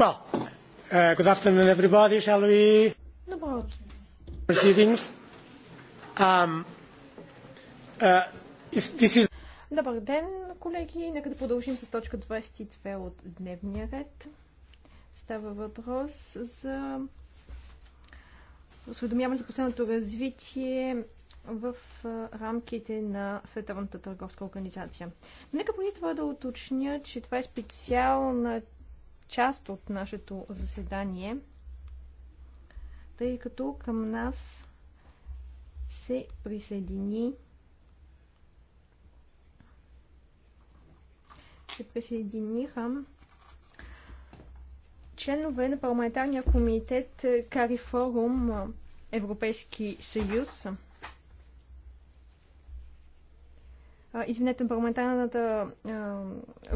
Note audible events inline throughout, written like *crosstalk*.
Well, uh, good afternoon, everybody. Shall we? Proceedings. Um, uh, is, this is... Добър ден, колеги. Нека да продължим с точка 22 от дневния ред. Става въпрос за осведомяване за последното развитие в рамките на Световната търговска организация. Нека преди това да уточня, че това е специална част от нашето заседание, тъй като към нас се присъедини се присъединиха членове на парламентарния комитет Кари Форум Европейски съюз. Извинете, парламентарната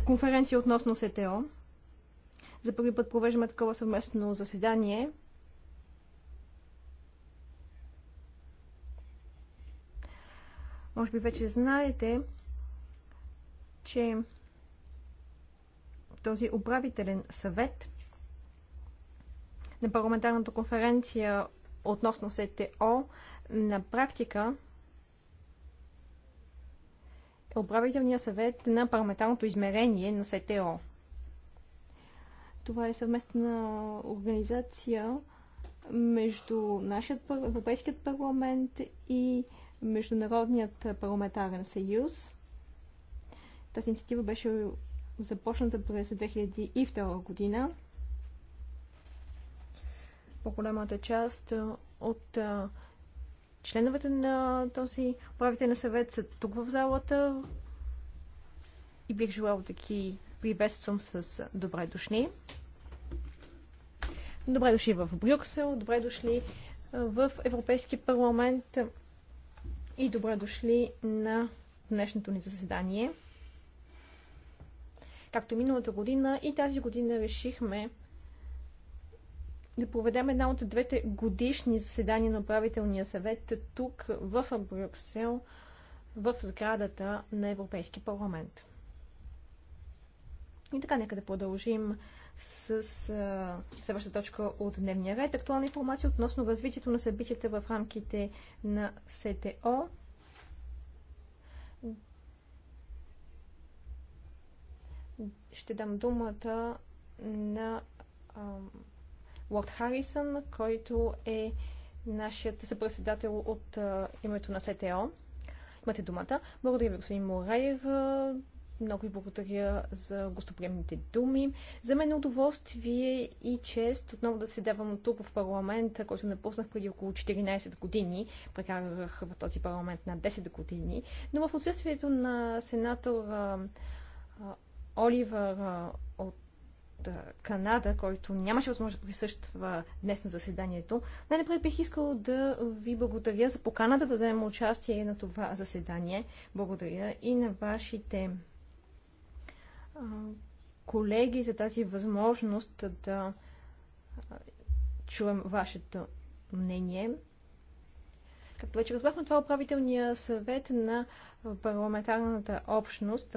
конференция относно СТО. За първи път провеждаме такова съвместно заседание. Може би вече знаете, че този управителен съвет на парламентарната конференция относно СТО на практика е управителният съвет на парламентарното измерение на СТО. Това е съвместна организация между нашият Европейският парламент и Международният парламентарен съюз. Тази инициатива беше започната през 2002 година. По-голямата част от членовете на този управителен съвет са тук в залата и бих желал да ги приветствам с добре дошли. Добре дошли в Брюксел, добре дошли е, в Европейски парламент и добре дошли на днешното ни заседание. Както миналата година и тази година решихме да проведем една от двете годишни заседания на управителния съвет тук в Брюксел, в сградата на Европейски парламент. И така, нека да продължим с а, следващата точка от дневния ред. Актуална информация относно развитието на събитията в рамките на СТО. Ще дам думата на Лорд Харисън, който е нашият съпредседател от а, името на СТО. Имате думата. Благодаря ви, господин Морайер. Много ви благодаря за гостоприемните думи. За мен е удоволствие и чест отново да се давам тук в парламента, който напуснах преди около 14 години. Прекарах в този парламент на 10 години. Но в отсъствието на сенатор а, а, Оливър а, от Канада, който нямаше възможност да присъства днес на заседанието. Най-напред бих искал да ви благодаря за поканата да вземем участие на това заседание. Благодаря и на вашите колеги за тази възможност да чуем вашето мнение. Както вече разбрахме, това е управителния съвет на парламентарната общност.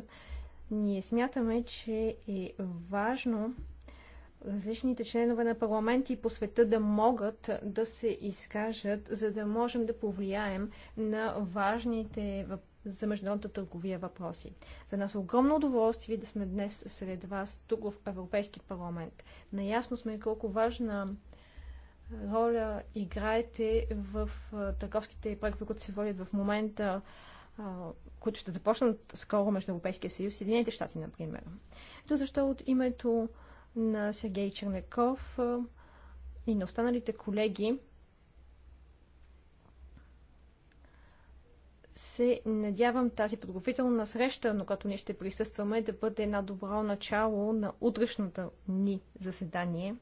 Ние смятаме, че е важно различните членове на парламенти по света да могат да се изкажат, за да можем да повлияем на важните въпроси за международната търговия въпроси. За нас е огромно удоволствие да сме днес сред вас тук в Европейски парламент. Наясно сме колко важна роля играете в търговските проекти, които се водят в момента, които ще започнат скоро между Европейския съюз и Съединените щати, например. Ето защо от името на Сергей Чернеков и на останалите колеги се надявам тази подготвителна среща, на която ние ще присъстваме, да бъде едно добро начало на утрешното ни заседание,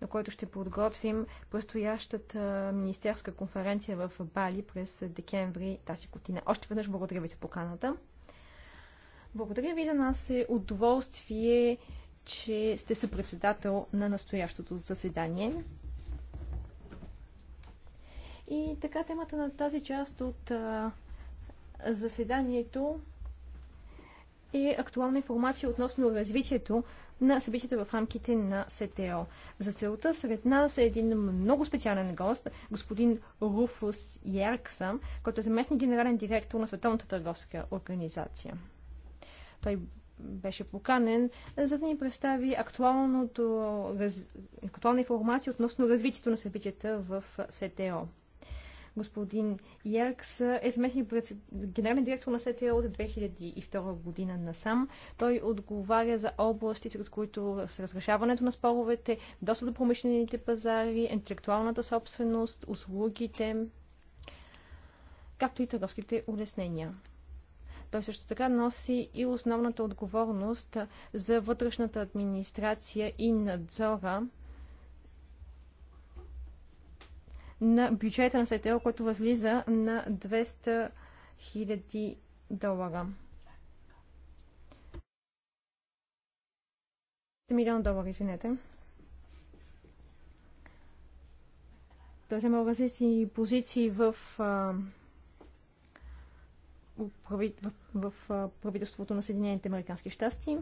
на което ще подготвим предстоящата министерска конференция в Бали през декември тази година. Още веднъж благодаря ви за поканата. Благодаря ви за нас е удоволствие, че сте съпредседател на настоящото заседание. И така темата на тази част от а, заседанието е актуална информация относно развитието на събитията в рамките на СТО. За целта сред нас е един много специален гост, господин Руфус Ярксъм, който е заместник генерален директор на Световната търговска организация. Той беше поканен, за да ни представи актуалната информация относно развитието на събитията в СТО господин Яркс е заместник генерален директор на СТО от 2002 година насам. Той отговаря за области, сред които с разрешаването на споровете, достъп до промишлените пазари, интелектуалната собственост, услугите, както и търговските улеснения. Той също така носи и основната отговорност за вътрешната администрация и надзора на бюджета на Сайтел, който възлиза на 200 000 долара. милиона долара, извинете. Той има различни позиции в, в, в, в правителството на Съединените Американски щасти.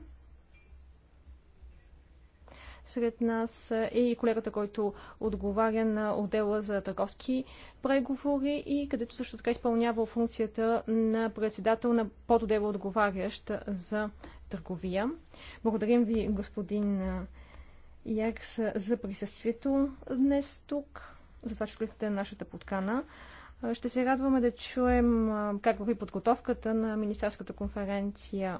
Сред нас е и колегата, който отговаря на отдела за търговски преговори и където също така изпълнява функцията на председател на подотдела отговарящ за търговия. Благодарим ви, господин Яркс, за присъствието днес тук, за това, че откликнахте на нашата подкана. Ще се радваме да чуем как върви подготовката на Министерската конференция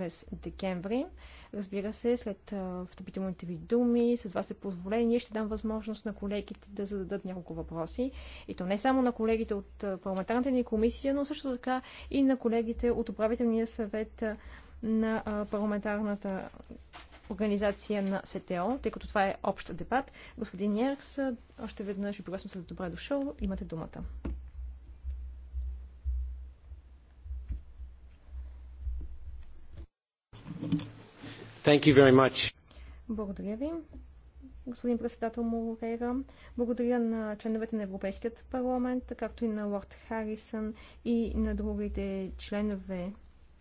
през декември. Разбира се, след встъпителните ви думи, с вас е позволение, ще дам възможност на колегите да зададат няколко въпроси. И то не само на колегите от парламентарната ни комисия, но също така и на колегите от управителния съвет на парламентарната организация на СТО, тъй като това е общ дебат. Господин Яркс, още веднъж ви пригласим се за добре дошъл. Имате думата. Thank you very much. Благодаря ви. Господин председател Морейра, благодаря на членовете на Европейският парламент, както и на Лорд Харисън и на другите членове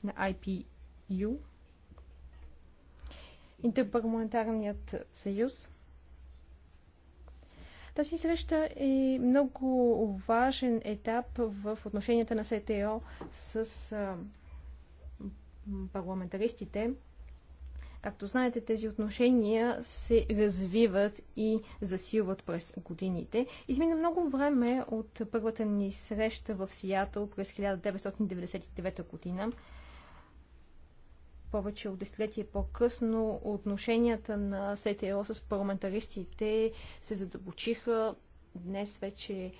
на IPU, Интерпарламентарният съюз. Тази среща е много важен етап в отношенията на СТО с парламентаристите. Както знаете, тези отношения се развиват и засилват през годините. Измина много време от първата ни среща в Сиатъл през 1999 година. Повече от десетилетие по-късно отношенията на СТО с парламентаристите се задълбочиха. Днес вече е,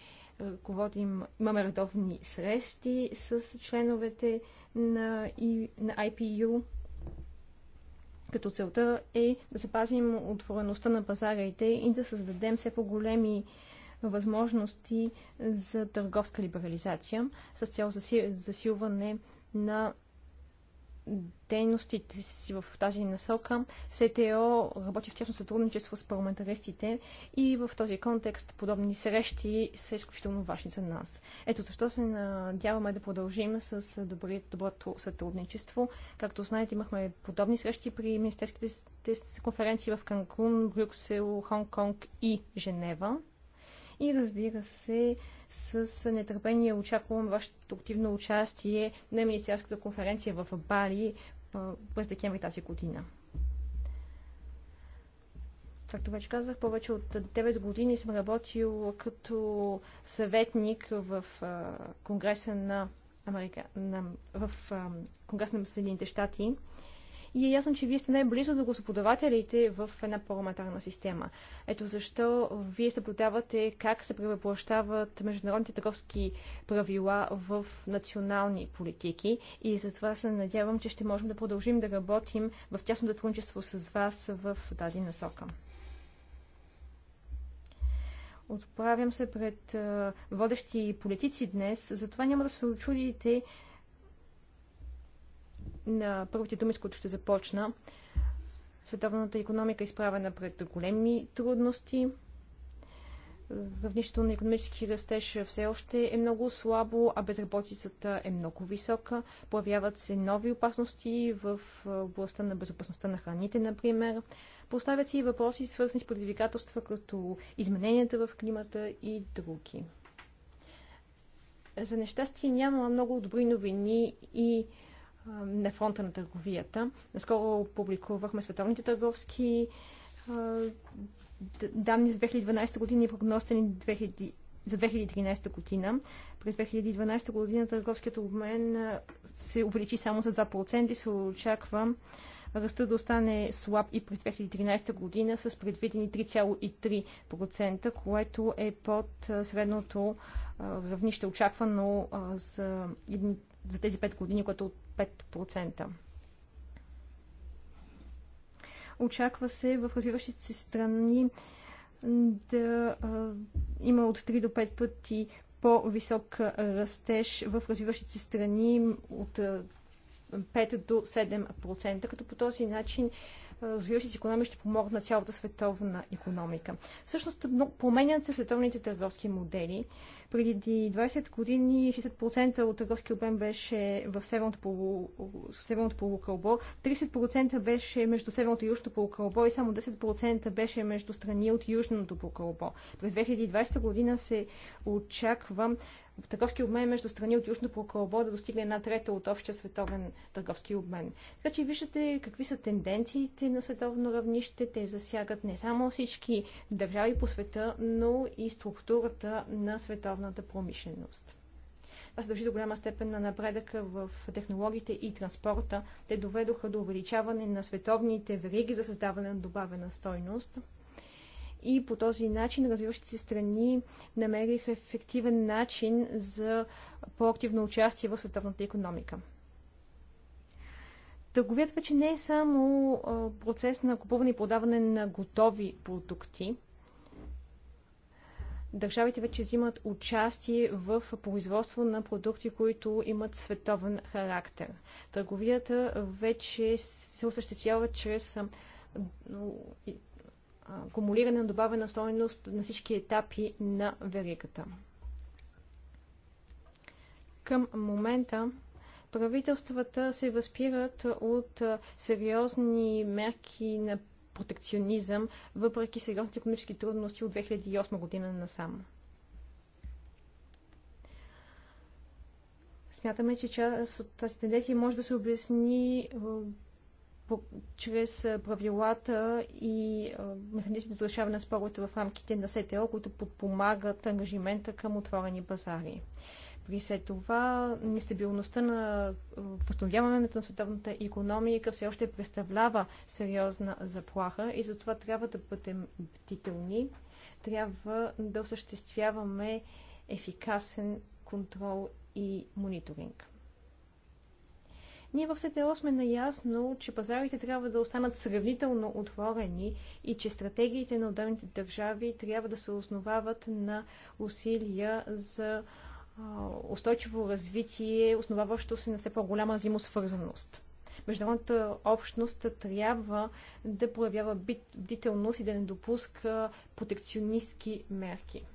ръководим, имаме редовни срещи с членовете на, и, на IPU като целта е да запазим отвореността на пазарите и да създадем все по-големи възможности за търговска либерализация с цел засилване на дейностите си в тази насока. СТО работи в тясно сътрудничество с парламентаристите и в този контекст подобни срещи са изключително важни за нас. Ето защо се надяваме да продължим с добри, доброто сътрудничество. Както знаете, имахме подобни срещи при министерските конференции в Канкун, Брюксел, Хонг-Конг и Женева и разбира се, с нетърпение очаквам вашето активно участие на Министерската конференция в Бали през декември тази година. Както вече казах, повече от 9 години съм работил като съветник в Конгреса на Америка, на, в на Съединените щати и е ясно, че вие сте най-близо до господавателите в една парламентарна система. Ето защо вие съблюдавате как се превъплащават международните търговски правила в национални политики и затова се надявам, че ще можем да продължим да работим в тясно сътрудничество с вас в тази насока. Отправям се пред водещи политици днес, затова няма да се очудите, на първите думи, с които ще започна. Световната економика е изправена пред големи трудности. Равнището на економически растеж все още е много слабо, а безработицата е много висока. Появяват се нови опасности в областта на безопасността на храните, например. Поставят се и въпроси, свързани с предизвикателства, като измененията в климата и други. За нещастие няма много добри новини и на фронта на търговията. Наскоро публикувахме световните търговски данни за 2012 година и прогнозите ни за 2013 година. През 2012 година търговският обмен се увеличи само за 2% и се очаква ръста да остане слаб и през 2013 година с предвидени 3,3%, което е под средното равнище очаквано за, за тези 5 години, което 5%. Очаква се в развиващите се страни да а, има от 3 до 5 пъти по-висок растеж в развиващите се страни от 5 до 7%, като по този начин развиващи се економии ще помогнат на цялата световна економика. Всъщност променят се световните търговски модели. Преди 20 години 60% от търговски обем беше в северното, полу, северното полукълбо, 30% беше между северното и южното полукълбо и само 10% беше между страни от южното полукълбо. През 2020 година се очаква търговски обмен между страни от Южно Прокълбо да достигне една трета от общия световен търговски обмен. Така че виждате какви са тенденциите на световно равнище. Те засягат не само всички държави по света, но и структурата на световната промишленост. Това се дължи до голяма степен на напредъка в технологиите и транспорта. Те доведоха до увеличаване на световните вериги за създаване на добавена стойност – и по този начин развиващите се страни намериха ефективен начин за по-активно участие в световната економика. Търговията вече не е само процес на купуване и продаване на готови продукти. Държавите вече взимат участие в производство на продукти, които имат световен характер. Търговията вече се осъществява чрез акумулиране на добавена стойност на всички етапи на веригата. Към момента правителствата се възпират от сериозни мерки на протекционизъм, въпреки сериозните економически трудности от 2008 година насам. Смятаме, че част от тази тенденция може да се обясни по, чрез правилата и механизмите за решаване на споровете в рамките на СТО, които подпомагат ангажимента към отворени пазари. При все това, нестабилността на възстановяването на световната економика все още представлява сериозна заплаха и затова трябва да бъдем бдителни, трябва да осъществяваме ефикасен контрол и мониторинг. Ние в СТО сме наясно, че пазарите трябва да останат сравнително отворени и че стратегиите на отделните държави трябва да се основават на усилия за устойчиво развитие, основаващо се на все по-голяма взаимосвързаност. Международната общност трябва да проявява бдителност и да не допуска протекционистки мерки.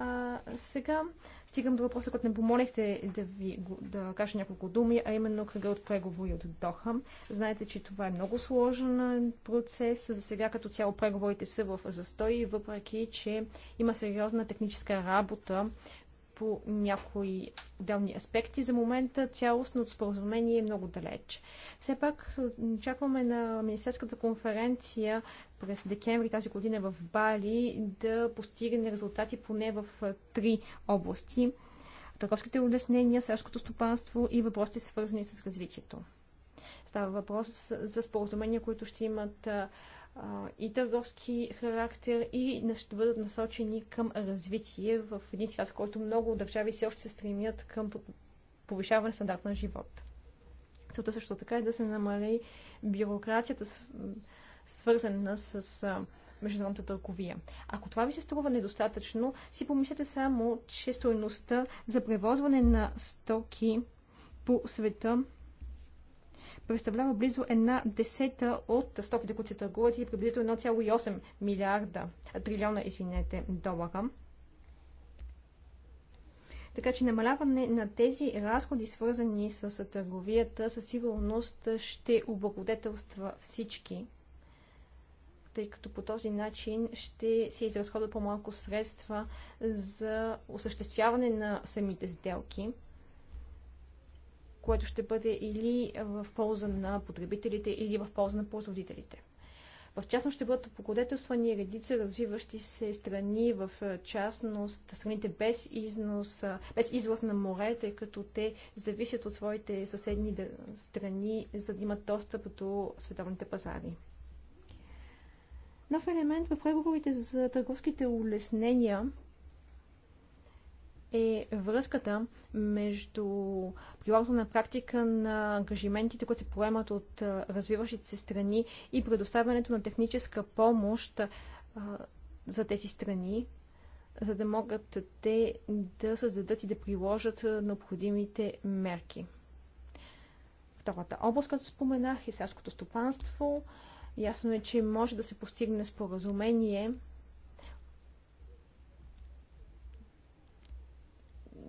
А, сега стигам до въпроса, който не помолихте да ви да кажа няколко думи, а именно кръга от преговори от Доха. Знаете, че това е много сложен процес. За сега като цяло преговорите са в застой, въпреки че има сериозна техническа работа, по някои отделни аспекти. За момента цялостното споразумение е много далеч. Все пак очакваме на Министерската конференция през декември тази година в Бали да постигне резултати поне в три области. Търговските улеснения, селското стопанство и въпроси свързани с развитието. Става въпрос за споразумения, които ще имат и търговски характер и ще бъдат насочени към развитие в един свят, в който много държави все още се стремят към повишаване стандарта на живот. Целта също така е да се намали бюрокрацията, свързана с международната търговия. Ако това ви се струва недостатъчно, си помислете само, че стоеността за превозване на стоки по света представлява близо една десета от стоките, които се търгуват и приблизително 1,8 милиарда, трилиона, извинете, долара. Така че намаляване на тези разходи, свързани с търговията, със сигурност ще облагодетелства всички, тъй като по този начин ще се изразходват по-малко средства за осъществяване на самите сделки което ще бъде или в полза на потребителите, или в полза на производителите. В частност ще бъдат покладетелствани редица развиващи се страни, в частност страните без, износ, без излъз на море, тъй като те зависят от своите съседни страни, за да имат достъп до световните пазари. Нов елемент в преговорите за търговските улеснения – е връзката между прилагането на практика на ангажиментите, които се поемат от развиващите се страни и предоставянето на техническа помощ за тези страни, за да могат те да създадат и да приложат необходимите мерки. Втората област, като споменах, е селското стопанство. Ясно е, че може да се постигне споразумение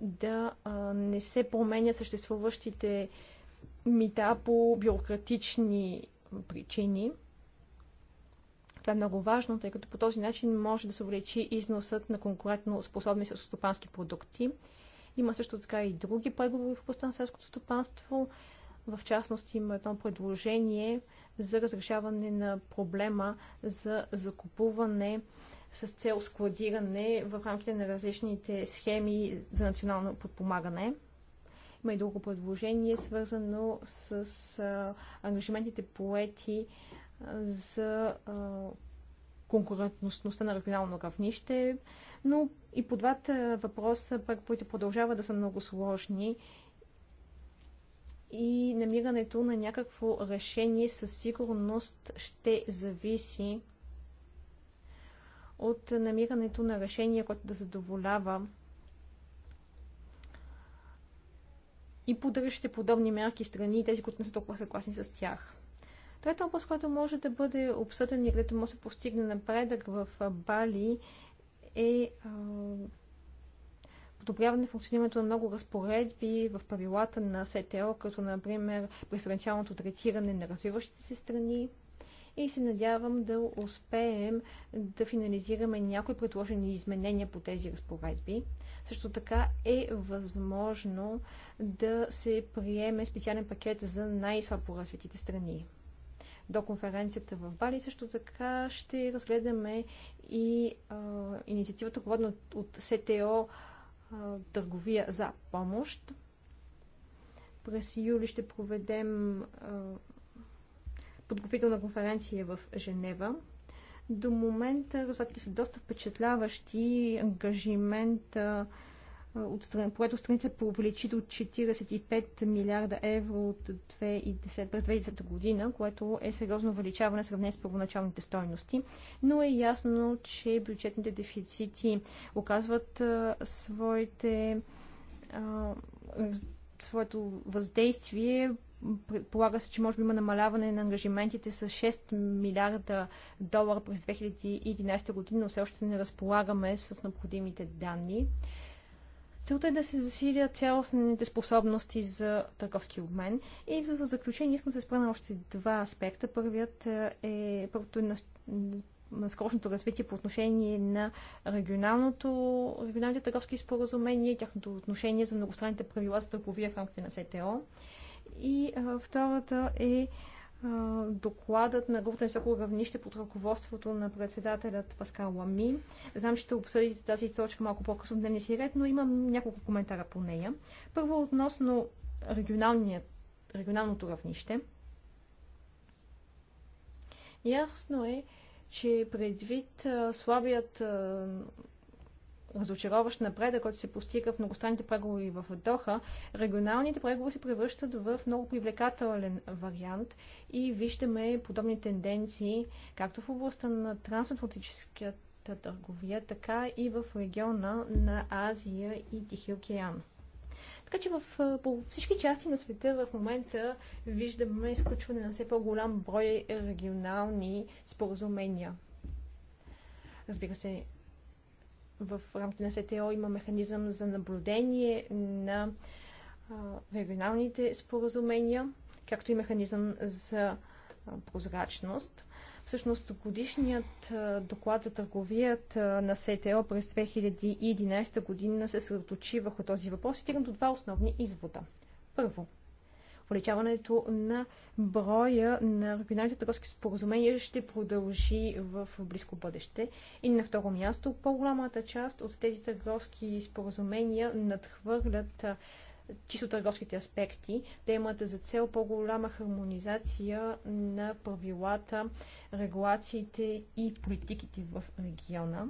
да не се променят съществуващите мита по бюрократични причини. Това е много важно, тъй като по този начин може да се увеличи износът на конкурентно способни селскостопански продукти. Има също така и други преговори в областта на селското стопанство. В частност има едно предложение за разрешаване на проблема за закупуване с цел складиране в рамките на различните схеми за национално подпомагане. Има и друго предложение, свързано с а, ангажиментите поети за а, конкурентността на регионално равнище, но и по двата въпроса които продължават да са много сложни и намирането на някакво решение със сигурност ще зависи от намирането на решение, което да задоволява и поддържате подобни мерки страни и тези, които не са толкова съгласни с тях. Трета е област, която може да бъде обсъдена и където може да се постигне напредък в Бали е подобряване функционирането на много разпоредби в правилата на СТО, като например преференциалното третиране на развиващите се страни, и се надявам да успеем да финализираме някои предложени изменения по тези разпоредби. Също така е възможно да се приеме специален пакет за най-слабо развитите страни. До конференцията в Бали също така ще разгледаме и а, инициативата, ръководна от, от СТО а, Търговия за помощ. През юли ще проведем а, подготвителна конференция в Женева. До момента резултатите са доста впечатляващи. Ангажимент от страна, което страница се увеличи до 45 милиарда евро от 2010, през 2010 година, което е сериозно увеличаване в сравнение с първоначалните стойности. Но е ясно, че бюджетните дефицити оказват а, своите а, своето въздействие Предполага се, че може би има намаляване на ангажиментите с 6 милиарда долара през 2011 година, но все още не разполагаме с необходимите данни. Целта е да се засилят цялостните способности за търговски обмен. И в заключение искам да се спра на още два аспекта. Първият е, е първото е на, на скорошното развитие по отношение на регионалното, регионалните търговски споразумения и тяхното отношение за многостранните правила за търговия в рамките на СТО. И а, втората е а, докладът на групата на високо равнище под ръководството на председателят Паскал Лами. Знам, че ще обсъдите тази точка малко по-късно в дневния си ред, но имам няколко коментара по нея. Първо относно регионалното равнище. Ясно е, че предвид а, слабият а, разочароващ напредък, който се постига в многостранните преговори в Доха, регионалните преговори се превръщат в много привлекателен вариант и виждаме подобни тенденции както в областта на трансатлантическата търговия, така и в региона на Азия и Тихи океан. Така че в, по всички части на света в момента виждаме изключване на все по-голям брой регионални споразумения. Разбира се, в рамките на СТО има механизъм за наблюдение на регионалните споразумения, както и механизъм за прозрачност. Всъщност годишният доклад за търговията на СТО през 2011 година се съсредоточи върху този въпрос и стигна до два основни извода. Първо, увеличаването на броя на регионалните търговски споразумения ще продължи в близко бъдеще. И на второ място, по-голямата част от тези търговски споразумения надхвърлят чисто търговските аспекти. Те имат за цел по-голяма хармонизация на правилата, регулациите и политиките в региона.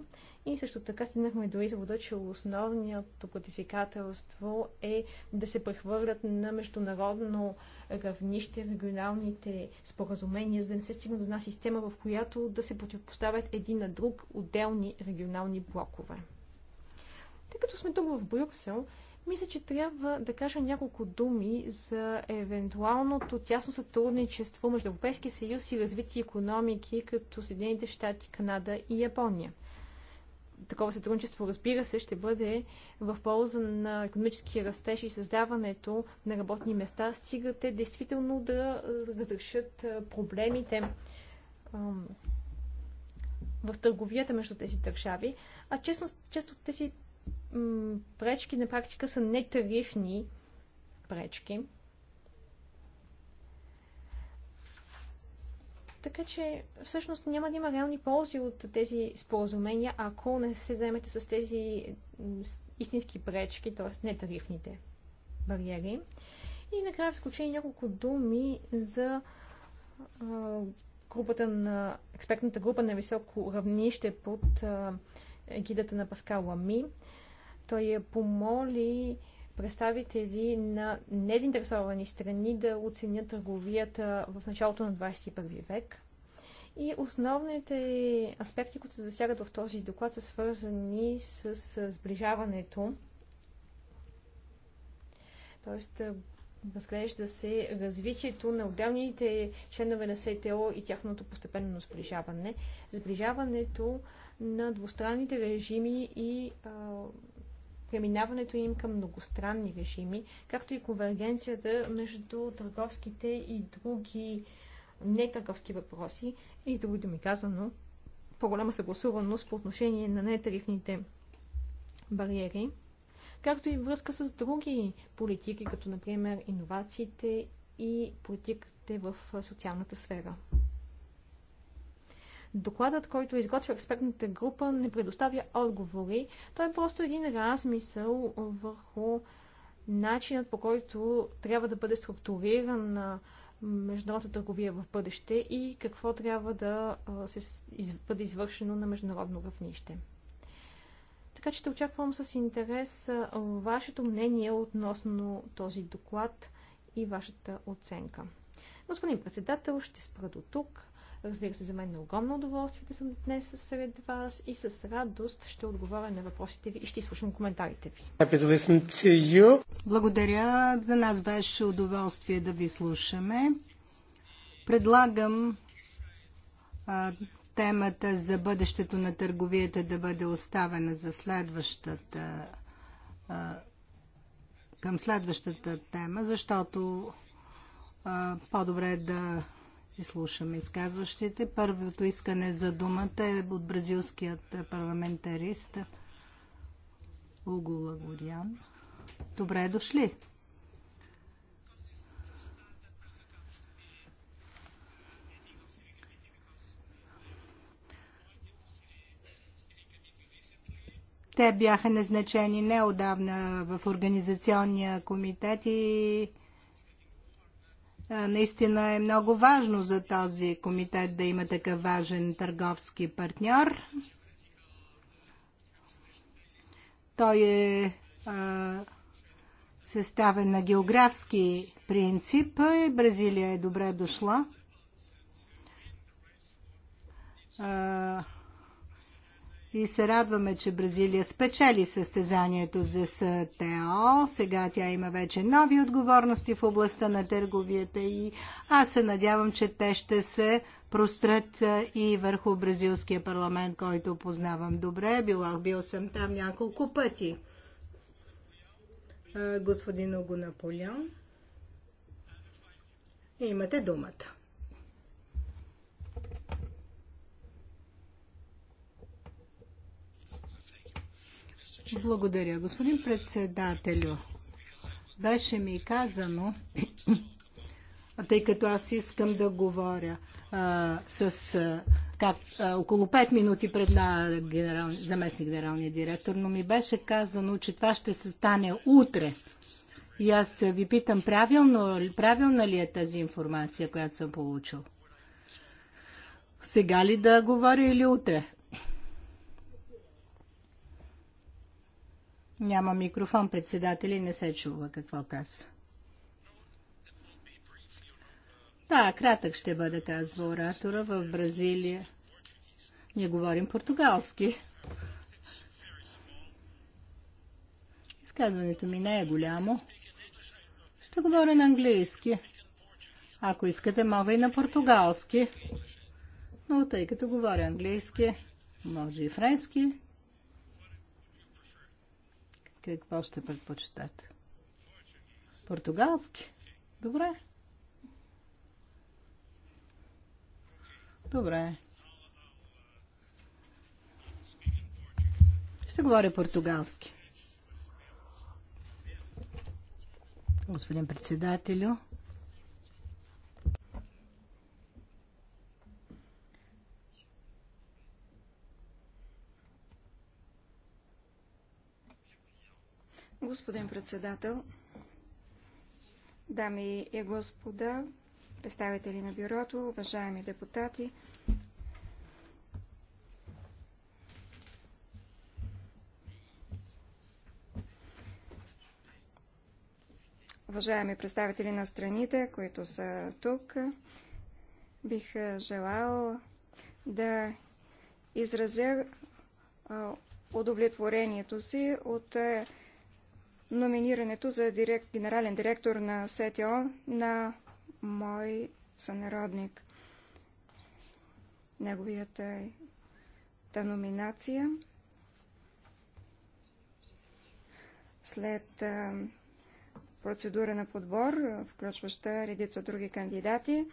И също така стигнахме до извода, че основното кодификателство е да се прехвърлят на международно равнище регионалните споразумения, за да не се стигне до една система, в която да се противопоставят един на друг отделни регионални блокове. Тъй като сме тук в Брюксел, мисля, че трябва да кажа няколко думи за евентуалното тясно сътрудничество между Европейския съюз и развити економики, като Съединените щати, Канада и Япония такова сътрудничество, разбира се, ще бъде в полза на економически растеж и създаването на работни места, стигате, действително да разрешат проблемите в търговията между тези държави. А честно, често тези пречки на практика са нетарифни пречки. Така че всъщност няма да има реални ползи от тези споразумения, ако не се заемете с тези истински пречки, т.е. нетарифните бариери. И накрая в заключение няколко думи за групата на експертната група на високо равнище под гидата на Паскал Лами. Той я помоли представители на незаинтересовани страни да оценят търговията в началото на 21 век. И основните аспекти, които се засягат в този доклад, са свързани с сближаването. Тоест, разглежда се развитието на отделните членове на СТО и тяхното постепенно сближаване. Сближаването на двустранните режими и а, преминаването им към многостранни режими, както и конвергенцията между търговските и други нетърговски въпроси и с други думи казано, по-голяма съгласуваност по отношение на нетарифните бариери, както и връзка с други политики, като например иновациите и политиките в социалната сфера. Докладът, който изготвя експертната група, не предоставя отговори. Той е просто един размисъл върху начинът по който трябва да бъде структурирана международната търговия в бъдеще и какво трябва да се бъде извършено на международно равнище. Така че те очаквам с интерес вашето мнение относно този доклад и вашата оценка. Господин председател, ще спра до тук. Разбира се, за мен е огромно удоволствие да съм днес сред вас и с радост ще отговоря на въпросите ви и ще изслушам коментарите ви. Благодаря. За нас беше удоволствие да ви слушаме. Предлагам а, темата за бъдещето на търговията да бъде оставена за следващата а, към следващата тема, защото по-добре е да изслушаме изказващите. Първото искане за думата е от бразилският парламентарист Уго Горян. Добре дошли! Те бяха назначени неодавна в Организационния комитет и Наистина е много важно за този комитет да има такъв важен търговски партньор. Той е съставен на географски принцип. Е, Бразилия е добре дошла и се радваме, че Бразилия спечели състезанието за СТО. Сега тя има вече нови отговорности в областта на търговията и аз се надявам, че те ще се прострат и върху бразилския парламент, който познавам добре. Била, бил съм там няколко пъти. Господин Огонаполян, имате думата. Благодаря, господин председателю. Беше ми казано, *clears throat* тъй като аз искам да говоря а, с а, как, а, около 5 минути пред на генерал, заместник генералния директор, но ми беше казано, че това ще се стане утре. И аз ви питам, правилно, правилна ли е тази информация, която съм получил? Сега ли да говоря или утре? Няма микрофон, председатели, не се чува какво казва. Да, кратък ще бъде, казва оратора. В Бразилия ние говорим португалски. Изказването ми не е голямо. Ще говоря на английски. Ако искате, мога и на португалски. Но тъй като говоря английски, може и френски. Какво ще предпочитате? Португалски? Добре. Добре. Ще говоря португалски. Господин председателю, Господин председател, дами и господа, представители на бюрото, уважаеми депутати, уважаеми представители на страните, които са тук, бих желал да изразя удовлетворението си от номинирането за директ, генерален директор на СТО на мой сънародник. Неговията е та номинация. След процедура на подбор, включваща редица други кандидати,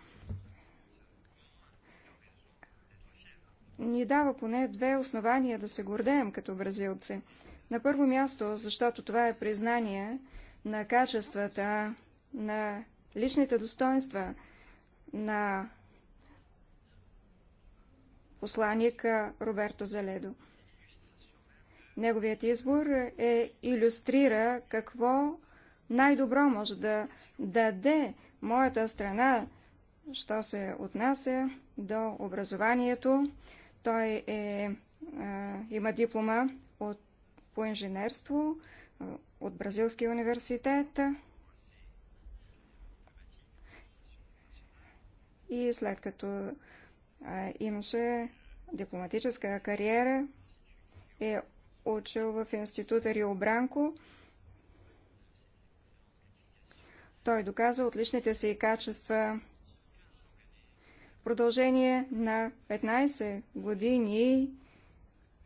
ни дава поне две основания да се гордеем като бразилци – на първо място, защото това е признание на качествата, на личните достоинства на посланика Роберто Заледо. Неговият избор е иллюстрира какво най-добро може да даде моята страна, що се отнася до образованието. Той е, е, има диплома от по инженерство от Бразилския университет. И след като имаше дипломатическа кариера, е учил в института Рио Бранко. Той доказа отличните си качества. В продължение на 15 години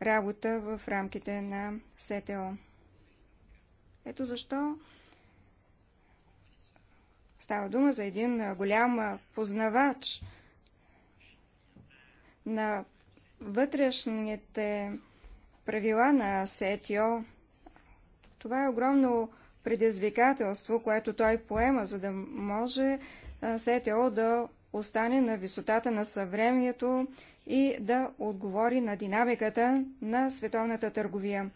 работа в рамките на СТО. Ето защо става дума за един голям познавач на вътрешните правила на СТО. Това е огромно предизвикателство, което той поема, за да може СТО да остане на висотата на съвремието и да отговори на динамиката на световната търговия.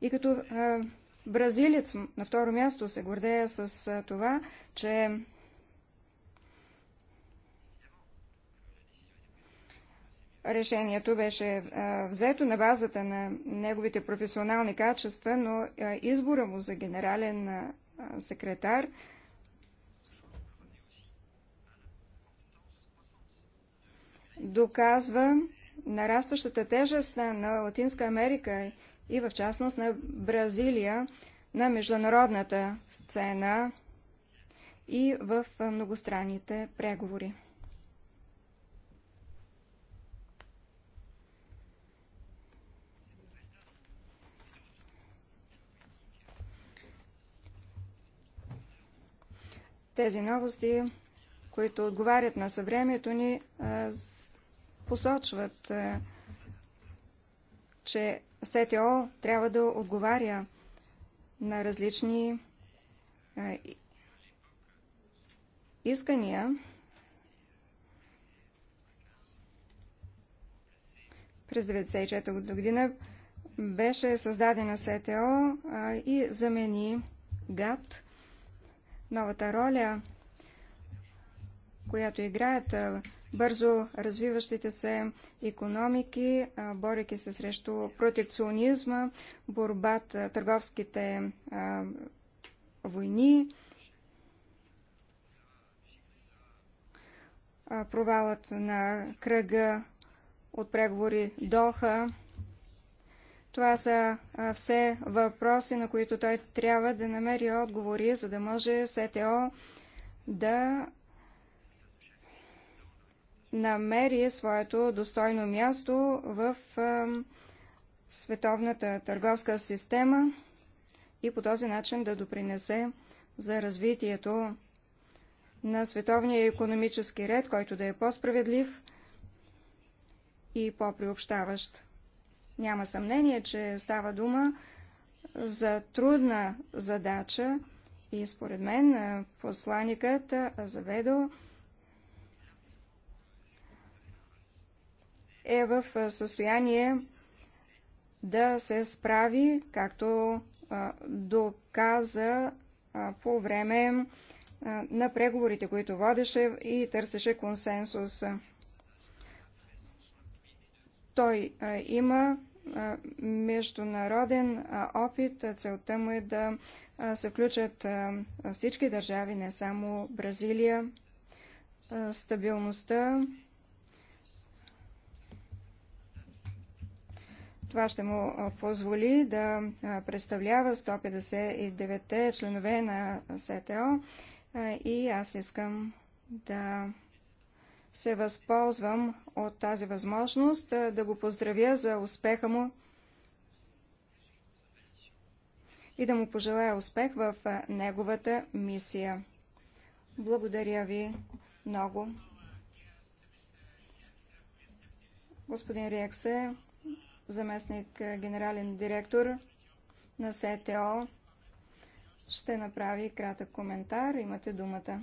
И като а, бразилец на второ място се гордея с а, това, че решението беше а, взето на базата на неговите професионални качества, но избора му за генерален секретар – доказва нарастващата тежест на Латинска Америка и в частност на Бразилия на международната сцена и в многостранните преговори. Тези новости, които отговарят на съвремето ни, посочват, е, че СТО трябва да отговаря на различни е, искания. През 1994 година беше създадена СТО и замени ГАТ. Новата роля, която играят бързо развиващите се економики, борейки се срещу протекционизма, борбата, търговските войни, провалът на кръга от преговори Доха. Това са все въпроси, на които той трябва да намери отговори, за да може СТО да намери своето достойно място в световната търговска система и по този начин да допринесе за развитието на световния економически ред, който да е по-справедлив и по-приобщаващ. Няма съмнение, че става дума за трудна задача и според мен посланикът Азаведо е в състояние да се справи, както доказа по време на преговорите, които водеше и търсеше консенсус. Той има международен опит. Целта му е да се включат всички държави, не само Бразилия. Стабилността Това ще му позволи да представлява 159-те членове на СТО и аз искам да се възползвам от тази възможност да го поздравя за успеха му и да му пожелая успех в неговата мисия. Благодаря ви много. Господин Рексе, заместник е, генерален директор на СТО, ще направи кратък коментар. Имате думата.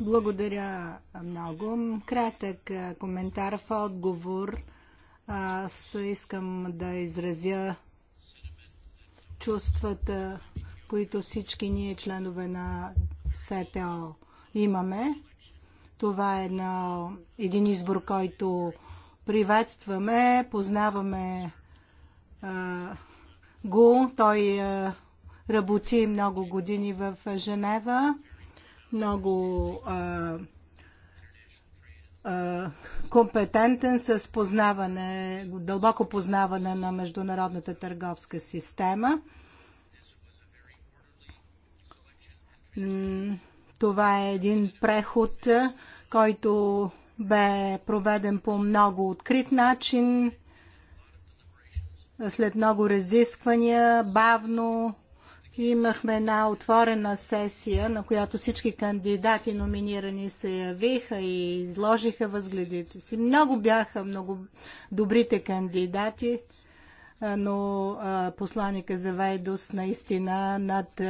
Благодаря много. Кратък е, коментар в отговор. Аз искам да изразя чувствата, които всички ние, членове на СТО, имаме. Това е на един избор, който приветстваме, познаваме а, го. Той а, работи много години в Женева, много а, а, компетентен с познаване, дълбоко познаване на международната търговска система. Това е един преход, който бе проведен по много открит начин, след много разисквания, бавно. Имахме една отворена сесия, на която всички кандидати номинирани се явиха и изложиха възгледите си. Много бяха много добрите кандидати, но посланика за Вайдус наистина над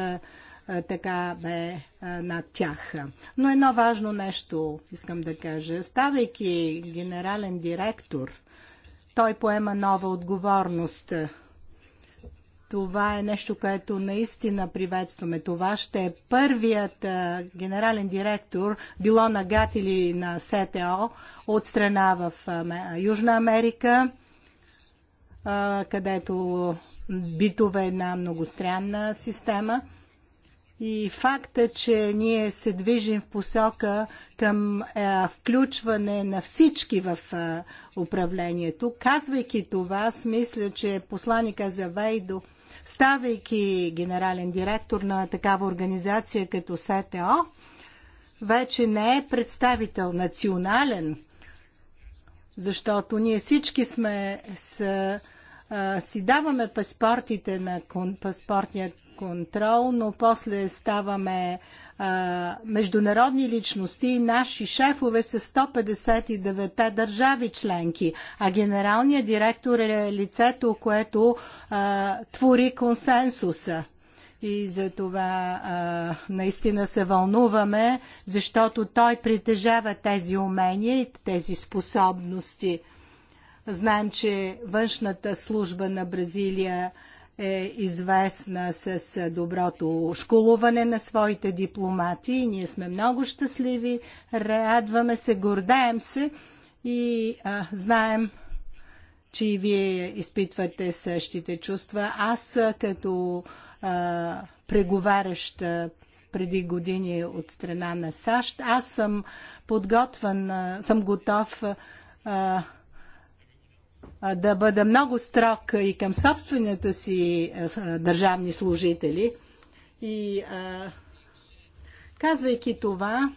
е, така бе е, над тях. Но едно важно нещо искам да кажа. Ставайки генерален директор, той поема нова отговорност. Това е нещо, което наистина приветстваме. Това ще е първият е, генерален директор, било на ГАТ или на СТО, от страна в Южна Америка, където битове една многостранна система – и факта, че ние се движим в посока към е, включване на всички в е, управлението, казвайки това, аз мисля, че посланика за Вейдо, ставайки генерален директор на такава организация като СТО, вече не е представител национален, защото ние всички сме с, а, е, си даваме паспортите на паспортния контрол, но после ставаме а, международни личности. Наши шефове са 159 държави членки, а генералният директор е лицето, което а, твори консенсуса. И за това а, наистина се вълнуваме, защото той притежава тези умения и тези способности. Знаем, че външната служба на Бразилия е известна с доброто школуване на своите дипломати. И ние сме много щастливи, радваме се, гордеем се и а, знаем, че и вие изпитвате същите чувства. Аз като а, преговаряща преди години от страна на САЩ, аз съм подготвен, съм готов а, да бъда много строг и към собственото си държавни служители. И а, казвайки това,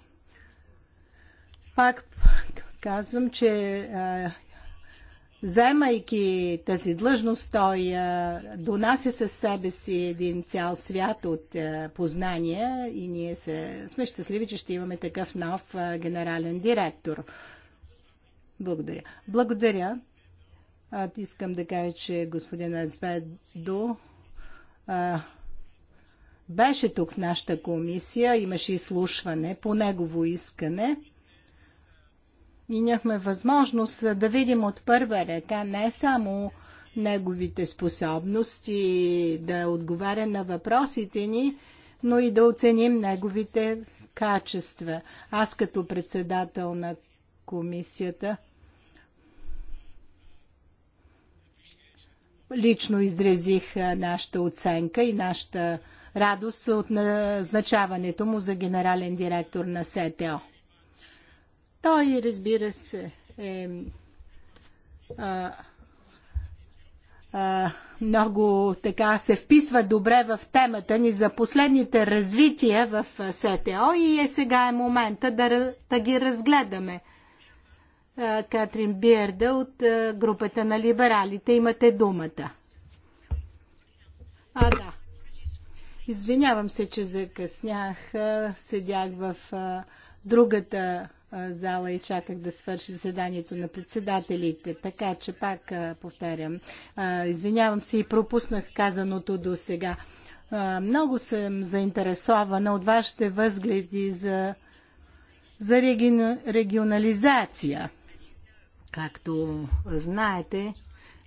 пак казвам, че а, заемайки тази длъжност, той а, донася със себе си един цял свят от а, познания и ние се, сме щастливи, че ще имаме такъв нов а, генерален директор. Благодаря. Благодаря. Аз искам да кажа, че господин Азведо а, беше тук в нашата комисия, имаше изслушване по негово искане. И нямахме възможност да видим от първа ръка не само неговите способности да отговаря на въпросите ни, но и да оценим неговите качества. Аз като председател на комисията лично изразих нашата оценка и нашата радост от назначаването му за генерален директор на СТО. Той, разбира се, е а, а, много така се вписва добре в темата ни за последните развития в СТО и е сега е момента да, да ги разгледаме. Катрин Биерда от групата на либералите. Имате думата. А, да. Извинявам се, че закъснях. Седях в другата зала и чаках да свърши заседанието на председателите. Така че пак повтарям. Извинявам се и пропуснах казаното до сега. Много съм заинтересована от вашите възгледи за, за регионализация. Както знаете,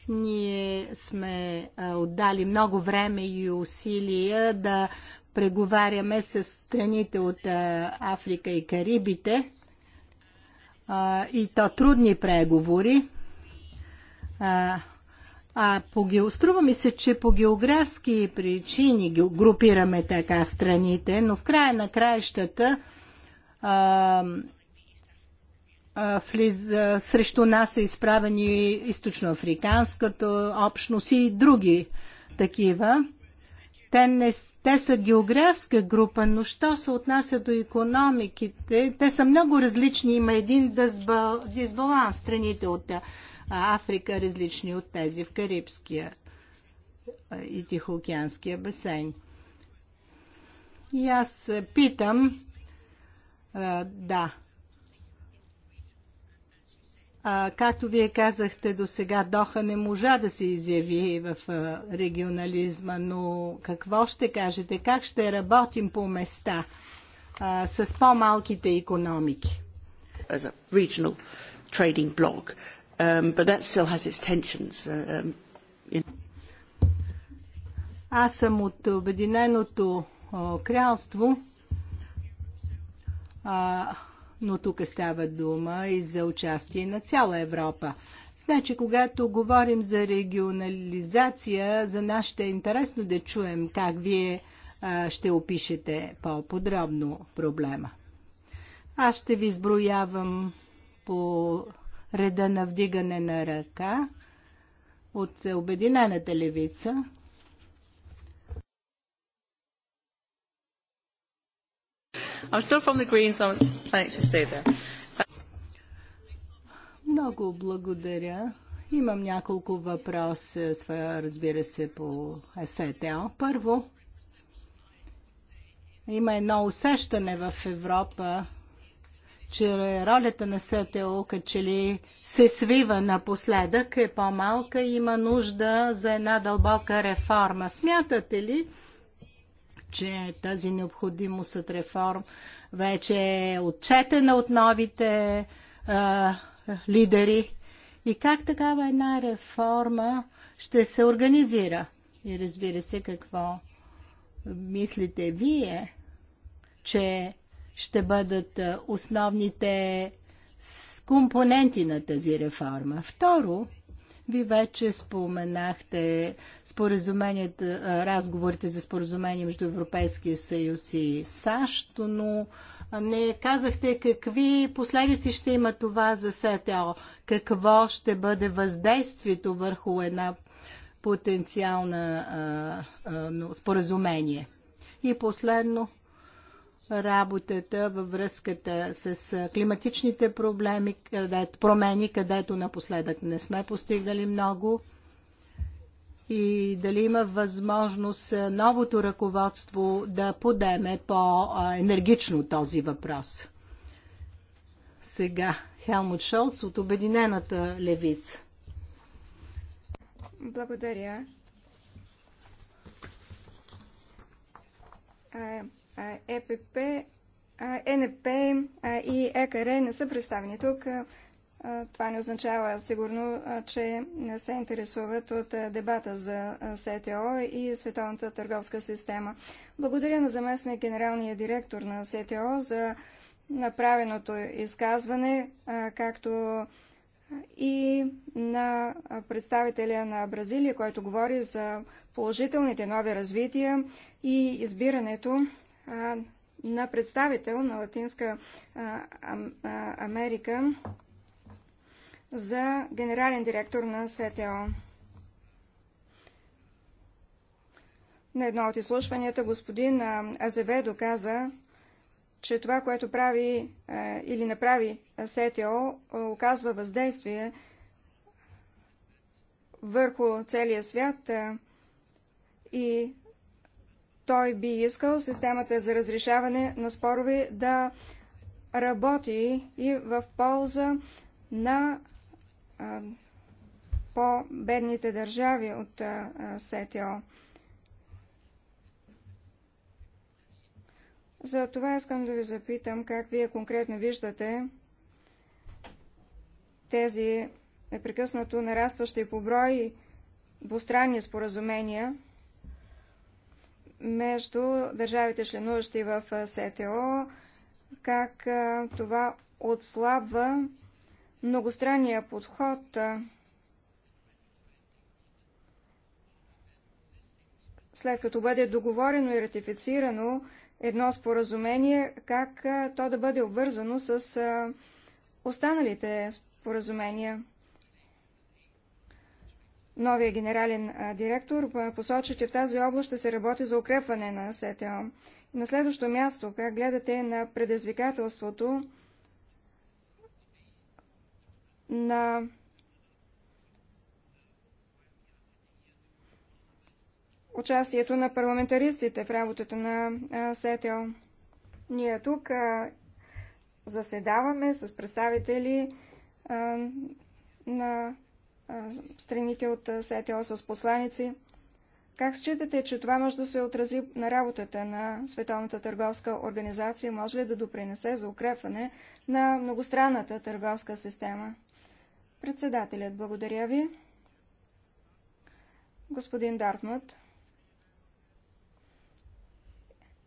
ние сме отдали много време и усилия да преговаряме с страните от Африка и Карибите. И то трудни преговори. А по ге... струва ми се, че по географски причини групираме така страните, но в края на краищата влиз, срещу нас са изправени източноафриканската общност и други такива. Те, не, те са географска група, но що се отнася до економиките, те са много различни. Има един дисбаланс страните от Африка, различни от тези в Карибския и Тихоокеанския басейн. И аз питам, да, а, както вие казахте до сега, Доха не можа да се изяви в регионализма, но какво ще кажете? Как ще работим по места а, с по-малките економики? As a regional trading um, but that still has its tensions. Uh, um, Аз съм от Обединеното кралство. А, но тук става дума и за участие на цяла Европа. Значи, когато говорим за регионализация, за нас ще е интересно да чуем как вие а, ще опишете по-подробно проблема. Аз ще ви изброявам по реда на вдигане на ръка от Обединената левица. I'm still from the Greens, so I'm planning to stay there. Много благодаря. Имам няколко въпроса, разбира се, по СТО. Първо, има едно усещане в Европа, че ролята на СТО като че ли се свива напоследък, е по-малка и има нужда за една дълбока реформа. Смятате ли, че тази необходимост от реформ вече е отчетена от новите а, лидери. И как такава една реформа ще се организира? И разбира се, какво мислите вие, че ще бъдат основните компоненти на тази реформа. Второ, ви вече споменахте споразуменията, разговорите за споразумение между Европейския съюз и САЩ, но не казахте какви последици ще има това за СТО, какво ще бъде въздействието върху една потенциална а, а, споразумение. И последно, работата във връзката с климатичните проблеми, където, промени, където напоследък не сме постигнали много и дали има възможност новото ръководство да подеме по-енергично този въпрос. Сега Хелмут Шолц от Обединената левица. Благодаря. ЕПП, ЕНП и ЕКР не са представени тук. Това не означава сигурно, че не се интересуват от дебата за СТО и Световната търговска система. Благодаря на заместник генералния директор на СТО за направеното изказване, както и на представителя на Бразилия, който говори за положителните нови развития и избирането на представител на Латинска Америка за генерален директор на СТО. На едно от изслушванията господин Азеведо каза, че това, което прави е, или направи СТО, е, оказва въздействие върху целия свят е, и той би искал системата за разрешаване на спорове да работи и в полза на по-бедните държави от СТО. За това искам да ви запитам как вие конкретно виждате тези непрекъснато нарастващи по брой двустранни споразумения между държавите членуващи в СТО, как това отслабва многостранния подход след като бъде договорено и ратифицирано едно споразумение, как то да бъде обвързано с останалите споразумения новия генерален директор посочи, че в тази област ще се работи за укрепване на СТО. На следващо място, как гледате на предизвикателството на участието на парламентаристите в работата на СТО. Ние тук заседаваме с представители на страните от СТО с посланици. Как считате, че това може да се отрази на работата на Световната търговска организация? Може ли да допринесе за укрепване на многостранната търговска система? Председателят, благодаря ви. Господин Дартмут.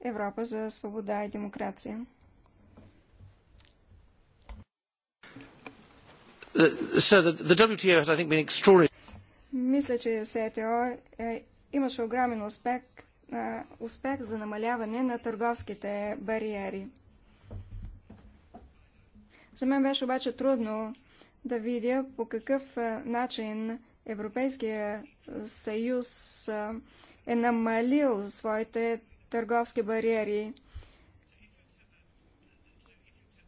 Европа за свобода и демокрация. Uh, Мисля, че СТО е, имаше огромен успех, е, успех за намаляване на търговските бариери. За мен беше обаче трудно да видя по какъв начин Европейския съюз е намалил своите търговски бариери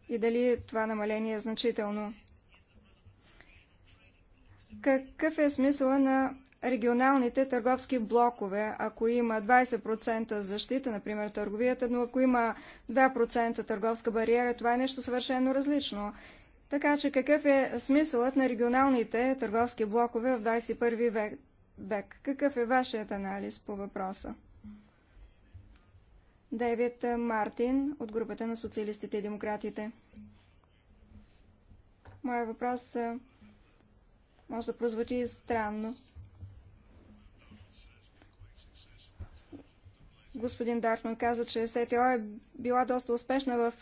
и дали това намаление е значително. Какъв е смисъла на регионалните търговски блокове, ако има 20% защита, например, търговията, но ако има 2% търговска бариера, това е нещо съвършено различно. Така че какъв е смисълът на регионалните търговски блокове в 21 век? век? Какъв е вашият анализ по въпроса? Дейвид Мартин от групата на социалистите и демократите. Моя въпрос е може да прозвучи странно. Господин Дартман каза, че СТО е била доста успешна в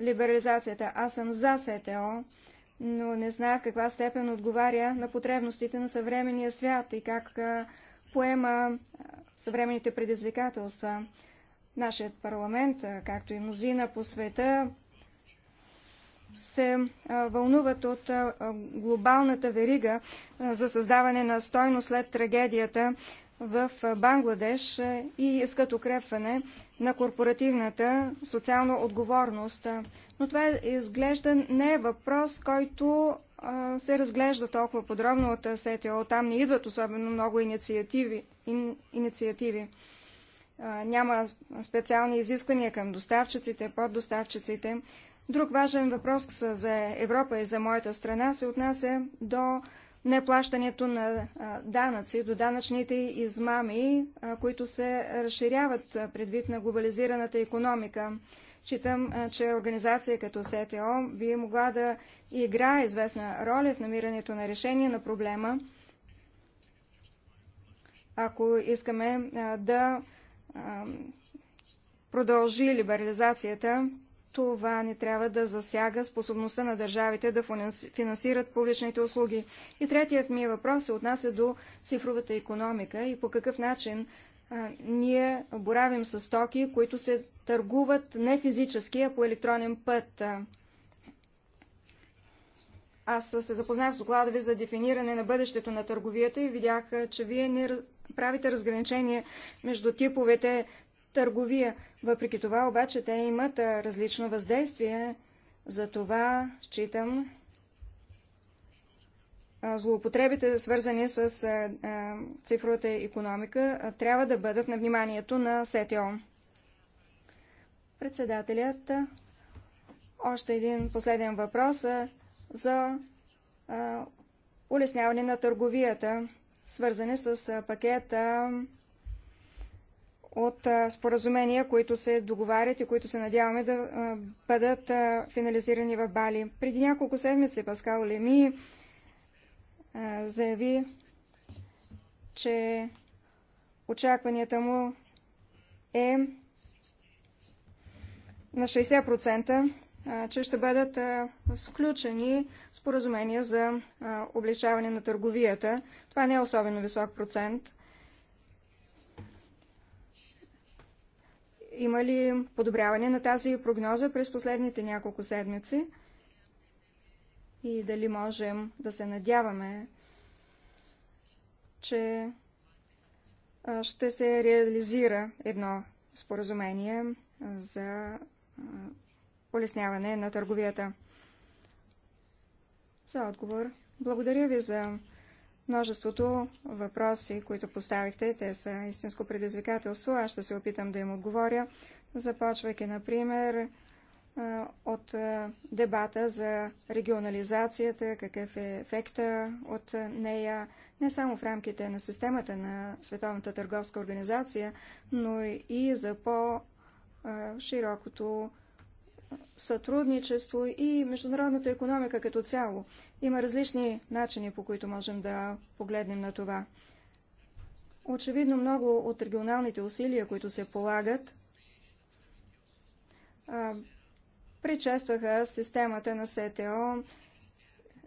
либерализацията. Аз съм за СТО, но не знае в каква степен отговаря на потребностите на съвременния свят и как поема съвременните предизвикателства. Нашият парламент, както и мнозина по света, се вълнуват от глобалната верига за създаване на стойност след трагедията в Бангладеш и искат укрепване на корпоративната социална отговорност. Но това изглежда не е въпрос, който се разглежда толкова подробно от СТО. Там не идват особено много инициативи. инициативи. Няма специални изисквания към доставчиците, поддоставчиците. Друг важен въпрос за Европа и за моята страна се отнася до неплащането на данъци, до данъчните измами, които се разширяват предвид на глобализираната економика. Читам, че организация като СТО би могла да играе известна роля в намирането на решение на проблема, ако искаме да продължи либерализацията това не трябва да засяга способността на държавите да финансират публичните услуги. И третият ми въпрос се отнася до цифровата економика и по какъв начин а, ние боравим с стоки, които се търгуват не физически, а по електронен път. Аз се запознах с доклада ви за дефиниране на бъдещето на търговията и видях, че вие не правите разграничение между типовете търговия. Въпреки това обаче те имат различно въздействие. за това считам злоупотребите, свързани с цифровата економика, трябва да бъдат на вниманието на СТО. Председателят, още един последен въпрос за улесняване на търговията, свързане с пакета от споразумения, които се договарят и които се надяваме да бъдат финализирани в Бали. Преди няколко седмици Паскал Леми заяви, че очакванията му е на 60%, че ще бъдат сключени споразумения за обличаване на търговията. Това не е особено висок процент – Има ли подобряване на тази прогноза през последните няколко седмици? И дали можем да се надяваме, че ще се реализира едно споразумение за полесняване на търговията? За отговор. Благодаря ви за Множеството въпроси, които поставихте, те са истинско предизвикателство. Аз ще се опитам да им отговоря, започвайки, например, от дебата за регионализацията, какъв е ефекта от нея, не само в рамките на системата на Световната търговска организация, но и за по-широкото сътрудничество и международната економика като цяло. Има различни начини, по които можем да погледнем на това. Очевидно много от регионалните усилия, които се полагат, предшестваха системата на СТО.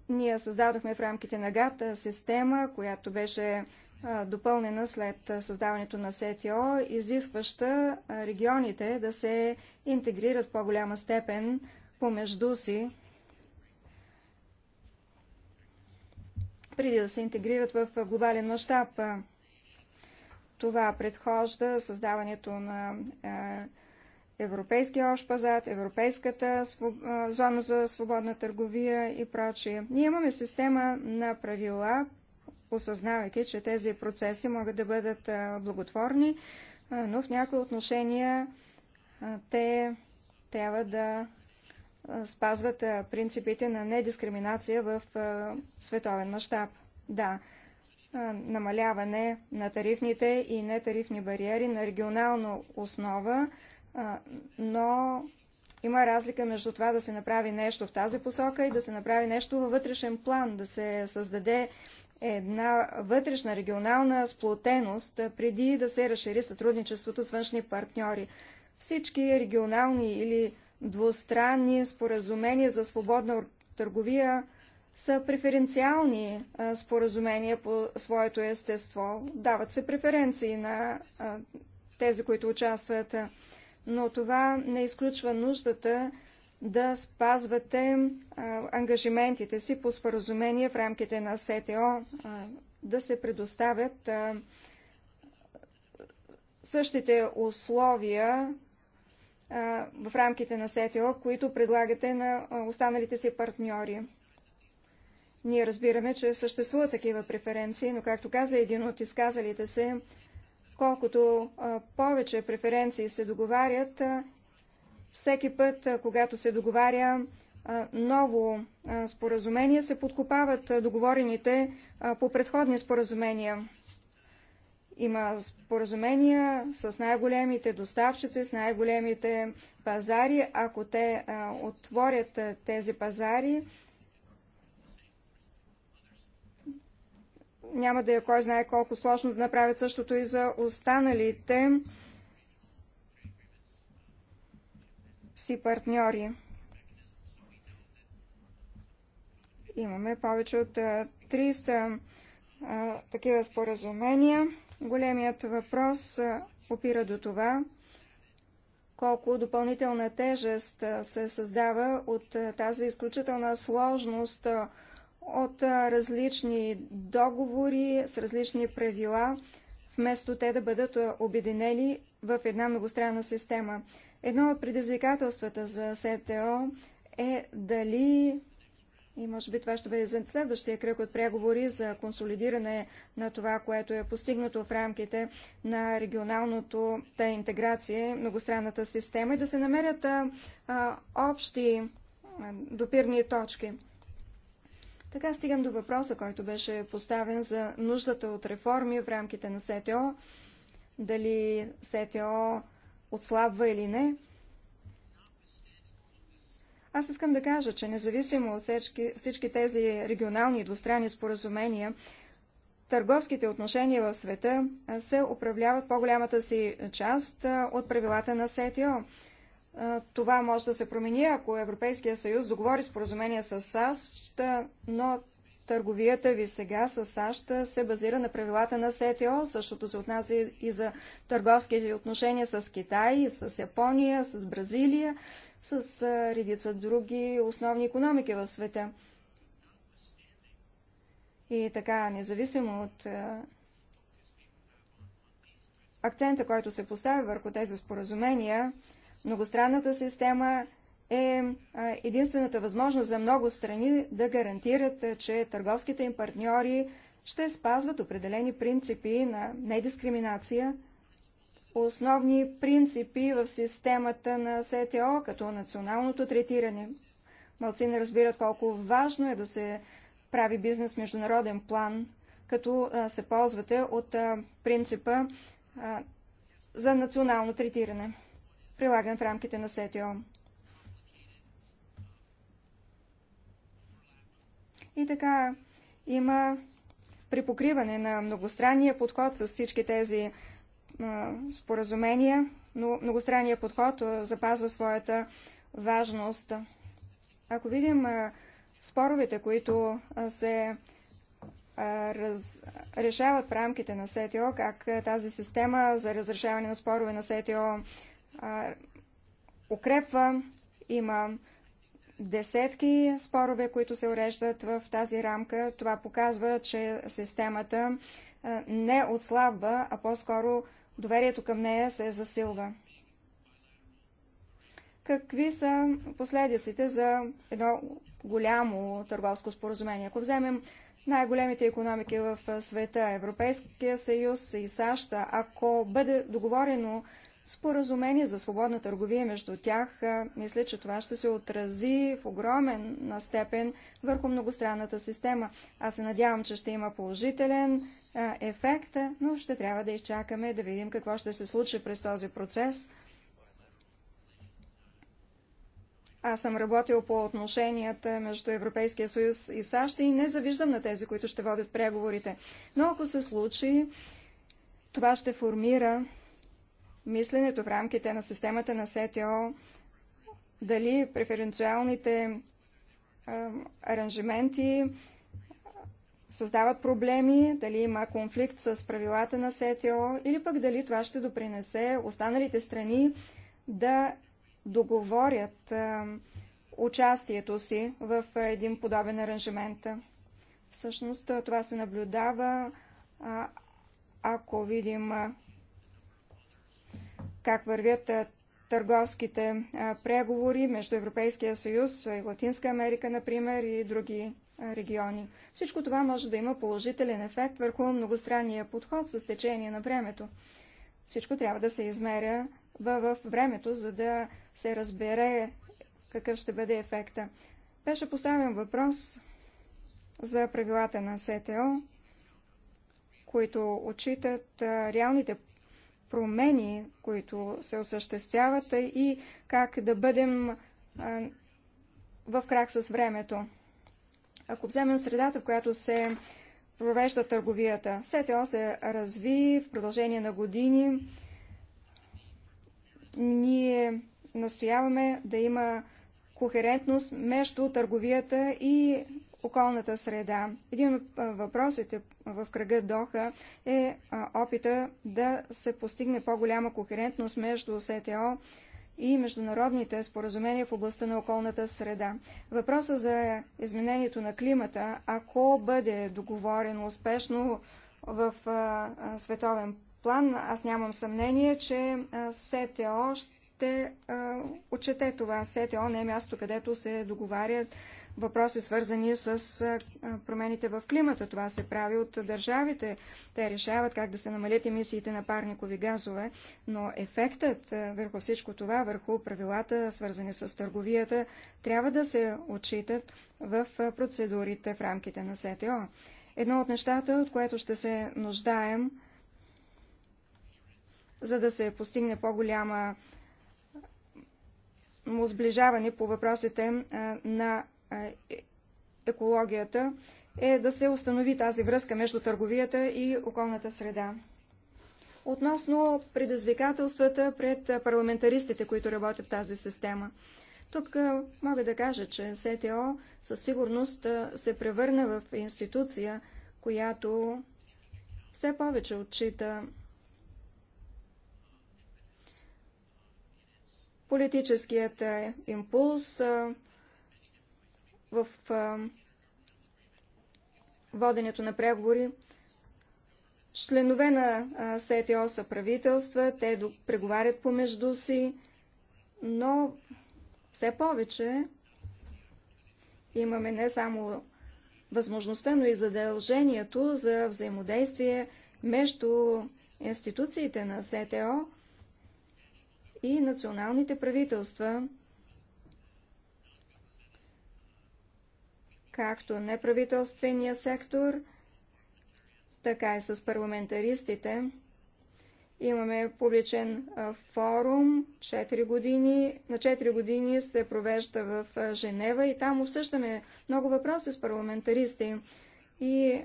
Ние създадохме в рамките на ГАТ система, която беше допълнена след създаването на СТО, изискваща регионите да се интегрират в по-голяма степен помежду си, преди да се интегрират в глобален мащаб. Това предхожда създаването на Европейския общ пазар, Европейската зона за свободна търговия и прочие. Ние имаме система на правила, осъзнавайки, че тези процеси могат да бъдат благотворни, но в някои отношения те трябва да спазват принципите на недискриминация в световен мащаб. Да, намаляване на тарифните и нетарифни бариери на регионална основа, но има разлика между това да се направи нещо в тази посока и да се направи нещо във вътрешен план, да се създаде една вътрешна регионална сплотеност, преди да се разшири сътрудничеството с външни партньори. Всички регионални или двустранни споразумения за свободна търговия са преференциални споразумения по своето естество. Дават се преференции на тези, които участват. Но това не изключва нуждата да спазвате ангажиментите си по споразумение в рамките на СТО, да се предоставят същите условия в рамките на СТО, които предлагате на останалите си партньори. Ние разбираме, че съществуват такива преференции, но както каза един от изказалите се, колкото повече преференции се договарят, всеки път, когато се договаря ново споразумение, се подкопават договорените по предходни споразумения. Има споразумения с най-големите доставчици, с най-големите пазари. Ако те отворят тези пазари, няма да е кой знае колко сложно да направят същото и за останалите си партньори. Имаме повече от 300 а, такива споразумения. Големият въпрос а, опира до това, колко допълнителна тежест се създава от тази изключителна сложност от различни договори с различни правила, вместо те да бъдат обединени в една многостранна система. Едно от предизвикателствата за СТО е дали, и може би това ще бъде за следващия кръг от преговори за консолидиране на това, което е постигнато в рамките на регионалното та интеграция, многостранната система и да се намерят а, общи допирни точки. Така стигам до въпроса, който беше поставен за нуждата от реформи в рамките на СТО. Дали СТО отслабва или не. Аз искам да кажа, че независимо от всички, всички тези регионални и двустранни споразумения, търговските отношения в света се управляват по-голямата си част от правилата на СТО. Това може да се промени, ако Европейския съюз договори споразумение с САЩ, но Търговията ви сега с САЩ се базира на правилата на СТО, същото се отнася и за търговските отношения с Китай, с Япония, с Бразилия, с редица други основни економики в света. И така, независимо от акцента, който се поставя върху тези споразумения, многостранната система е единствената възможност за много страни да гарантират, че търговските им партньори ще спазват определени принципи на недискриминация, основни принципи в системата на СТО, като националното третиране. Малци не разбират колко важно е да се прави бизнес международен план, като се ползвате от принципа за национално третиране, прилаган в рамките на СТО. И така има припокриване на многостранния подход с всички тези а, споразумения, но многостранния подход запазва своята важност. Ако видим а, споровете, които се раз... решават в рамките на СТО, как тази система за разрешаване на спорове на СТО укрепва, има десетки спорове, които се уреждат в тази рамка. Това показва, че системата не отслабва, а по-скоро доверието към нея се засилва. Какви са последиците за едно голямо търговско споразумение? Ако вземем най-големите економики в света, Европейския съюз и САЩ, ако бъде договорено споразумение за свободна търговия между тях, мисля, че това ще се отрази в огромен степен върху многостранната система. Аз се надявам, че ще има положителен ефект, но ще трябва да изчакаме да видим какво ще се случи през този процес. Аз съм работил по отношенията между Европейския съюз и САЩ и не завиждам на тези, които ще водят преговорите. Но ако се случи, това ще формира мисленето в рамките на системата на СТО, дали преференциалните а, аранжименти създават проблеми, дали има конфликт с правилата на СТО или пък дали това ще допринесе останалите страни да договорят а, участието си в един подобен аранжимент. Всъщност това се наблюдава, а, ако видим как вървят търговските преговори между Европейския съюз, и Латинска Америка, например, и други региони. Всичко това може да има положителен ефект върху многостранния подход с течение на времето. Всичко трябва да се измеря в времето, за да се разбере какъв ще бъде ефекта. Беше поставен въпрос за правилата на СТО, които отчитат реалните промени, които се осъществяват е и как да бъдем в крак с времето. Ако вземем средата, в която се провежда търговията, СТО се разви в продължение на години. Ние настояваме да има кохерентност между търговията и околната среда. Един от въпросите в кръга Доха е опита да се постигне по-голяма кохерентност между СТО и международните споразумения в областта на околната среда. Въпросът за изменението на климата, ако бъде договорен успешно в световен план, аз нямам съмнение, че СТО ще отчете това. СТО не е място, където се договарят въпроси, свързани с промените в климата. Това се прави от държавите. Те решават как да се намалят емисиите на парникови газове, но ефектът върху всичко това, върху правилата, свързани с търговията, трябва да се отчитат в процедурите в рамките на СТО. Едно от нещата, от което ще се нуждаем, за да се постигне по-голяма му сближаване по въпросите на е, екологията е да се установи тази връзка между търговията и околната среда. Относно предизвикателствата пред парламентаристите, които работят в тази система. Тук мога да кажа, че СТО със сигурност се превърна в институция, която все повече отчита политическият импулс, в воденето на преговори. Членове на СТО са правителства, те преговарят помежду си, но все повече имаме не само възможността, но и задължението за взаимодействие между институциите на СТО и националните правителства – както неправителствения сектор, така и с парламентаристите. Имаме публичен форум 4 години. На 4 години се провежда в Женева и там обсъждаме много въпроси с парламентаристи. И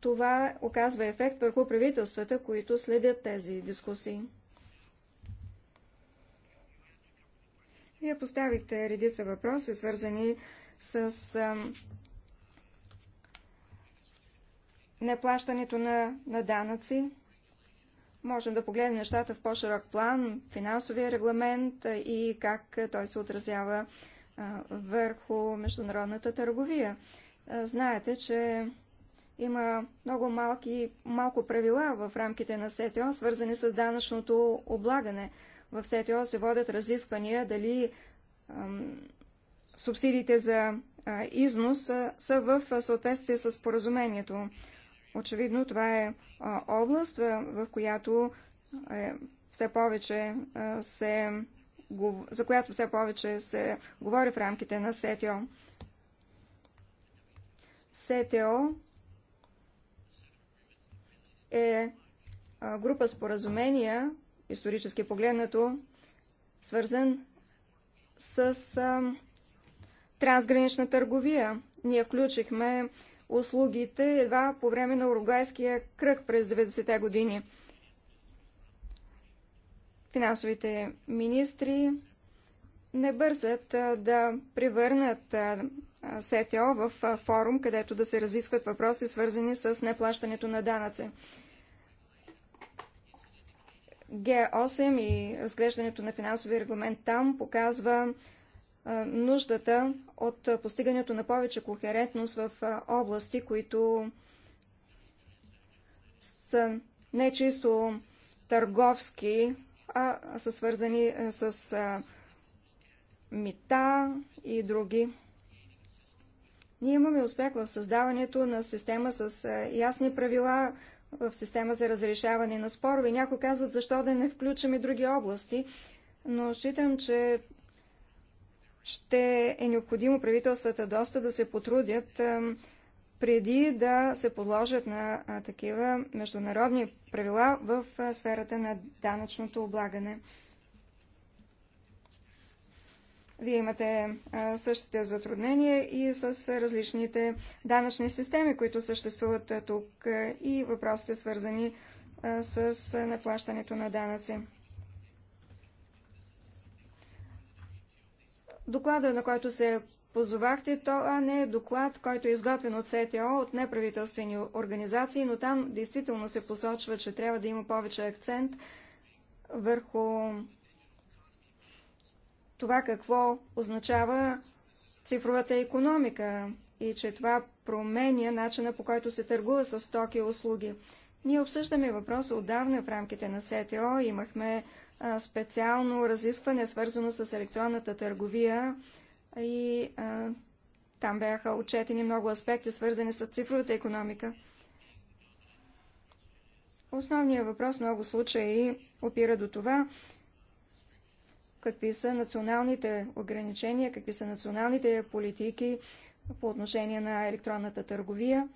това оказва ефект върху правителствата, които следят тези дискусии. Вие поставихте редица въпроси, свързани с неплащането на, на данъци. Можем да погледнем нещата в по-широк план, финансовия регламент и как той се отразява върху международната търговия. знаете, че има много малки, малко правила в рамките на СТО, свързани с данъчното облагане. В СТО се водят разисквания дали ам, субсидиите за а, износ а, са в съответствие с поразумението. Очевидно това е област, в която е, все повече се, за която все повече се говори в рамките на СТО. СТО е група споразумения, исторически погледнато, свързан с трансгранична търговия. Ние включихме услугите едва по време на Уругайския кръг през 90-те години. Финансовите министри не бързат да превърнат СТО в форум, където да се разискват въпроси, свързани с неплащането на данъци. Г8 и разглеждането на финансовия регламент там показва нуждата от постигането на повече кохерентност в области, които са не чисто търговски, а са свързани с мита и други. Ние имаме успех в създаването на система с ясни правила, в система за разрешаване на спорове. Някои казват, защо да не включим и други области, но считам, че ще е необходимо правителствата доста да се потрудят преди да се подложат на такива международни правила в сферата на данъчното облагане. Вие имате същите затруднения и с различните данъчни системи, които съществуват тук и въпросите свързани с наплащането на данъци. Доклада, на който се позовахте, това не е доклад, който е изготвен от СТО, от неправителствени организации, но там действително се посочва, че трябва да има повече акцент върху това какво означава цифровата економика и че това променя начина по който се търгува с стоки и услуги. Ние обсъждаме въпроса отдавна в рамките на СТО, имахме специално разискване, свързано с електронната търговия и там бяха отчетени много аспекти, свързани с цифровата економика. Основният въпрос в много случаи опира до това, какви са националните ограничения, какви са националните политики по отношение на електронната търговия,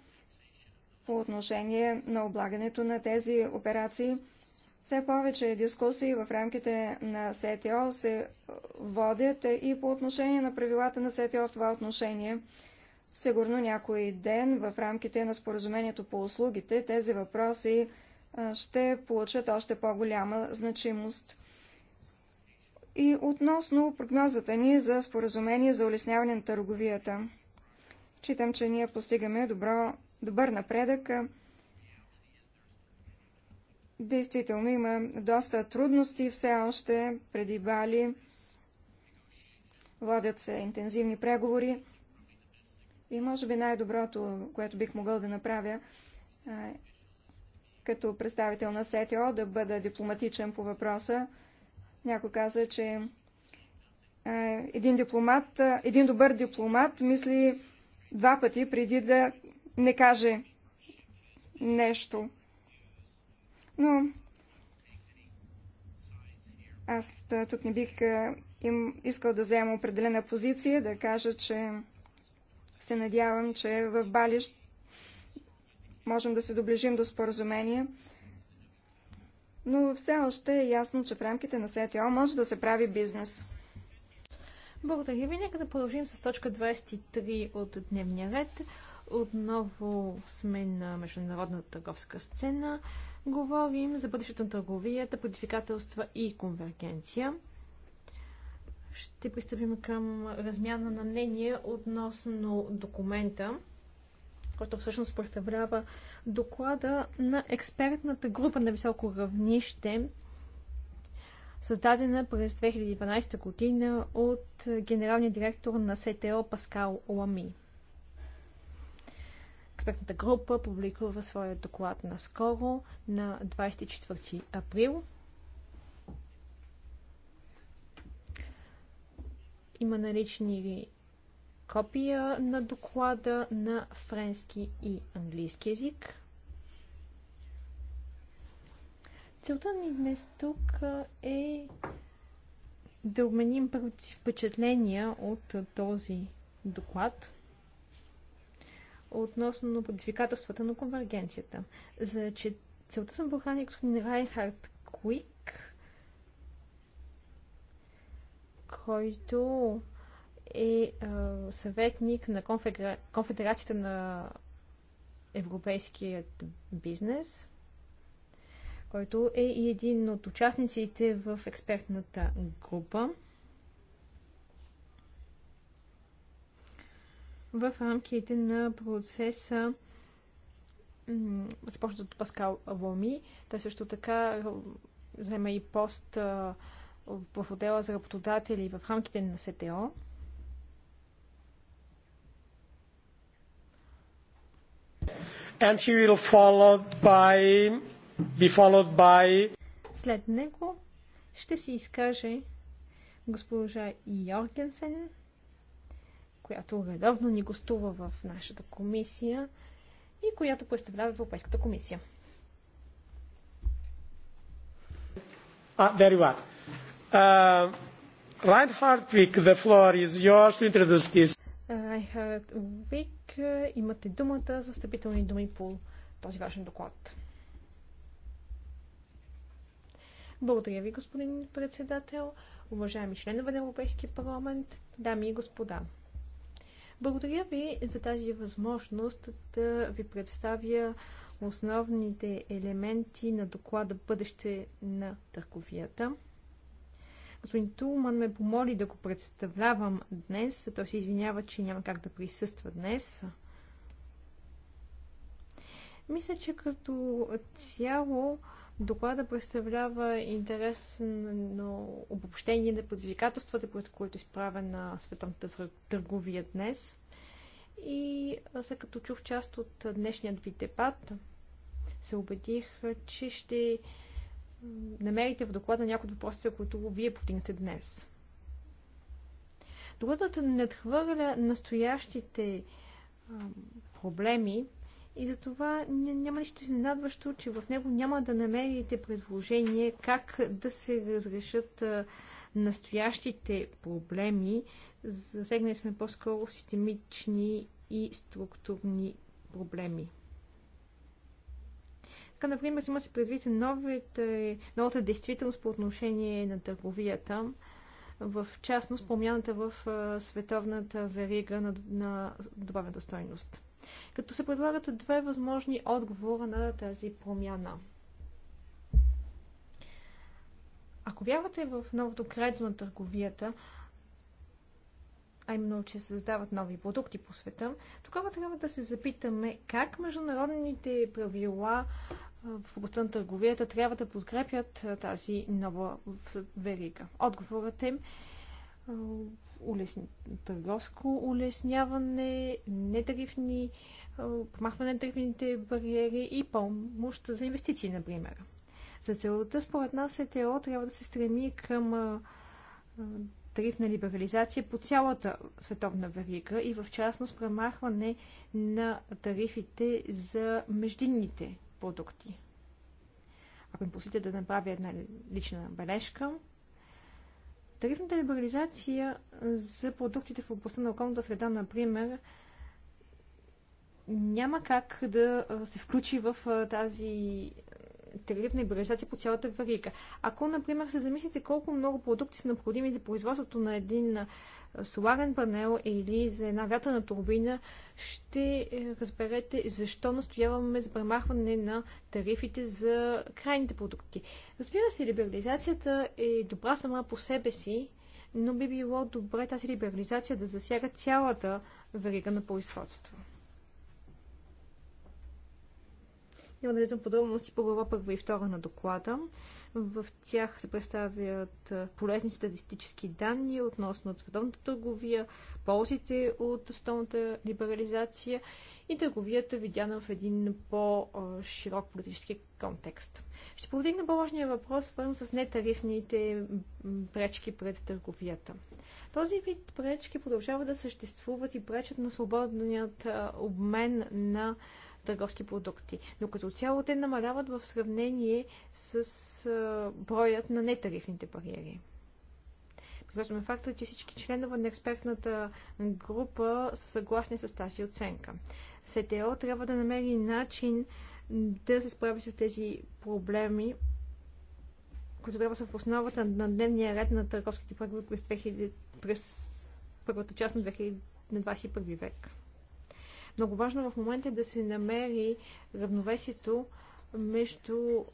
по отношение на облагането на тези операции – все повече дискусии в рамките на СТО се водят и по отношение на правилата на СТО в това отношение. Сигурно някой ден в рамките на споразумението по услугите тези въпроси ще получат още по-голяма значимост. И относно прогнозата ни за споразумение за улесняване на търговията. Читам, че ние постигаме добро, добър напредък Действително има доста трудности все още преди Бали. Водят се интензивни преговори. И може би най-доброто, което бих могъл да направя, като представител на СТО, да бъда дипломатичен по въпроса. Някой каза, че един, дипломат, един добър дипломат мисли два пъти преди да не каже нещо. Но аз тук не бих им искал да взема определена позиция, да кажа, че се надявам, че в Балищ можем да се доближим до споразумение. Но все още е ясно, че в рамките на СТО може да се прави бизнес. Благодаря ви. Нека да продължим с точка 23 от дневния ред. Отново сме на международната търговска сцена. Говорим за бъдещето на търговията, предизвикателства и конвергенция. Ще пристъпим към размяна на мнение относно документа, който всъщност представлява доклада на експертната група на високо равнище, създадена през 2012 година от генералния директор на СТО Паскал Лами. Експертната група публикува своя доклад наскоро на 24 април. Има налични копия на доклада на френски и английски язик. Целта ни днес тук е да обменим впечатления от този доклад относно предизвикателствата на конвергенцията. За че целта съм покани господин Райнхард Куик, който е съветник на конфедера... Конфедерацията на европейският бизнес, който е и един от участниците в експертната група. в рамките на процеса започна от Паскал Ломи. Той също така взема и пост в отдела за работодатели в рамките на СТО. And he will followed by, be followed by... След него ще се изкаже госпожа Йоргенсен, която редовно ни гостува в нашата комисия и която представлява Европейската комисия. Ah, very well. Uh, Reinhard Wick, the floor is yours to introduce this. Райхард Вик, имате думата за встъпителни думи по този важен доклад. Благодаря ви, господин председател, уважаеми членове на Европейския парламент, дами и господа. Благодаря ви за тази възможност да ви представя основните елементи на доклада Бъдеще на търговията. Господин Тулман ме помоли да го представлявам днес. Той се извинява, че няма как да присъства днес. Мисля, че като цяло Доклада представлява интересно обобщение на предизвикателствата, пред които е изправя на световната търговия днес. И след като чух част от днешният ви дебат, се убедих, че ще намерите в доклада някои от въпросите, които вие повдигнете днес. Докладът надхвърля настоящите проблеми, и затова няма нищо изненадващо, че в него няма да намерите предложение как да се разрешат настоящите проблеми. Засегнали сме по-скоро системични и структурни проблеми. Така, например, има се предвид новите, новата действителност по отношение на търговията, в частност промяната в световната верига на, на добавената стойност като се предлагат две възможни отговора на тази промяна. Ако вярвате в новото кредо на търговията, а именно, че се създават нови продукти по света, тогава трябва да се запитаме как международните правила в областта на търговията трябва да подкрепят тази нова верига. Отговорът им е, улесни... търговско улесняване, нетарифни, помахване на тарифните бариери и помощ за инвестиции, например. За целта, според нас, ЕТО трябва да се стреми към тарифна либерализация по цялата световна верига и в частност премахване на тарифите за междинните продукти. Ако им посетите да направя една лична бележка, Тарифната либерализация за продуктите в областта на околната среда, например, няма как да се включи в тази на либерализация по цялата варига. Ако, например, се замислите колко много продукти са необходими за производството на един соларен панел или за една вятърна турбина, ще е, разберете защо настояваме за премахване на тарифите за крайните продукти. Разбира се, либерализацията е добра сама по себе си, но би било добре тази либерализация да засяга цялата верига на производство. Няма да влезем подробности по глава първа и втора на доклада. В тях се представят полезни статистически данни относно световната търговия, ползите от световната либерализация и търговията, видяна в един по-широк политически контекст. Ще повдигна по-важния въпрос, свързан с нетарифните пречки пред търговията. Този вид пречки продължава да съществуват и пречат на свободният обмен на търговски продукти. Но като цяло те намаляват в сравнение с броят на нетарифните бариери. Прекрасваме факта, че всички членове на експертната група са съгласни с тази оценка. СТО трябва да намери начин да се справи с тези проблеми, които трябва да са в основата на дневния ред на търговските преговори през, 2000, през първата част на, 2021 век. Много важно в момента е да се намери равновесието между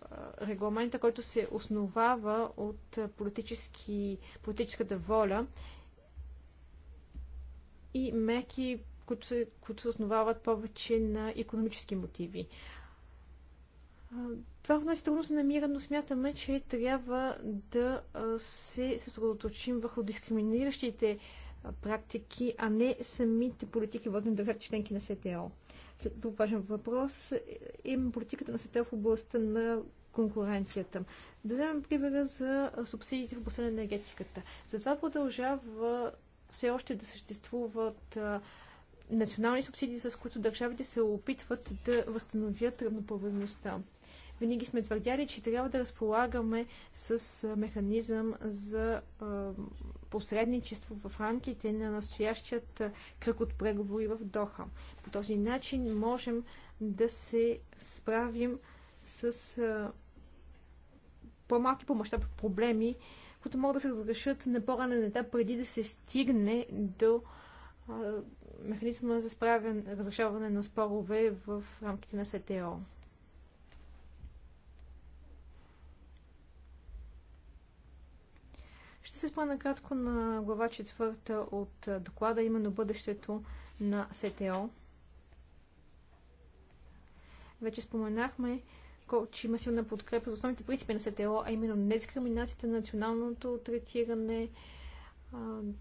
регламента, който се основава от политически, политическата воля и мерки, които се, които се основават повече на економически мотиви. Това в нас трудно се намира, но смятаме, че трябва да се съсредоточим върху дискриминиращите практики, а не самите политики, водени държавите членки на СТО. След друг важен въпрос е политиката на СТО в областта на конкуренцията. Да вземем примера за субсидиите в областта на енергетиката. Затова продължава все още да съществуват национални субсидии, с които държавите се опитват да възстановят равноправността винаги сме твърдяли, че трябва да разполагаме с механизъм за посредничество в рамките на настоящият кръг от преговори в Доха. По този начин можем да се справим с по-малки по мащаб проблеми, които могат да се разрешат на по-ранен етап, преди да се стигне до механизма за справяне, разрешаване на спорове в рамките на СТО. Ще се спомня кратко на глава четвърта от доклада, именно бъдещето на СТО. Вече споменахме, че има силна подкрепа за основните принципи на СТО, а именно недискриминацията на националното третиране,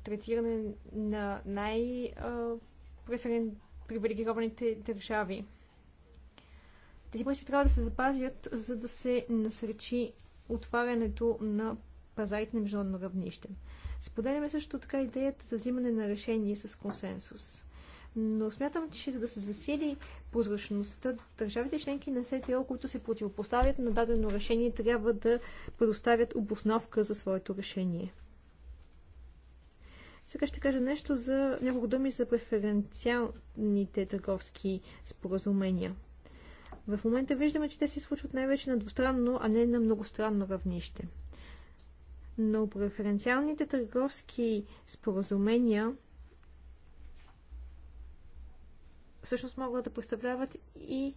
третиране на най-привилегированите държави. Тези принципи трябва да се запазят, за да се насречи отварянето на пазарите на международно равнище. Споделяме също така идеята за взимане на решение с консенсус. Но смятам, че за да се засили прозрачността, държавите членки на СТО, които се противопоставят на дадено решение, трябва да предоставят обосновка за своето решение. Сега ще кажа нещо за няколко думи за преференциалните търговски споразумения. В момента виждаме, че те се случват най-вече на двустранно, а не на многостранно равнище но преференциалните търговски споразумения всъщност могат да представляват и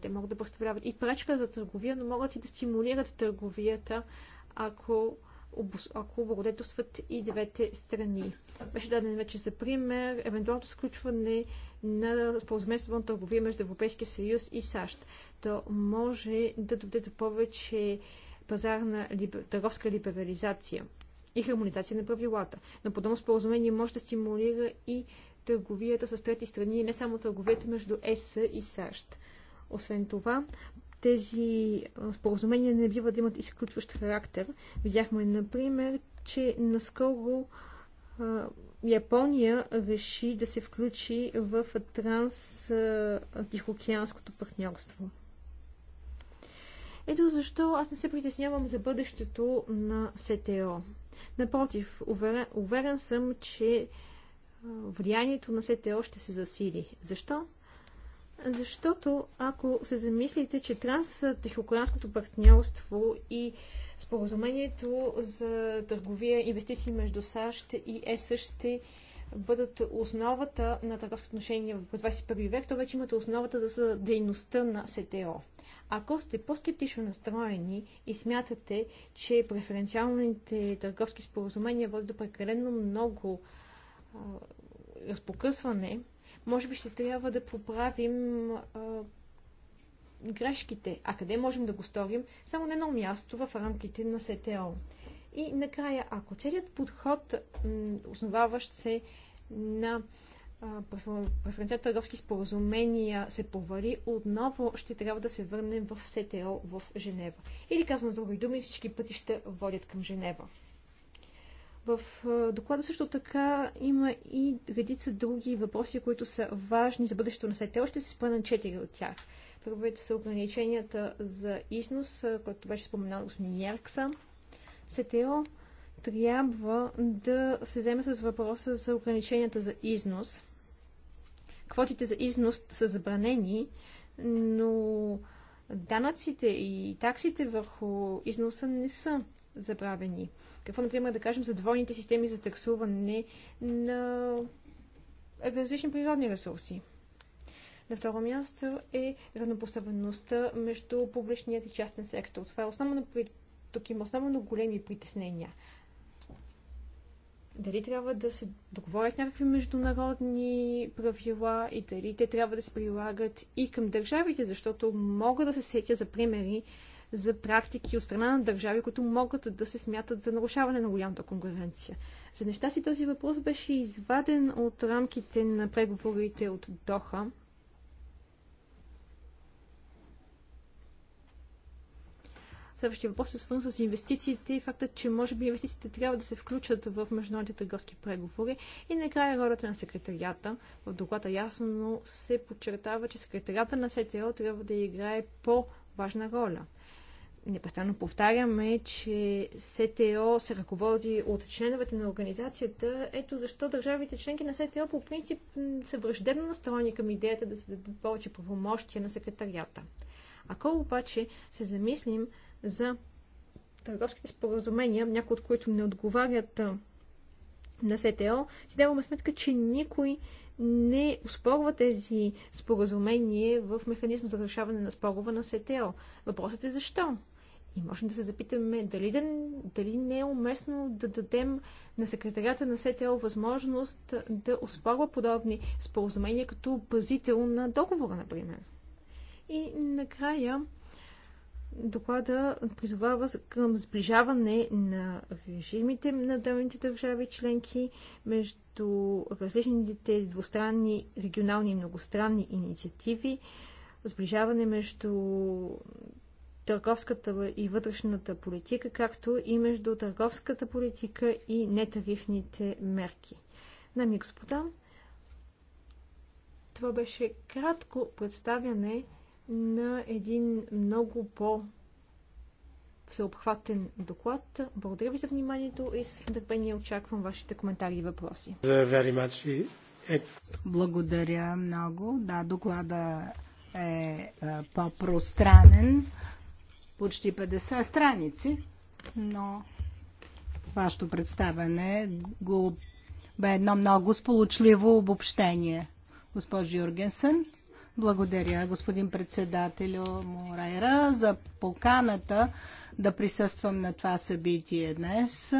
те могат да представляват и пречка за търговия, но могат и да стимулират търговията, ако, ако благодетелстват и двете страни. Беше даден вече за пример евентуалното сключване на споразумението търговия между Европейския съюз и САЩ. То може да доведе до повече пазарна либер... търговска либерализация и хармонизация на правилата. Но подобно споразумение може да стимулира и търговията с трети страни, не само търговията между ЕС и САЩ. Освен това, тези споразумения не бива да имат изключващ характер. Видяхме, например, че наскоро Япония реши да се включи в транс-тихоокеанското партньорство. Ето защо аз не се притеснявам за бъдещето на СТО. Напротив, уверен, уверен съм, че влиянието на СТО ще се засили. Защо? Защото ако се замислите, че транс-тихоокеанското партньорство и споразумението за търговия и инвестиции между САЩ и ЕС ще бъдат основата на търговски отношения в 21 век, то вече имате основата за дейността на СТО. Ако сте по-скептично настроени и смятате, че преференциалните търговски споразумения водят до прекалено много а, разпокъсване може би ще трябва да поправим а, грешките. А къде можем да го сторим? Само на едно място в рамките на СТО. И накрая, ако целият подход, основаващ се на преференцията търговски споразумения се повали, отново ще трябва да се върнем в СТО в Женева. Или казвам с други думи, всички пътища водят към Женева. В доклада също така има и редица други въпроси, които са важни за бъдещето на сайта. Ще се спомена четири от тях. Първите са ограниченията за износ, който беше споменал господин Яркса. СТО трябва да се вземе с въпроса за ограниченията за износ. Квотите за износ са забранени, но данъците и таксите върху износа не са забравени. Какво, например, да кажем за двойните системи за таксуване на различни природни ресурси? На второ място е равнопоставеността между публичният и частен сектор. Това е основно, тук има основно големи притеснения. Дали трябва да се договорят някакви международни правила и дали те трябва да се прилагат и към държавите, защото мога да се сетя за примери за практики от страна на държави, които могат да се смятат за нарушаване на голямата конкуренция. За неща си този въпрос беше изваден от рамките на преговорите от Доха. Следващия въпрос е свързан с инвестициите и факта, че може би инвестициите трябва да се включат в международните търговски преговори. И накрая ролята на секретарията. В доклада ясно се подчертава, че секретарията на СТО трябва да играе по-важна роля непрестанно повтаряме, че СТО се ръководи от членовете на организацията. Ето защо държавите членки на СТО по принцип са враждебно настроени към идеята да се дадат повече правомощия на секретарията. Ако обаче се замислим за търговските споразумения, някои от които не отговарят на СТО, си даваме сметка, че никой не спорва тези споразумения в механизма за решаване на спорове на СТО. Въпросът е защо? И можем да се запитаме дали, да, дали не е уместно да дадем на секретарята на СТО възможност да оспорва подобни споразумения като пазител на договора, например. И накрая доклада призовава към сближаване на режимите на дълните държави членки между различните двустранни, регионални и многостранни инициативи, сближаване между търговската и вътрешната политика, както и между търговската политика и нетарифните мерки. На господа, това беше кратко представяне на един много по- всеобхватен доклад. Благодаря ви за вниманието и с нетърпение очаквам вашите коментари и въпроси. Е, Благодаря много. Да, доклада е по-пространен почти 50 страници, но вашето представяне го бе едно много сполучливо обобщение. Госпожо Юргенсен, благодаря господин председателю Морайра за поканата да присъствам на това събитие днес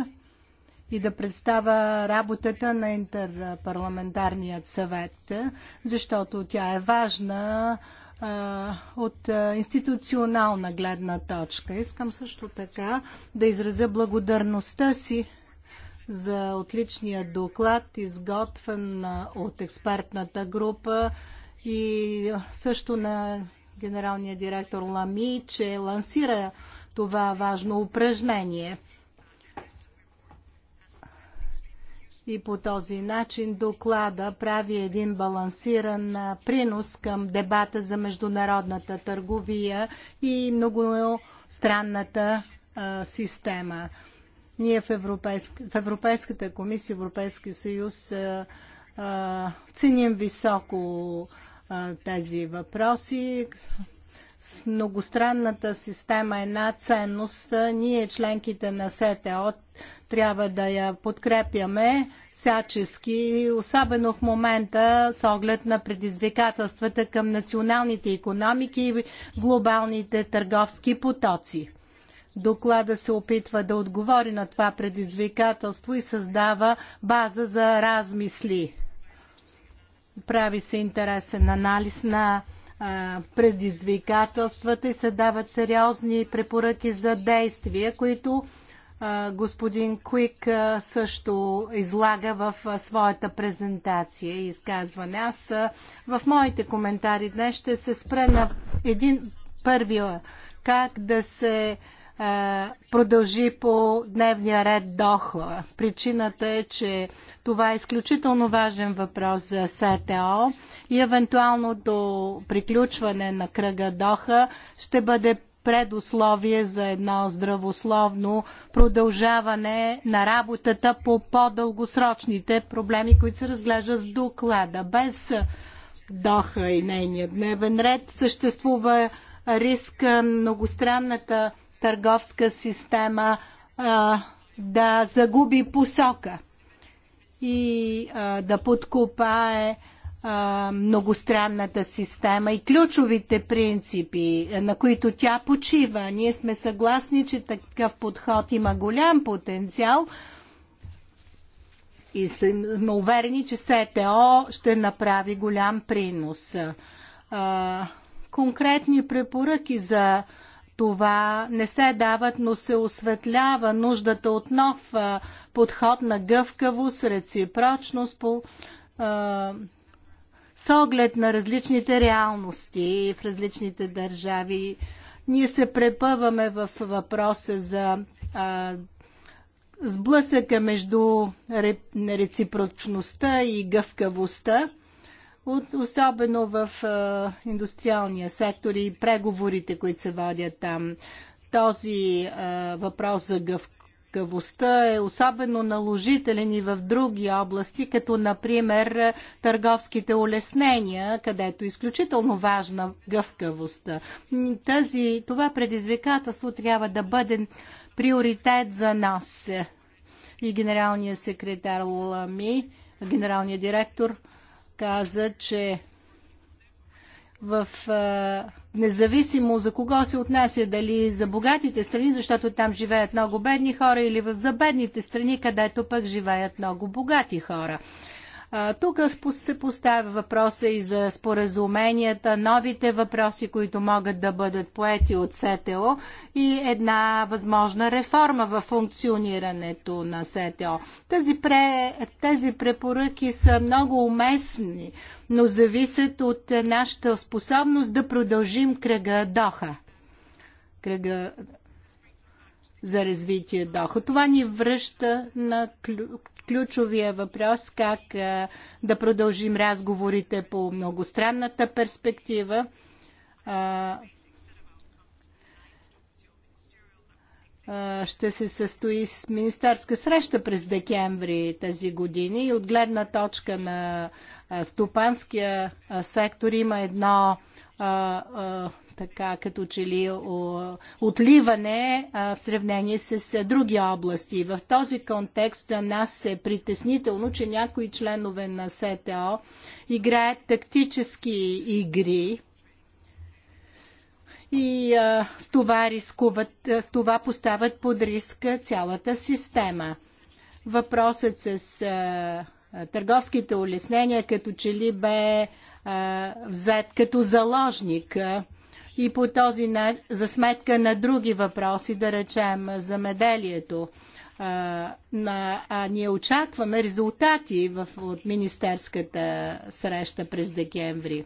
и да представя работата на Интерпарламентарният съвет, защото тя е важна от институционална гледна точка. Искам също така да изразя благодарността си за отличния доклад, изготвен от експертната група и също на генералния директор Лами, че лансира това важно упражнение. и по този начин доклада прави един балансиран принос към дебата за международната търговия и многостранната система. Ние в, Европейск... в Европейската комисия, Европейски съюз а, а, ценим високо а, тези въпроси с многостранната система е една ценност. Ние, членките на СТО, трябва да я подкрепяме всячески, особено в момента с оглед на предизвикателствата към националните економики и глобалните търговски потоци. Доклада се опитва да отговори на това предизвикателство и създава база за размисли. Прави се интересен анализ на предизвикателствата и се дават сериозни препоръки за действия, които господин Куик също излага в своята презентация и изказване. Аз в моите коментари днес ще се спра на един първия как да се е, продължи по дневния ред Дохла. Причината е, че това е изключително важен въпрос за СТО и евентуално до приключване на кръга Доха ще бъде предусловие за едно здравословно продължаване на работата по по-дългосрочните проблеми, които се разглеждат с доклада. Без Доха и нейния дневен ред съществува риск многостранната търговска система а, да загуби посока и а, да подкопае многостранната система и ключовите принципи, на които тя почива. Ние сме съгласни, че такъв подход има голям потенциал и сме уверени, че СТО ще направи голям принос. А, конкретни препоръки за това не се дават, но се осветлява нуждата от нов а, подход на гъвкавост, реципрочност по, а, с оглед на различните реалности в различните държави. Ние се препъваме в въпроса за а, сблъсъка между реципрочността и гъвкавостта особено в индустриалния сектор и преговорите, които се водят там. Този въпрос за гъвкавостта е особено наложителен и в други области, като например търговските улеснения, където е изключително важна гъвкавостта. Тази, това предизвикателство трябва да бъде приоритет за нас. И генералният секретар Лами, генералният директор каза, че в, а, независимо за кого се отнася, дали за богатите страни, защото там живеят много бедни хора, или за бедните страни, където пък живеят много богати хора. Тук се поставя въпроса и за споразуменията, новите въпроси, които могат да бъдат поети от СТО и една възможна реформа в функционирането на СТО. Тези, пре, тези препоръки са много уместни, но зависят от нашата способност да продължим кръга Доха. Кръга за развитие Доха. Това ни връща на ключовия въпрос как е, да продължим разговорите по многостранната перспектива. Е, е, ще се състои с министерска среща през декември тази години и от гледна точка на стопанския сектор има едно така като че ли отливане в сравнение с други области. В този контекст за нас е притеснително, че някои членове на СТО играят тактически игри, и а, с това рискуват, а, с това поставят под риск цялата система. Въпросът с а, търговските улеснения като че ли бе а, взет като заложник. А, и по този начин за сметка на други въпроси, да речем замеделието. А, на, а ние очакваме резултати в, от министерската среща през декември.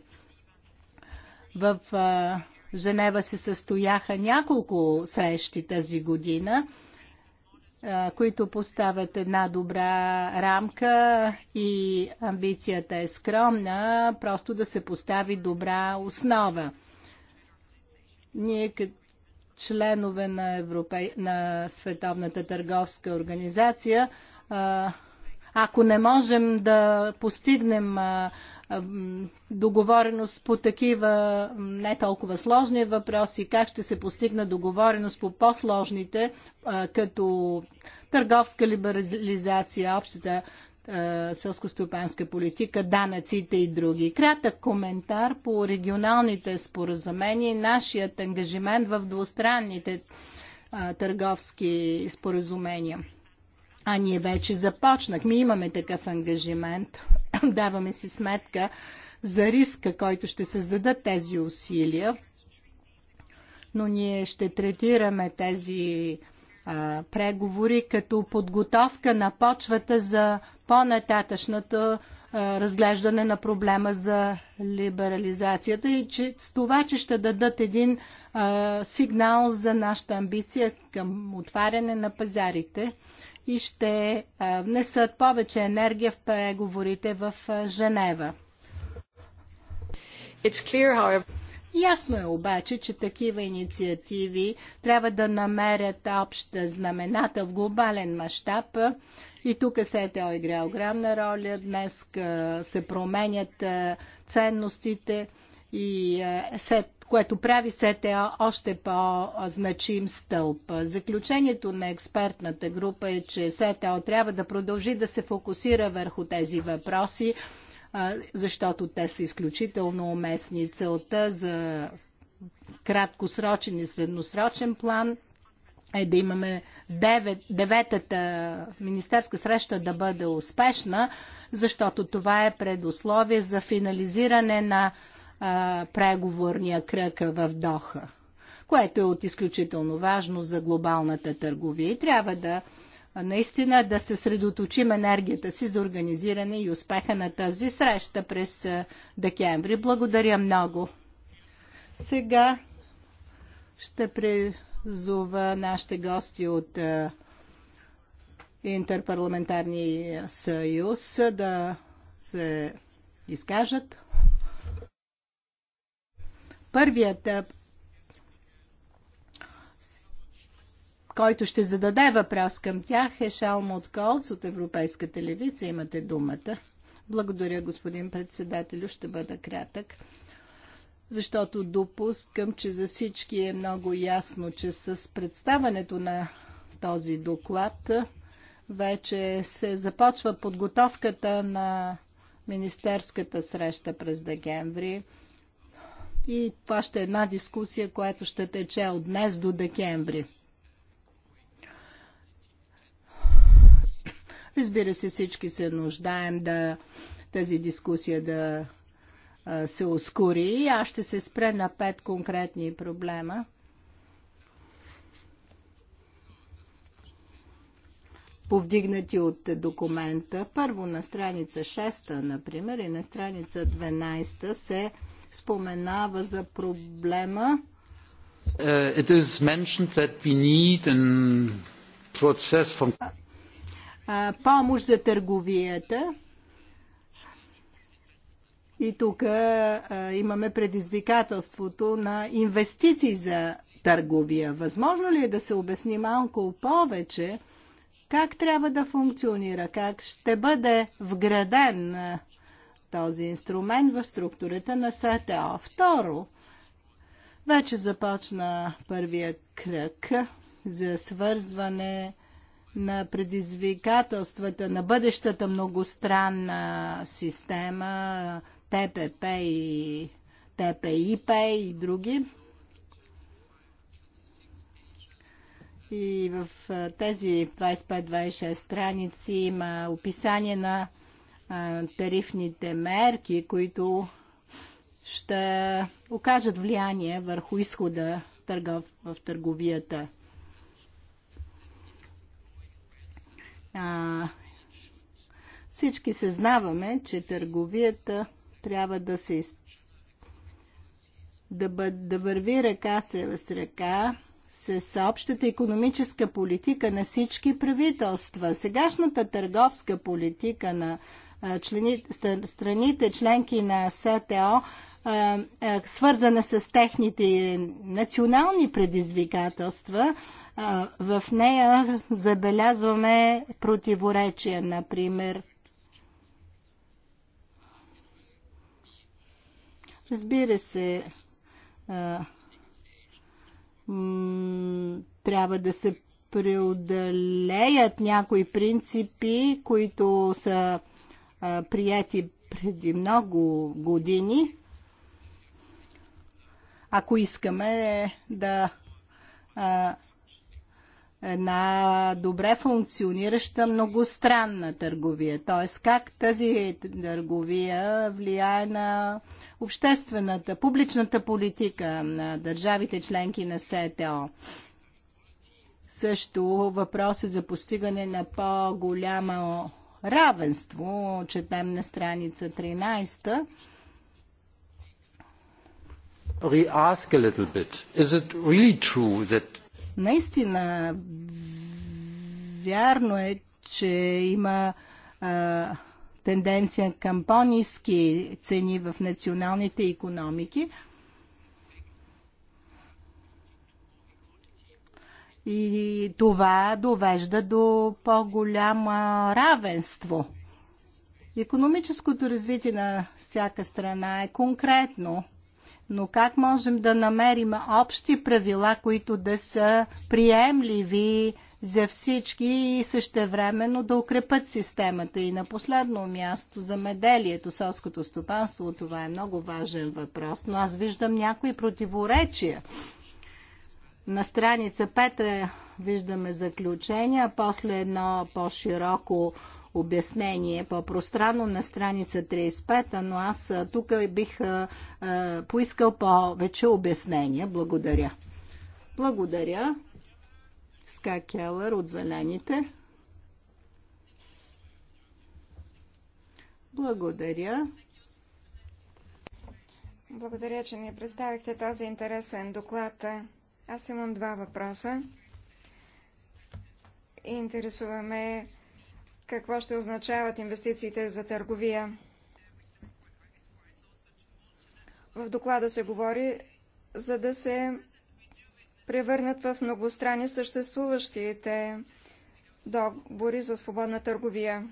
В а, Женева се състояха няколко срещи тази година които поставят една добра рамка и амбицията е скромна, просто да се постави добра основа. Ние като членове на, Европе... на Световната търговска организация, ако не можем да постигнем договореност по такива не толкова сложни въпроси, как ще се постигна договореност по по-сложните, като търговска либерализация, общата е, селско-стопанска политика, данъците и други. Кратък коментар по регионалните споразумения и нашият ангажимент в двустранните а, е, търговски споразумения. А ние вече започнахме, имаме такъв ангажимент, *clears throat* даваме си сметка за риска, който ще създадат тези усилия, но ние ще третираме тези а, преговори като подготовка на почвата за по-нататъчната разглеждане на проблема за либерализацията и че с това, че ще дадат един а, сигнал за нашата амбиция към отваряне на пазарите и ще а, внесат повече енергия в преговорите в а, Женева. It's clear, however... Ясно е обаче, че такива инициативи трябва да намерят общ знаменател в глобален мащаб и тук СТО играе огромна роля. Днес се променят ценностите и което прави СТО още по-значим стълб. Заключението на експертната група е, че СТО трябва да продължи да се фокусира върху тези въпроси, защото те са изключително уместни. Целта за краткосрочен и средносрочен план – е да имаме девет, деветата министерска среща да бъде успешна, защото това е предусловие за финализиране на а, преговорния кръг в Доха, което е от изключително важно за глобалната търговия. И трябва да наистина да се средоточим енергията си за организиране и успеха на тази среща през декември. Благодаря много. Сега ще при зова нашите гости от е, Интерпарламентарния съюз да се изкажат. Първият, е, който ще зададе въпрос към тях е Шалмут Колц от Европейската левица. Имате думата. Благодаря, господин председателю. Ще бъда кратък защото допускам, че за всички е много ясно, че с представането на този доклад вече се започва подготовката на министерската среща през декември. И това ще е една дискусия, която ще тече от днес до декември. Разбира се, всички се нуждаем да тази дискусия да се ускори. Аз ще се спре на пет конкретни проблема. повдигнати от документа. Първо на страница 6, например, и на страница 12 се споменава за проблема. Uh, it is mentioned that we need process from... Uh, помощ за търговията и тук имаме предизвикателството на инвестиции за търговия. Възможно ли е да се обясни малко повече как трябва да функционира, как ще бъде вграден този инструмент в структурата на СТО? Второ, вече започна първия кръг за свързване на предизвикателствата на бъдещата многостранна система, ТПП и ТПИП и други. И в тези 25-26 страници има описание на тарифните мерки, които ще окажат влияние върху изхода в търговията. Всички всички съзнаваме, че търговията трябва да се да, бъд, да върви ръка с ръка с общата економическа политика на всички правителства. Сегашната търговска политика на члени, страните членки на СТО свързана с техните национални предизвикателства, в нея забелязваме противоречия, например Разбира се, трябва да се преодолеят някои принципи, които са а, прияти преди много години, ако искаме да а, една добре функционираща многостранна търговия. Т.е. как тази търговия влияе на обществената, публичната политика на държавите членки на СТО. Също въпроси е за постигане на по-голямо равенство, четем на страница 13 re-ask a little bit. Is it really true that... Наистина, вярно е, че има а, тенденция към по-низки цени в националните економики. И това довежда до по-голямо равенство. Економическото развитие на всяка страна е конкретно, но как можем да намерим общи правила, които да са приемливи за всички и същевременно да укрепат системата. И на последно място замеделието, селското стопанство, това е много важен въпрос, но аз виждам някои противоречия. На страница 5 е, виждаме заключения, после едно по-широко обяснение по-пространно на страница 35, но аз е, тук бих а, е, а, поискал повече обяснения. Благодаря. Благодаря. Ска Келър от Зелените. Благодаря. Благодаря, че ни представихте този интересен доклад. Аз имам два въпроса. Интересуваме какво ще означават инвестициите за търговия. В доклада се говори за да се превърнат в многостранни съществуващите договори за свободна търговия.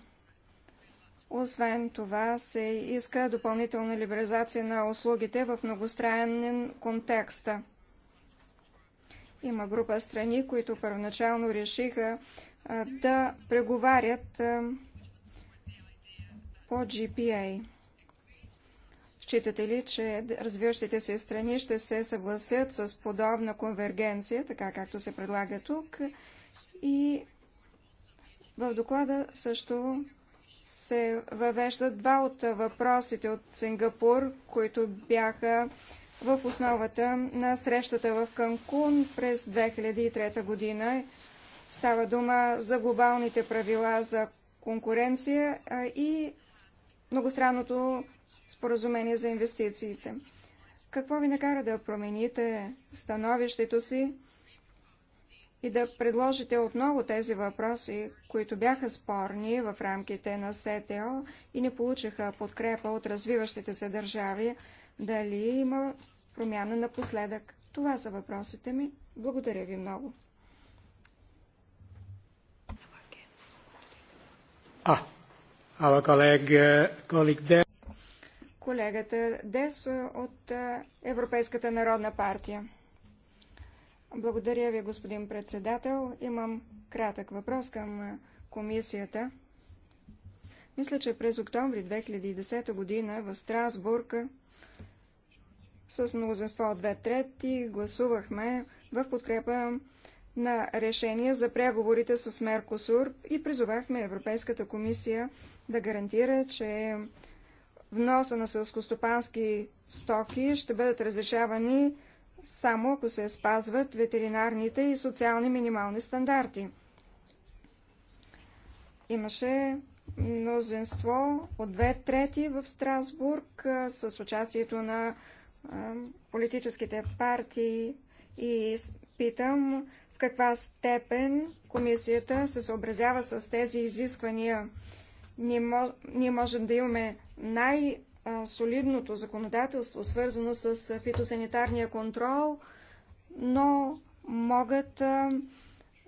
Освен това се иска допълнителна либерализация на услугите в многостранен контекст. Има група страни, които първоначално решиха да преговарят по GPA. Считате ли, че развиващите се страни ще се съгласят с подобна конвергенция, така както се предлага тук? И в доклада също се въвеждат два от въпросите от Сингапур, които бяха в основата на срещата в Канкун през 2003 година. Става дума за глобалните правила за конкуренция и многостранното споразумение за инвестициите. Какво ви накара да промените становището си и да предложите отново тези въпроси, които бяха спорни в рамките на СТО и не получиха подкрепа от развиващите се държави? Дали има промяна напоследък? Това са въпросите ми. Благодаря ви много. Ah, our colleague, colleague there колегата Дес от Европейската народна партия. Благодаря ви, господин председател. Имам кратък въпрос към комисията. Мисля, че през октомври 2010 година в Страсбург с мнозинство от две трети гласувахме в подкрепа на решение за преговорите с Меркосур и призовахме Европейската комисия да гарантира, че вноса на селскостопански стоки ще бъдат разрешавани само ако се спазват ветеринарните и социални минимални стандарти. Имаше мнозинство от две трети в Страсбург с участието на политическите партии и питам в каква степен комисията се съобразява с тези изисквания. Ние можем да имаме най-солидното законодателство, свързано с фитосанитарния контрол, но могат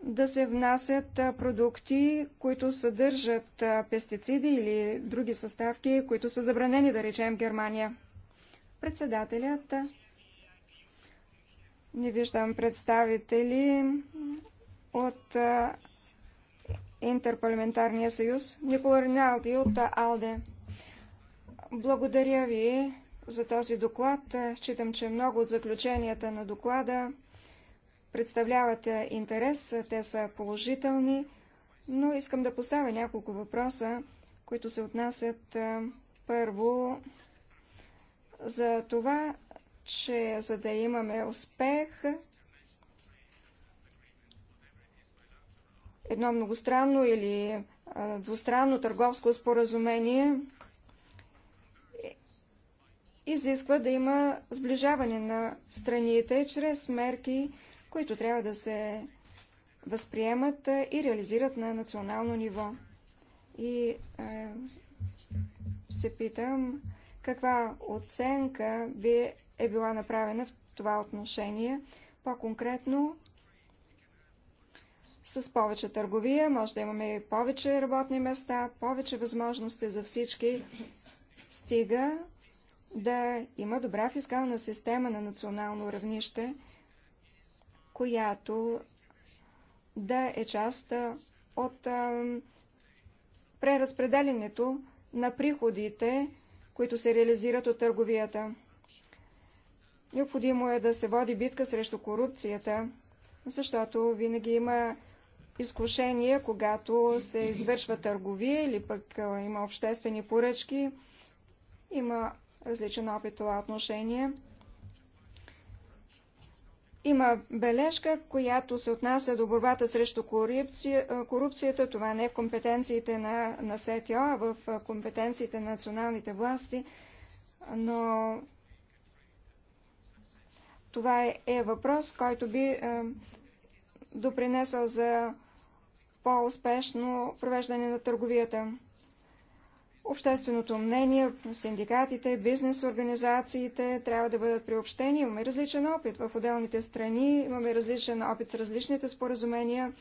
да се внасят продукти, които съдържат пестициди или други съставки, които са забранени, да речем, Германия. Председателят. Не виждам представители от Интерпарламентарния съюз. Никола Риналди от АЛДЕ. Благодаря ви за този доклад. Считам, че много от заключенията на доклада представляват интерес, те са положителни, но искам да поставя няколко въпроса, които се отнасят първо за това, че за да имаме успех, едно многостранно или двустранно търговско споразумение – изисква да има сближаване на страните чрез мерки, които трябва да се възприемат и реализират на национално ниво. И е, се питам каква оценка би е била направена в това отношение. По-конкретно, с повече търговия може да имаме повече работни места, повече възможности за всички, стига да има добра фискална система на национално равнище, която да е част от преразпределенето на приходите, които се реализират от търговията. Необходимо е да се води битка срещу корупцията, защото винаги има изкушение, когато се извършва търговия или пък има обществени поръчки, има различен опит това отношение. Има бележка, която се отнася до борбата срещу корупция, корупцията. Това не е в компетенциите на, на СТО, а в компетенциите на националните власти. Но това е, е въпрос, който би е, допринесъл за по-успешно провеждане на търговията. Общественото мнение, синдикатите, бизнес организациите трябва да бъдат приобщени. Имаме различен опит в отделните страни, имаме различен опит с различните споразумения.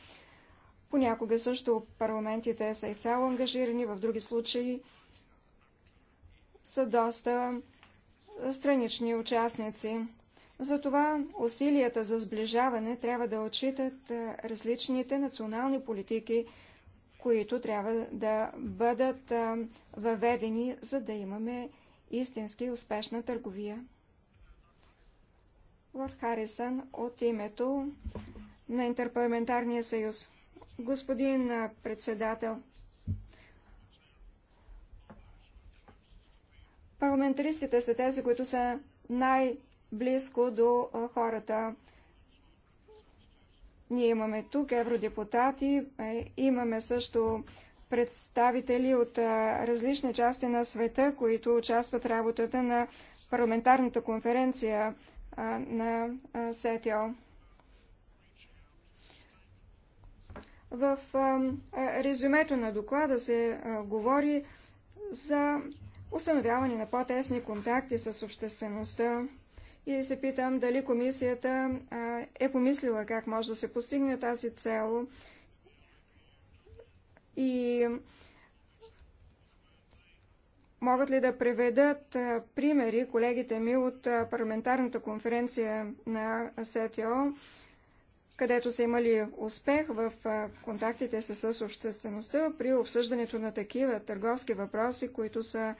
Понякога също парламентите са изцяло ангажирани, в други случаи са доста странични участници. Затова усилията за сближаване трябва да отчитат различните национални политики – които трябва да бъдат въведени, за да имаме истински успешна търговия. Лорд Харисън от името на Интерпарламентарния съюз. Господин председател, парламентаристите са тези, които са най-близко до хората. Ние имаме тук евродепутати, е, имаме също представители от е, различни части на света, които участват в работата на парламентарната конференция е, на СЕТИО. В резюмето на доклада се говори за установяване на по-тесни контакти с обществеността, и се питам дали комисията е помислила как може да се постигне тази цел и могат ли да преведат примери колегите ми от парламентарната конференция на СТО, където са имали успех в контактите си с обществеността при обсъждането на такива търговски въпроси, които са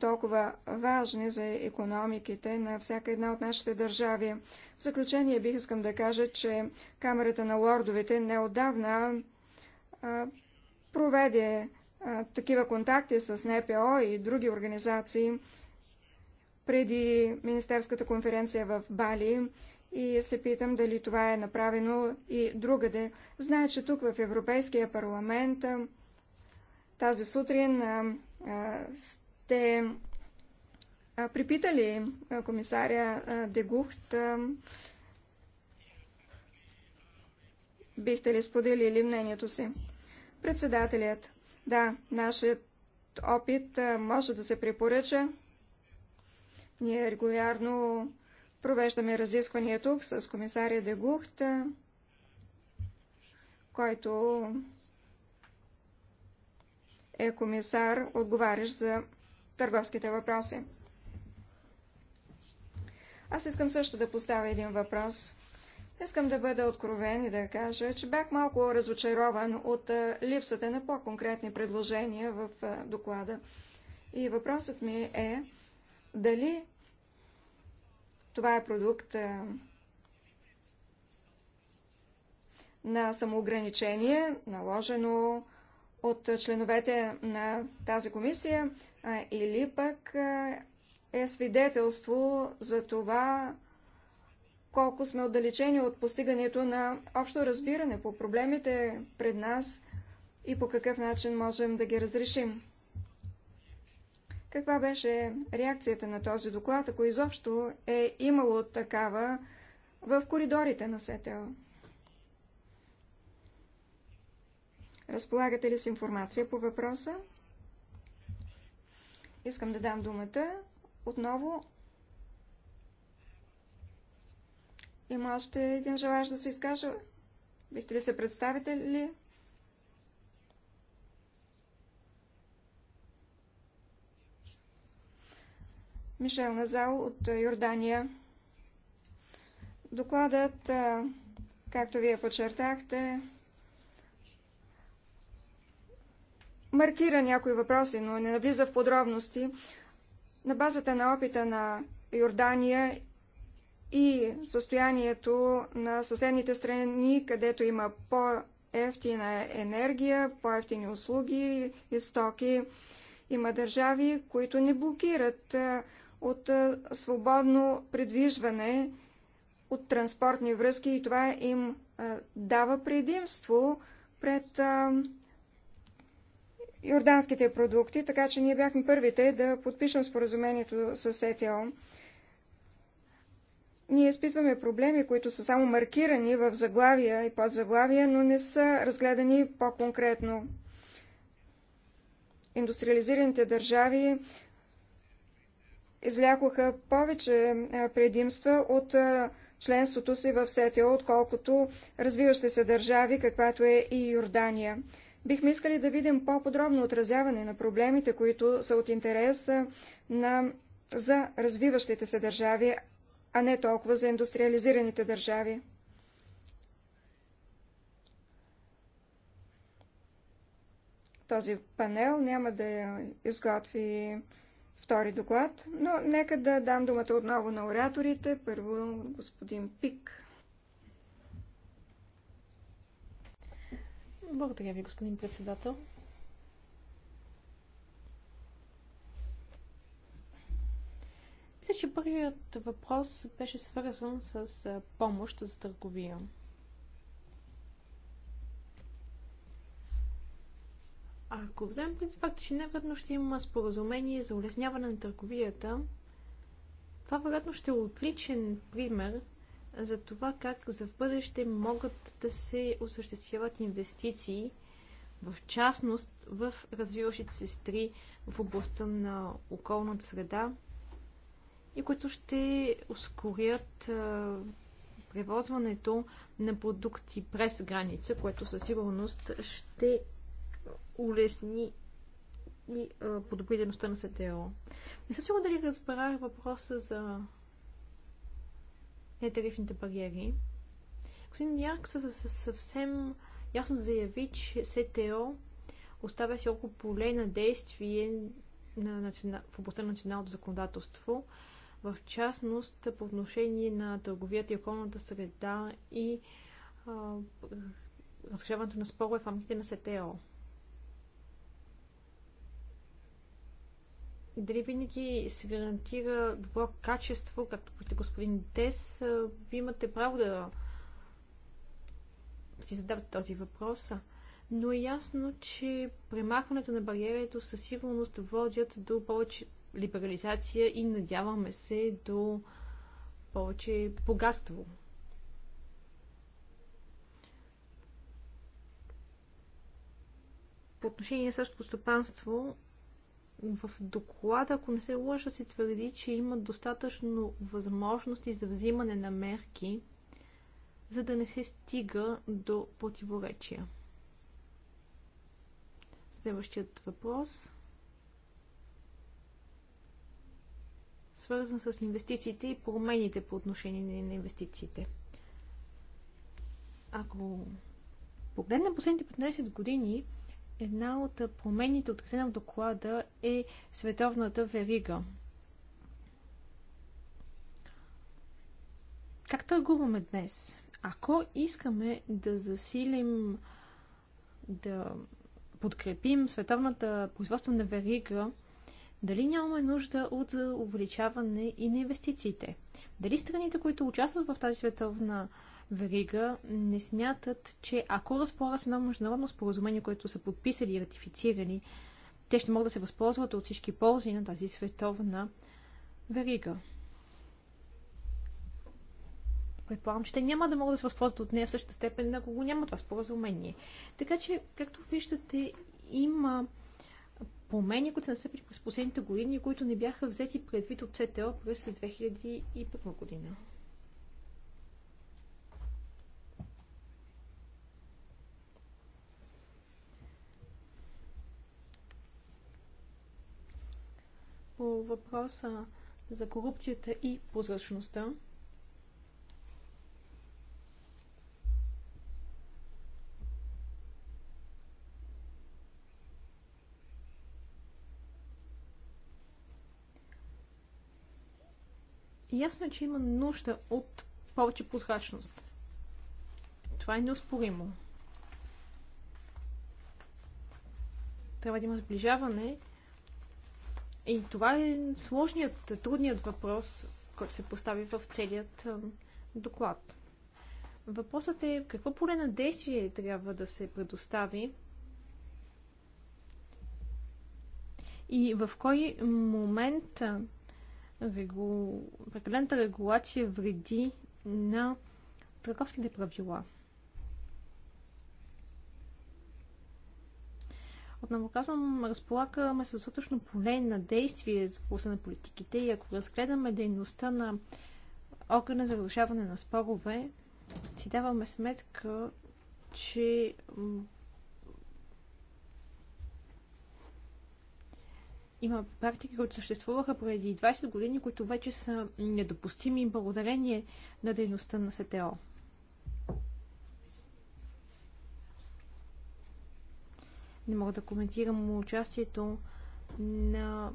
толкова важни за економиките на всяка една от нашите държави. В заключение бих искам да кажа, че Камерата на лордовете неодавна проведе такива контакти с НПО и други организации преди Министерската конференция в Бали и се питам дали това е направено и другаде. Знае, че тук в Европейския парламент тази сутрин сте припитали комисаря Дегухт, бихте ли споделили мнението си? Председателят. Да, нашият опит може да се препоръча. Ние регулярно провеждаме разисквания тук с комисаря Дегухт, който е комисар, отговарящ за търговските въпроси. Аз искам също да поставя един въпрос. Искам да бъда откровен и да кажа, че бях малко разочарован от липсата на по-конкретни предложения в доклада. И въпросът ми е дали това е продукт на самоограничение, наложено от членовете на тази комисия, или пък е свидетелство за това, колко сме отдалечени от постигането на общо разбиране по проблемите пред нас и по какъв начин можем да ги разрешим. Каква беше реакцията на този доклад, ако изобщо е имало такава в коридорите на СТО? Разполагате ли с информация по въпроса? Искам да дам думата отново. Има още един желаящ да се изкаже. Бихте ли се представите ли? Мишел Назал от Йордания. Докладът, както вие подчертахте, маркира някои въпроси, но не навлиза в подробности. На базата на опита на Йордания и състоянието на съседните страни, където има по-ефтина енергия, по-ефтини услуги и стоки, има държави, които не блокират е, от е, свободно предвижване от транспортни връзки и това им е, дава предимство пред йорданските продукти, така че ние бяхме първите да подпишем споразумението с ЕТО. Ние изпитваме проблеми, които са само маркирани в заглавия и подзаглавия, но не са разгледани по-конкретно. Индустриализираните държави излякоха повече е, предимства от е, членството си в СТО, отколкото развиващи се държави, каквато е и Йордания. Бихме искали да видим по-подробно отразяване на проблемите, които са от интерес на, за развиващите се държави, а не толкова за индустриализираните държави. Този панел няма да изготви втори доклад, но нека да дам думата отново на ораторите. Първо господин Пик. Благодаря ви, господин председател. Мисля, че първият въпрос беше свързан с помощ за търговия. Ако вземем пред факта, че невероятно ще има споразумение за улесняване на търговията, това вероятно ще е отличен пример за това как за в бъдеще могат да се осъществяват инвестиции, в частност в развиващите се стри в областта на околната среда и които ще ускорят превозването на продукти през граница, което със сигурност ще улесни и подобри дейността на СТО. Не съм сигурна дали разбрах въпроса за нетарифните бариери. Господин Ярк съвсем ясно заяви, че СТО оставя широко поле на действие на национа... в областта на националното законодателство, в частност по отношение на търговията и околната среда и а, разрешаването на спорове в рамките на СТО. дали винаги се гарантира добро качество, както пита господин Тес, вие имате право да си задавате този въпрос. Но е ясно, че премахването на бариерието със сигурност водят до повече либерализация и надяваме се до повече богатство. По отношение на същото стопанство, в доклада, ако не се лъжа, се твърди, че има достатъчно възможности за взимане на мерки, за да не се стига до противоречия. Следващият въпрос свързан с инвестициите и промените по отношение на инвестициите. Ако погледнем последните 15 години, Една от промените, отразена в доклада, е световната верига. Как търгуваме днес? Ако искаме да засилим, да подкрепим световната производствена верига, дали нямаме нужда от увеличаване и на инвестициите? Дали страните, които участват в тази световна верига не смятат, че ако разполагат с едно международно споразумение, което са подписали и ратифицирали, те ще могат да се възползват от всички ползи на тази световна верига. Предполагам, че те няма да могат да се възползват от нея в същата степен, ако го няма това споразумение. Така че, както виждате, има промени, които са настъпили през последните години, които не бяха взети предвид от ЦТО през 2001 година. по въпроса за корупцията и прозрачността. Ясно е, че има нужда от повече прозрачност. Това е неоспоримо. Трябва да има сближаване и това е сложният, трудният въпрос, който се постави в целият доклад. Въпросът е какво поле на действие трябва да се предостави и в кой момент регу... регулация вреди на търговските правила. Отново казвам, разполагаме с достатъчно поле на действие за курса на политиките и ако разгледаме дейността на органа за разрешаване на спорове, си даваме сметка, че има практики, които съществуваха преди 20 години, които вече са недопустими благодарение на дейността на СТО. Не мога да коментирам участието на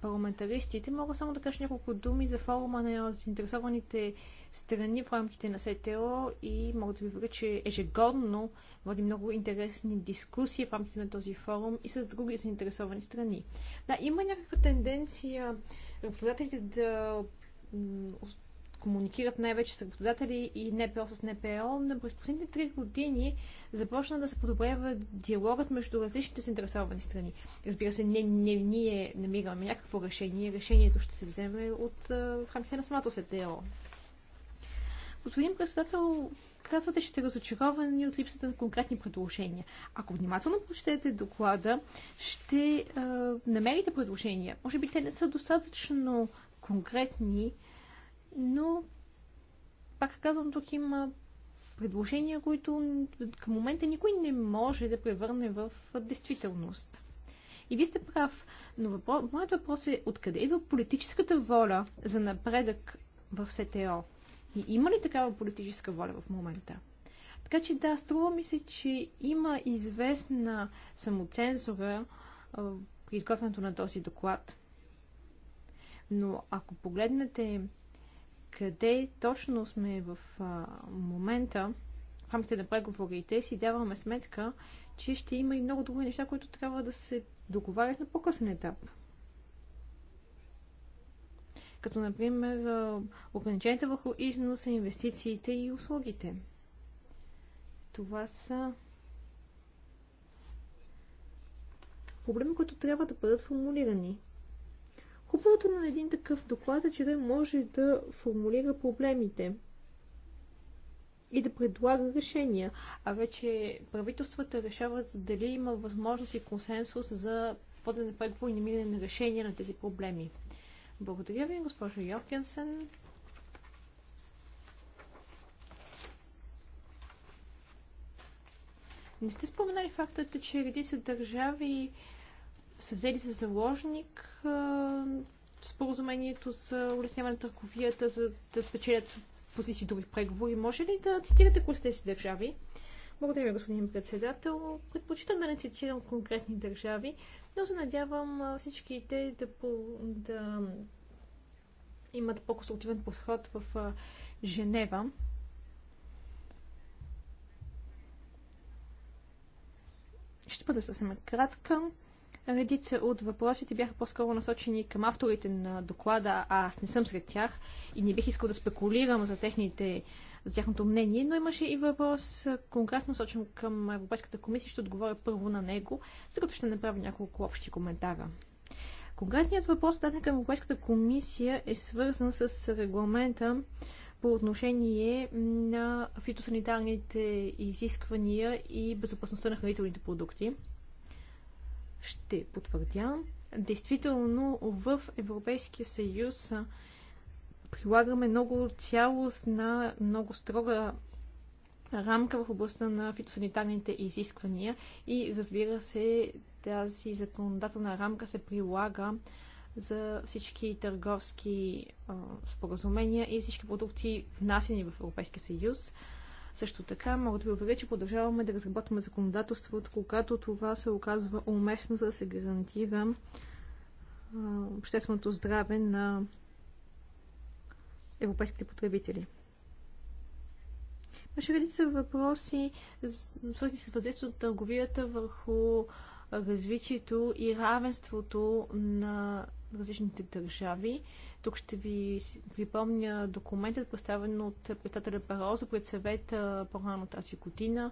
парламентаристите. Мога само да кажа няколко думи за форума на заинтересованите страни в рамките на СТО и мога да ви уверя, че ежегодно води много интересни дискусии в рамките на този форум и с други заинтересовани страни. Да, има някаква тенденция работодателите да комуникират най-вече с работодатели и НПО с НПО, но през последните три години започна да се подобрява диалогът между различните заинтересовани страни. Разбира се, не, не ние намираме някакво решение. Решението ще се вземе от, в рамките на самото СТО. Господин председател, казвате, че сте разочаровани от липсата на конкретни предложения. Ако внимателно прочетете доклада, ще а, намерите предложения. Може би те не са достатъчно конкретни, но пак казвам, тук има предложения, които към момента никой не може да превърне в действителност. И вие сте прав, но въпро... моят въпрос е откъде идва политическата воля за напредък в СТО? И има ли такава политическа воля в момента? Така че да, струва ми се, че има известна самоцензура при изготвянето на този доклад. Но ако погледнете къде точно сме в а, момента, в рамките на преговорите, си даваме сметка, че ще има и много други неща, които трябва да се договарят на по-късен етап. Като, например, ограниченията върху износа, инвестициите и услугите. Това са проблеми, които трябва да бъдат формулирани Хубавото на един такъв доклад е, че той може да формулира проблемите и да предлага решения. А вече правителствата решават дали има възможност и консенсус за водене на преговори и намиране на решения на тези проблеми. Благодаря ви, госпожо Йоркенсен. Не сте споменали фактът, че редица държави са взели за заложник споразумението за улесняване на търговията, за да спечелят позиции други преговори. Може ли да цитирате кои са тези държави? Благодаря, господин председател. Предпочитам да не цитирам конкретни държави, но се надявам всички те да, по, да имат по-консултивен подход в Женева. Ще бъда съвсем кратка. Редица от въпросите бяха по-скоро насочени към авторите на доклада, а аз не съм сред тях и не бих искал да спекулирам за техните за тяхното мнение, но имаше и въпрос конкретно насочен към Европейската комисия. Ще отговоря първо на него, след като ще направя няколко общи коментара. Конкретният въпрос, даден към Европейската комисия, е свързан с регламента по отношение на фитосанитарните изисквания и безопасността на хранителните продукти ще потвърдя. Действително в Европейския съюз прилагаме много цялостна, много строга рамка в областта на фитосанитарните изисквания и разбира се тази законодателна рамка се прилага за всички търговски а, споразумения и всички продукти внасени в Европейския съюз. Също така мога да ви уверя, че продължаваме да разработваме законодателството, когато това се оказва уместно, за да се гарантира общественото здраве на европейските потребители. Имаше редица въпроси, свързани с въздействието на търговията върху развитието и равенството на различните държави. Тук ще ви припомня документът, представен от председателя Парозо пред съвета по-рано тази година,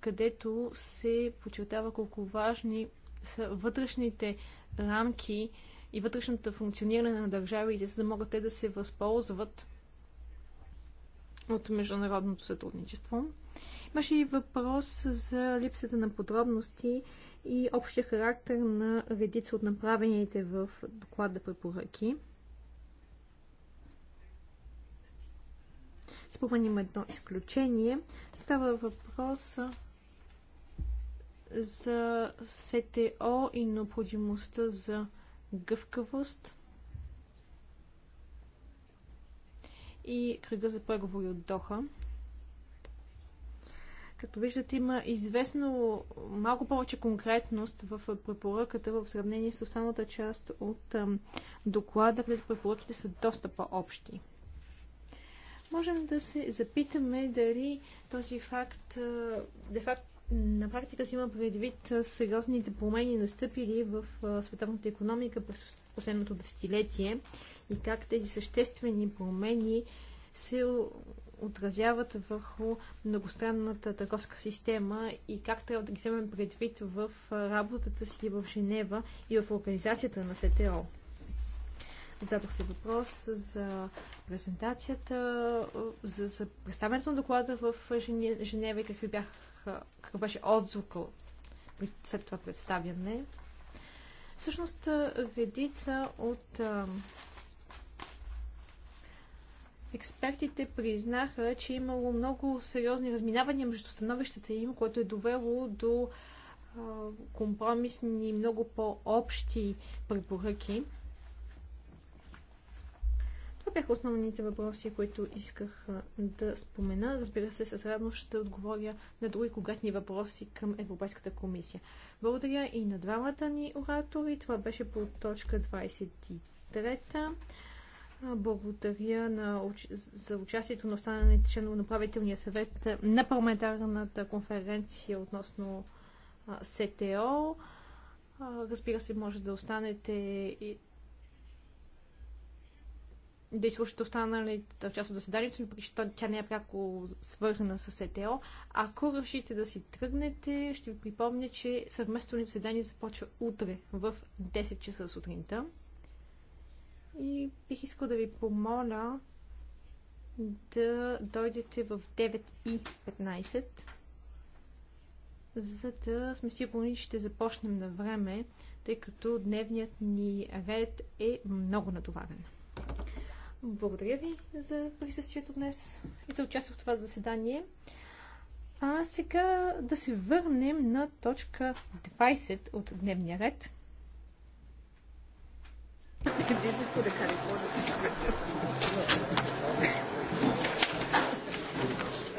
където се подчертава колко важни са вътрешните рамки и вътрешното функциониране на държавите, за да могат те да се възползват от международното сътрудничество. Имаше и въпрос за липсата на подробности и общия характер на редица от направените в доклада препоръки. Споменим едно изключение. Става въпрос за СТО и необходимостта за гъвкавост и кръга за преговори от Доха. Като виждате, има известно малко повече конкретност в препоръката в сравнение с останалата част от доклада, където препоръките са доста по-общи можем да се запитаме дали този факт де факт, на практика си има предвид сериозните промени настъпили в световната економика през последното десетилетие и как тези съществени промени се отразяват върху многостранната търговска система и как трябва да ги вземем предвид в работата си в Женева и в организацията на СТО зададохте въпрос за презентацията, за, за представянето на доклада в Женева и какви бях, какъв беше отзвука след това представяне. Всъщност, редица от а, експертите признаха, че е имало много сериозни разминавания между становищата им, което е довело до компромисни, много по-общи препоръки бяха основните въпроси, които исках да спомена. Разбира се, с радост ще отговоря на други конкретни въпроси към Европейската комисия. Благодаря и на двамата ни оратори. Това беше по точка 23. Благодаря на, за участието на останалите членове на правителния съвет на парламентарната конференция относно СТО. Разбира се, може да останете и да изслушат останалите част от заседанието, въпреки че тя не е пряко свързана с ЕТО. Ако решите да си тръгнете, ще ви припомня, че съвместно заседание започва утре в 10 часа сутринта. И бих искал да ви помоля да дойдете в 9.15, за да сме сигурни, че ще започнем на време, тъй като дневният ни ред е много натоварен. Благодаря ви за присъствието днес и за участие в това заседание. А сега да се върнем на точка 20 от дневния ред.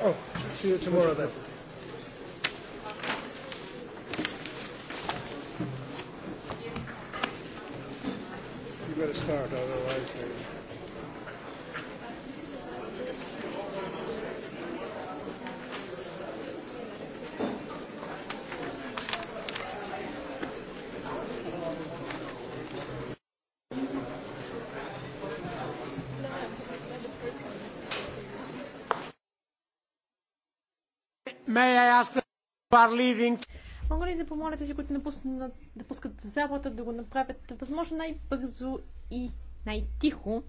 Oh, You better start, otherwise they... Мога ли да помоля тези, които напуснат, да пускат залата, да го направят възможно най-бързо и най-тихо,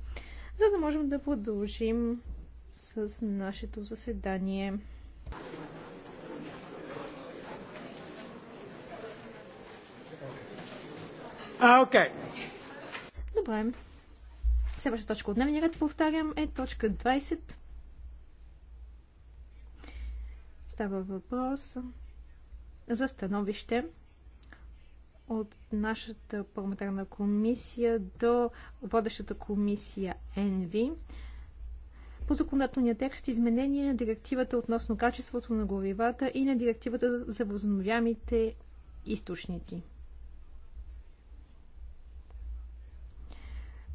за да можем да продължим с нашето заседание. Okay. Добре. Следващата точка от дневния ред, повтарям, е точка 20. Става въпрос за становище от нашата парламентарна комисия до водещата комисия ЕНВИ по законодателния текст изменение на директивата относно качеството на горивата и на директивата за възобновяемите източници.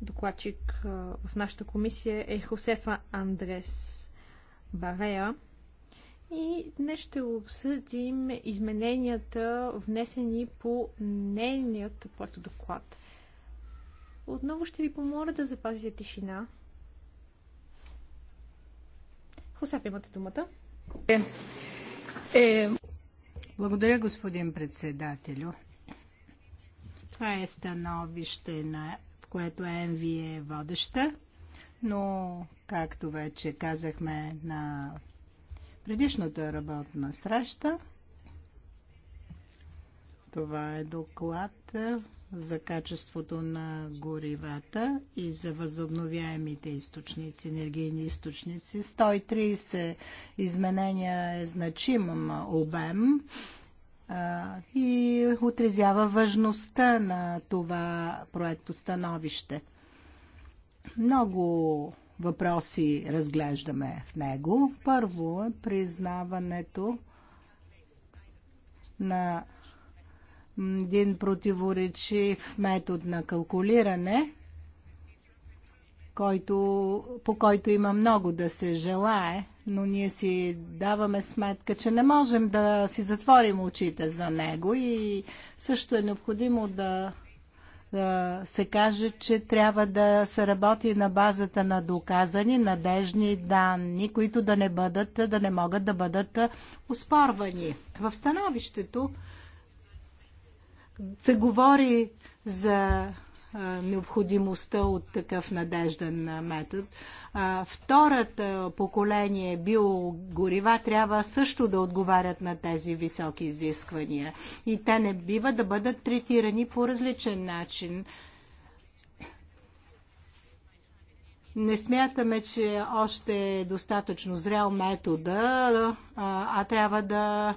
Докладчик в нашата комисия е Хосефа Андрес Барея. И днес ще обсъдим измененията, внесени по нейният проект доклад. Отново ще ви помоля да запазите тишина. Хосеф, имате думата. Е, е... Благодаря, господин председателю. Това е становище, на, в което МВ е водеща, но, както вече казахме на предишната работна среща. Това е доклад за качеството на горивата и за възобновяемите източници, енергийни източници. 130 изменения е значим обем и отрезява важността на това проекто становище. Много въпроси разглеждаме в него. Първо е признаването на един противоречив метод на калкулиране, който, по който има много да се желае, но ние си даваме сметка, че не можем да си затворим очите за него и също е необходимо да се каже, че трябва да се работи на базата на доказани, надежни данни, които да не, бъдат, да не могат да бъдат успорвани. В становището се говори за необходимостта от такъв надежден метод. Втората поколение биогорива трябва също да отговарят на тези високи изисквания. И те не бива да бъдат третирани по различен начин. Не смятаме, че още е достатъчно зрял метода, а трябва да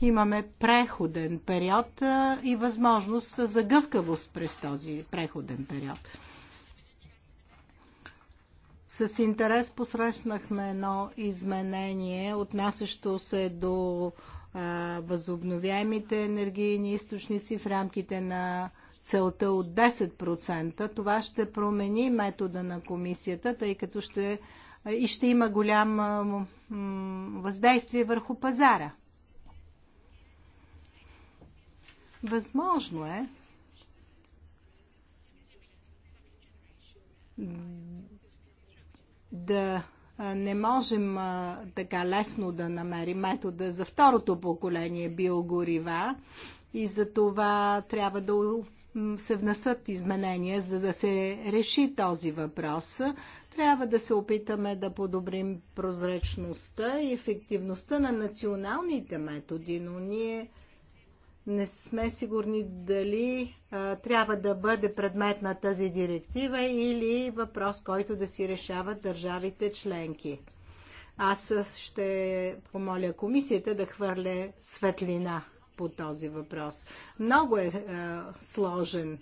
имаме преходен период и възможност за гъвкавост през този преходен период. С интерес посрещнахме едно изменение, отнасящо се до възобновяемите енергийни източници в рамките на целта от 10%. Това ще промени метода на комисията, тъй като ще, и ще има голямо въздействие върху пазара. Възможно е да не можем така лесно да намерим метода за второто поколение биогорива и за това трябва да се внесат изменения, за да се реши този въпрос. Трябва да се опитаме да подобрим прозрачността и ефективността на националните методи, но ние не сме сигурни дали а, трябва да бъде предмет на тази директива или въпрос, който да си решават държавите членки. Аз ще помоля комисията да хвърля светлина по този въпрос. Много е а, сложен.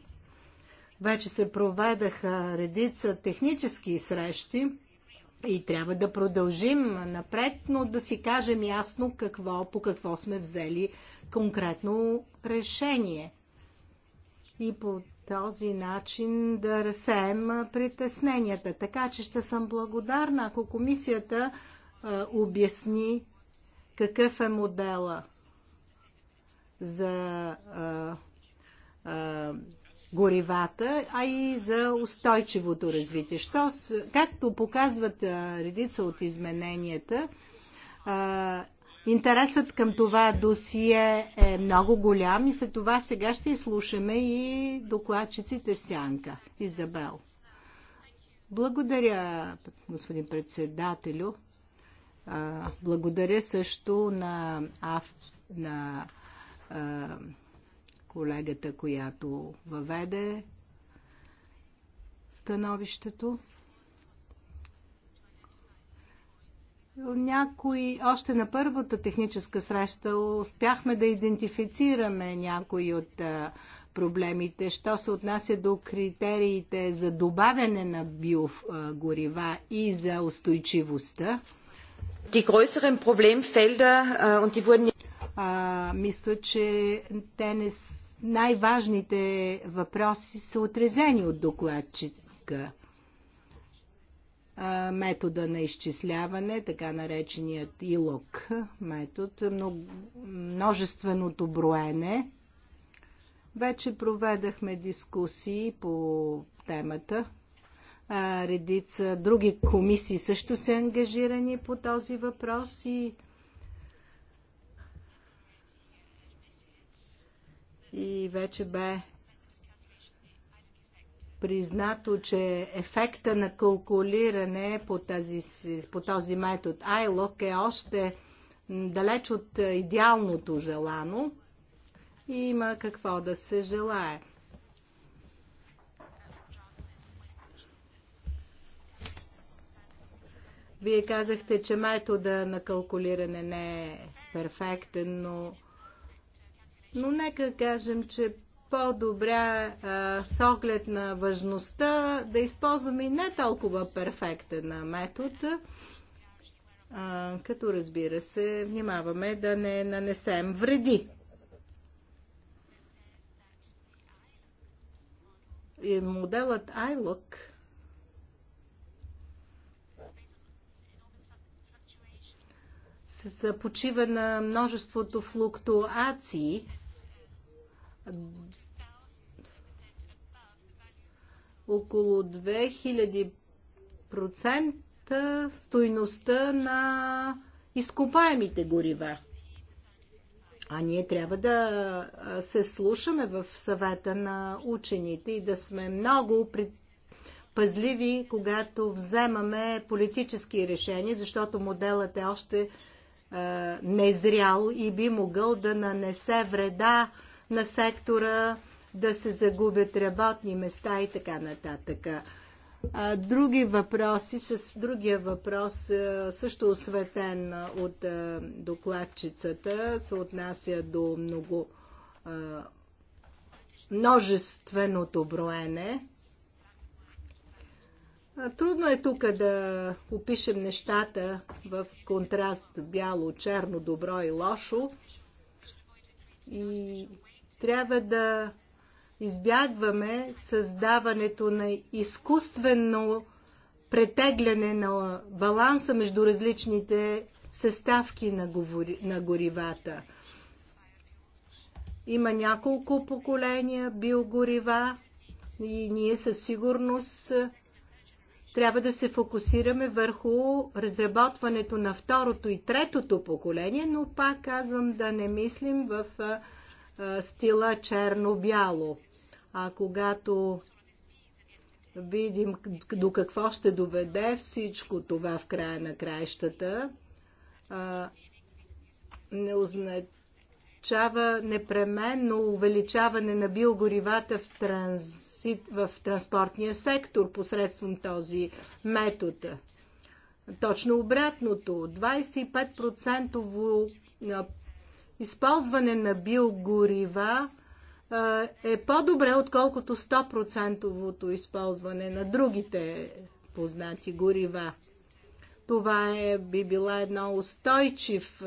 Вече се проведаха редица технически срещи и трябва да продължим напред, но да си кажем ясно какво, по какво сме взели конкретно решение. И по този начин да разсеем притесненията. Така че ще съм благодарна, ако комисията а, обясни какъв е модела за а, а, горивата, а и за устойчивото развитие. Що, както показват редица от измененията, Интересът към това досие е много голям и след това сега ще изслушаме и докладчиците в сянка. Изабел. Благодаря, господин председателю. Благодаря също на, на колегата, която въведе становището. Някои, още на първата техническа среща успяхме да идентифицираме някои от проблемите. Що се отнася до критериите за добавяне на биогорива и за устойчивостта? а, мисля, че те не са най-важните въпроси са отрезени от докладчика. Метода на изчисляване, така нареченият ИЛОК метод, множественото броене. Вече проведахме дискусии по темата. Редица други комисии също са ангажирани по този въпрос и и вече бе признато, че ефекта на калкулиране по, тази, по този метод ILOC е още далеч от идеалното желано и има какво да се желае. Вие казахте, че метода на калкулиране не е перфектен, но но нека кажем, че по-добре с оглед на важността да използваме и не толкова перфектен метод, а, като разбира се внимаваме да не нанесем вреди. И моделът iLook се почива на множеството флуктуации, около 2000% стойността на изкопаемите горива. А ние трябва да се слушаме в съвета на учените и да сме много пазливи, когато вземаме политически решения, защото моделът е още незрял и би могъл да нанесе вреда на сектора, да се загубят работни места и така нататък. Други въпроси, с другия въпрос, също осветен от докладчицата, се отнася до много множественото броене. Трудно е тук да опишем нещата в контраст бяло, черно, добро и лошо. И трябва да избягваме създаването на изкуствено претегляне на баланса между различните съставки на, говори, на горивата. Има няколко поколения биогорива и ние със сигурност трябва да се фокусираме върху разработването на второто и третото поколение, но пак казвам да не мислим в стила черно-бяло. А когато видим до какво ще доведе всичко това в края на краищата, не означава непременно увеличаване на биогоривата в, транзит, в транспортния сектор посредством този метод. Точно обратното, 25% използване на биогорива е по-добре, отколкото 100 използване на другите познати горива. Това е, би била една устойчив,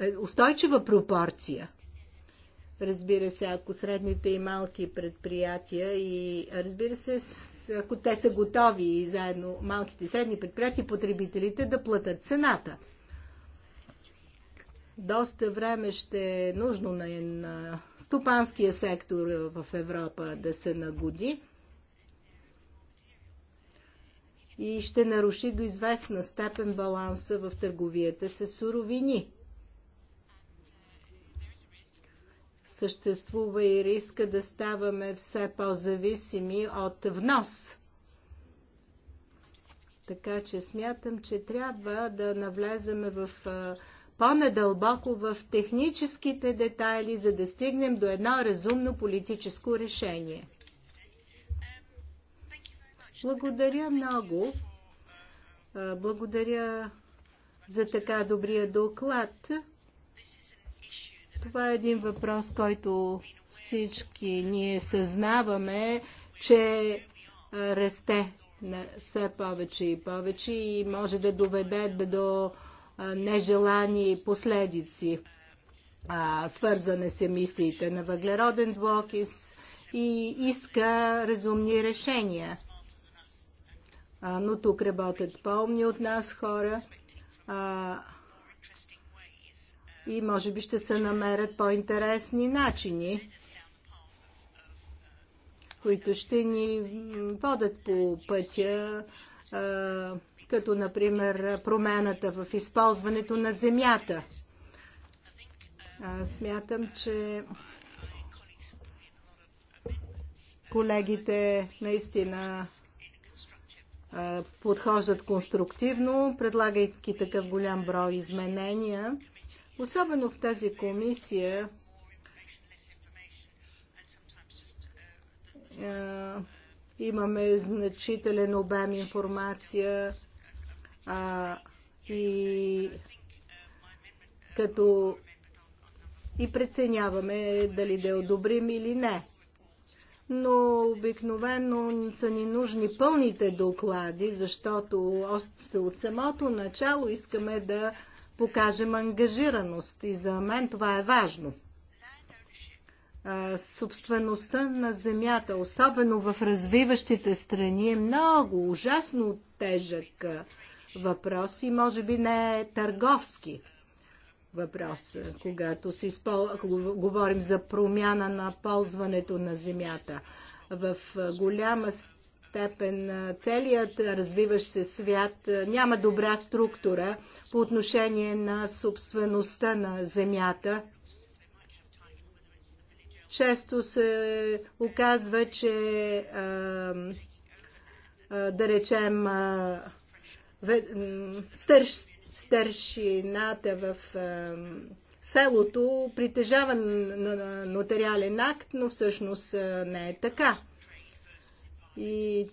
е, устойчива пропорция. Разбира се, ако средните и малки предприятия и разбира се, ако те са готови и заедно малките и средни предприятия, потребителите да платят цената – доста време ще е нужно на, на стопанския сектор в Европа да се нагоди и ще наруши до известна степен баланса в търговията с суровини. Съществува и риска да ставаме все по-зависими от внос. Така че смятам, че трябва да навлеземе в по-надълбоко в техническите детайли, за да стигнем до едно разумно политическо решение. Благодаря много. Благодаря за така добрия доклад. Това е един въпрос, който всички ние съзнаваме, че расте все повече и повече и може да доведе до нежелани последици, свързане с емисиите на въглероден двуокис и иска разумни решения. Но тук работят по-умни от нас хора и може би ще се намерят по-интересни начини, които ще ни водят по пътя като например промената в използването на земята. Смятам, че колегите наистина подхождат конструктивно, предлагайки такъв голям брой изменения. Особено в тази комисия имаме значителен обем информация а, и като и преценяваме дали да одобрим или не. Но обикновено са ни нужни пълните доклади, защото още от самото начало искаме да покажем ангажираност и за мен това е важно. собствеността на земята, особено в развиващите страни, е много ужасно тежък въпрос и може би не е търговски въпрос, когато си спол... говорим за промяна на ползването на земята. В голяма степен целият развиващ се свят няма добра структура по отношение на собствеността на земята. Често се оказва, че а, а, да речем а, стърж, стършината в селото притежава нотариален акт, но всъщност не е така. И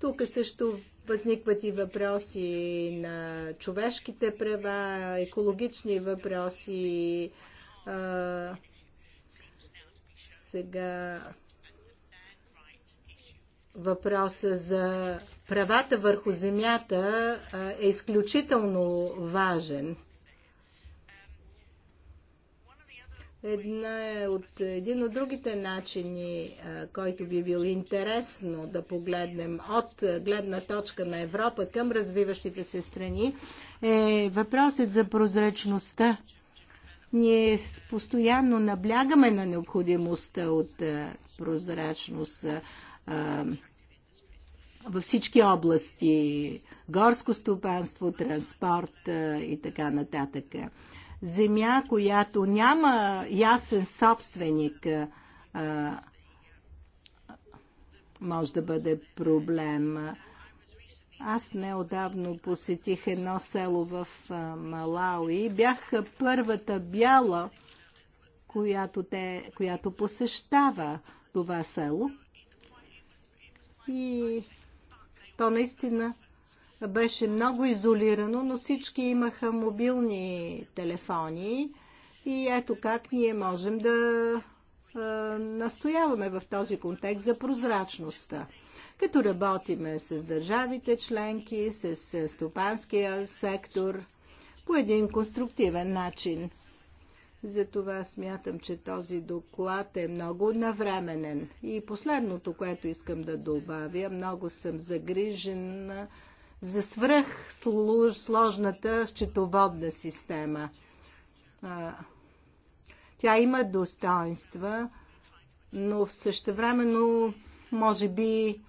тук също възникват и въпроси на човешките права, екологични въпроси. А, сега въпроса за правата върху земята е изключително важен. Една е от, един от другите начини, който би бил интересно да погледнем от гледна точка на Европа към развиващите се страни, е въпросът за прозрачността. Ние постоянно наблягаме на необходимостта от прозрачност във всички области горско стопанство, транспорт и така нататък. Земя, която няма ясен собственик, може да бъде проблем. Аз неодавно посетих едно село в Малауи. Бях първата бяла, която, те, която посещава това село. И то наистина беше много изолирано, но всички имаха мобилни телефони. И ето как ние можем да а, настояваме в този контекст за прозрачността. Като работиме с държавите членки, с стопанския сектор, по един конструктивен начин. Затова смятам, че този доклад е много навременен. И последното, което искам да добавя, много съм загрижена за свръх сложната счетоводна система. Тя има достоинства, но в същевременно може би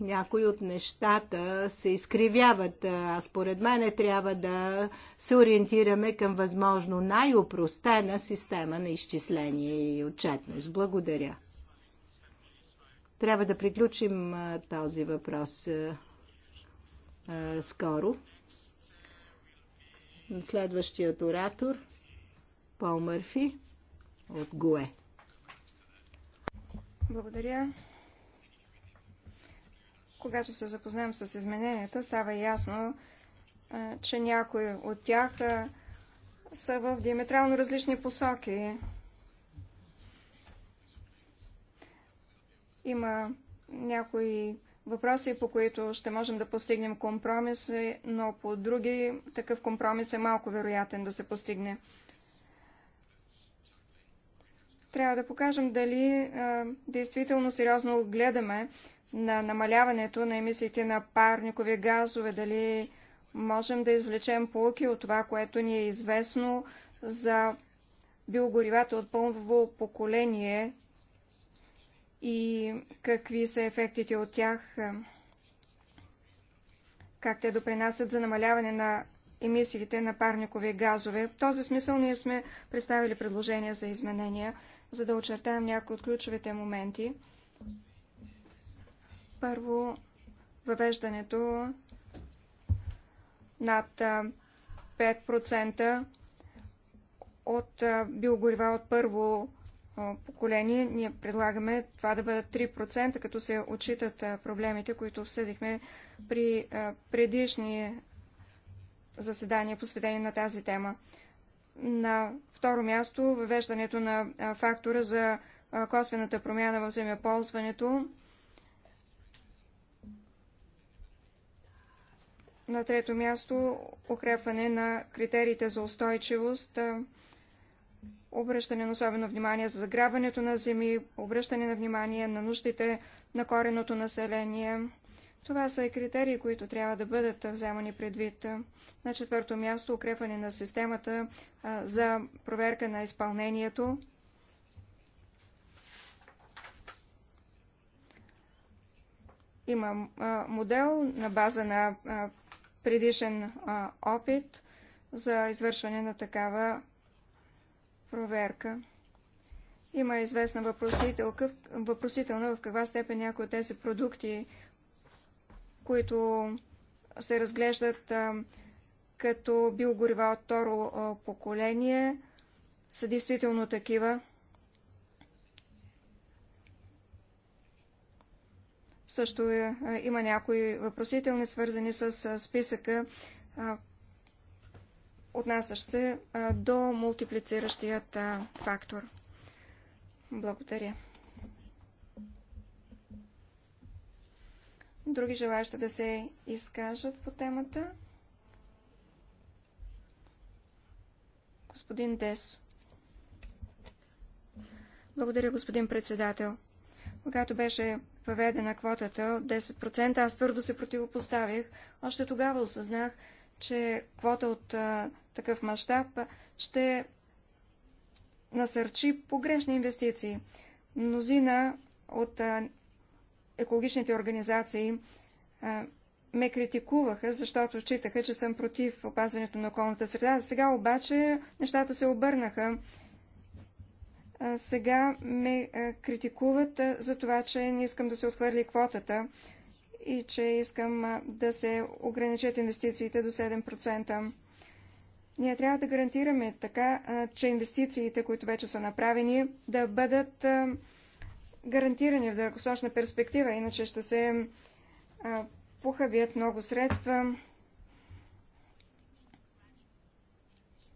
някои от нещата се изкривяват. А според мен трябва да се ориентираме към възможно най-упростена система на изчисление и отчетност. Благодаря. Трябва да приключим този въпрос скоро. Следващият оратор Пол Мърфи от ГУЕ. Благодаря. Когато се запознаем с измененията, става ясно, че някои от тях са в диаметрално различни посоки. Има някои въпроси, по които ще можем да постигнем компромис, но по други такъв компромис е малко вероятен да се постигне. Трябва да покажем дали а, действително сериозно гледаме на намаляването на емисиите на парникови газове, дали можем да извлечем полуки от това, което ни е известно за биогоривата от пълново поколение и какви са ефектите от тях, как те допринасят за намаляване на емисиите на парникови газове. В този смисъл ние сме представили предложения за изменения, за да очертаем някои от ключовите моменти. Първо, въвеждането над 5% от биогорива от първо поколение. Ние предлагаме това да бъде 3%, като се отчитат проблемите, които обсъдихме при предишни заседания, посветени на тази тема. На второ място, въвеждането на фактора за косвената промяна в земеползването На трето място укрепване на критериите за устойчивост, обръщане на особено внимание за заграбването на земи, обръщане на внимание на нуждите на кореното население. Това са и критерии, които трябва да бъдат вземани предвид. На четвърто място укрепване на системата за проверка на изпълнението. Има модел на база на предишен а, опит за извършване на такава проверка. Има известна въпросителка, въпросителна в каква степен някои от тези продукти, които се разглеждат а, като биогорива от второ а, поколение, са действително такива. Също е, е, има някои въпросителни, свързани с е, списъка, отнасящ се до мултиплициращият фактор. Благодаря. Други желаящи да се изкажат по темата? Господин Дес. Благодаря, господин председател. Когато беше въведена квотата от 10%, аз твърдо се противопоставих. Още тогава осъзнах, че квота от а, такъв мащаб ще насърчи погрешни инвестиции. Мнозина от а, екологичните организации а, ме критикуваха, защото читаха, че съм против опазването на околната среда. Сега обаче нещата се обърнаха сега ме критикуват за това, че не искам да се отхвърли квотата и че искам да се ограничат инвестициите до 7%. Ние трябва да гарантираме така, че инвестициите, които вече са направени, да бъдат гарантирани в дългосрочна перспектива, иначе ще се похабят много средства.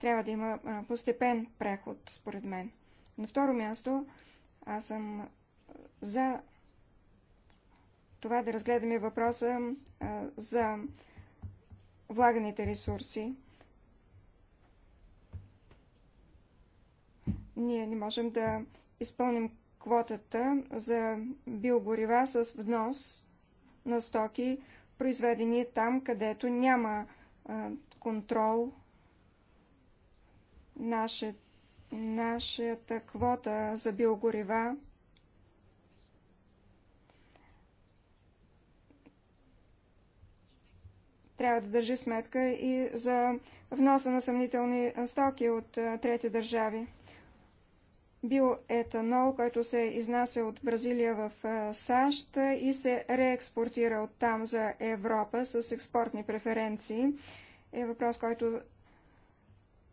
Трябва да има постепен преход, според мен. На второ място, аз съм за това да разгледаме въпроса а, за влаганите ресурси. Ние не можем да изпълним квотата за биогорива с внос на стоки, произведени там, където няма а, контрол. Нашето нашата квота за биогорива. Трябва да държи сметка и за вноса на съмнителни стоки от трети държави. Биоетанол, който се изнася от Бразилия в САЩ и се реекспортира от там за Европа с експортни преференции, е въпрос, който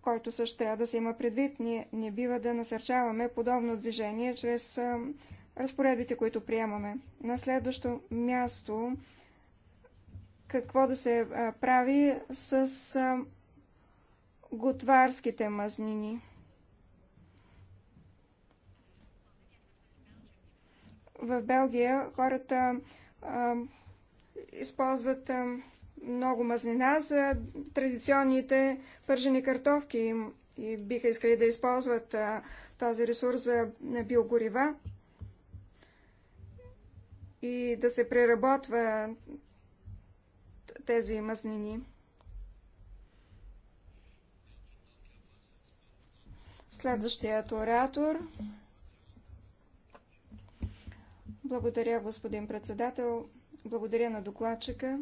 който също трябва да се има предвид. Ние не бива да насърчаваме подобно движение чрез разпоредбите, които приемаме. На следващо място, какво да се прави с готварските мазнини? В Белгия хората използват много мазнина за традиционните пържени картофки и биха искали да използват а, този ресурс за биогорива и да се преработва тези мазнини. Следващият оратор. Благодаря, господин председател. Благодаря на докладчика.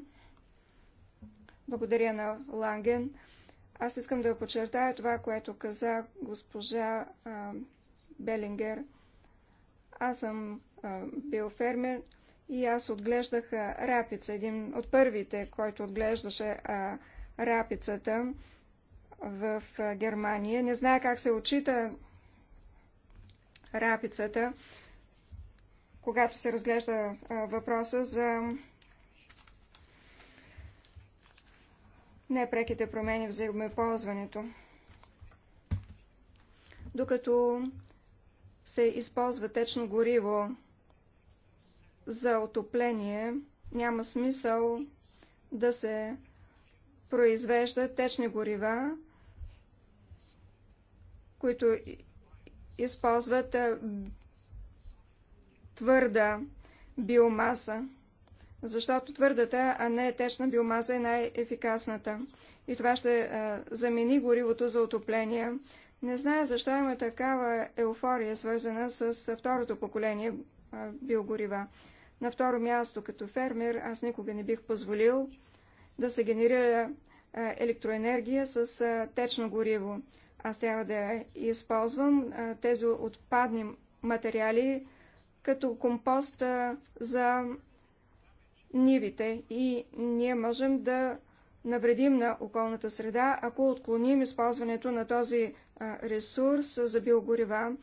Благодаря на Ланген. Аз искам да подчертая това, което каза госпожа а, Белингер. Аз съм а, бил фермер и аз отглеждах а, рапица. Един от първите, който отглеждаше а, рапицата в а, Германия. Не знае как се очита рапицата, когато се разглежда а, въпроса за непреките промени в взаимоползването. Докато се използва течно гориво за отопление, няма смисъл да се произвеждат течни горива, които използват твърда биомаса защото твърдата, а не течна биомаза е най-ефикасната. И това ще а, замени горивото за отопление. Не зная защо има такава еуфория, свързана с второто поколение а, биогорива. На второ място, като фермер, аз никога не бих позволил да се генерира а, електроенергия с а, течно гориво. Аз трябва да използвам а, тези отпадни материали като компост за нивите и ние можем да навредим на околната среда, ако отклоним използването на този ресурс за биогорива.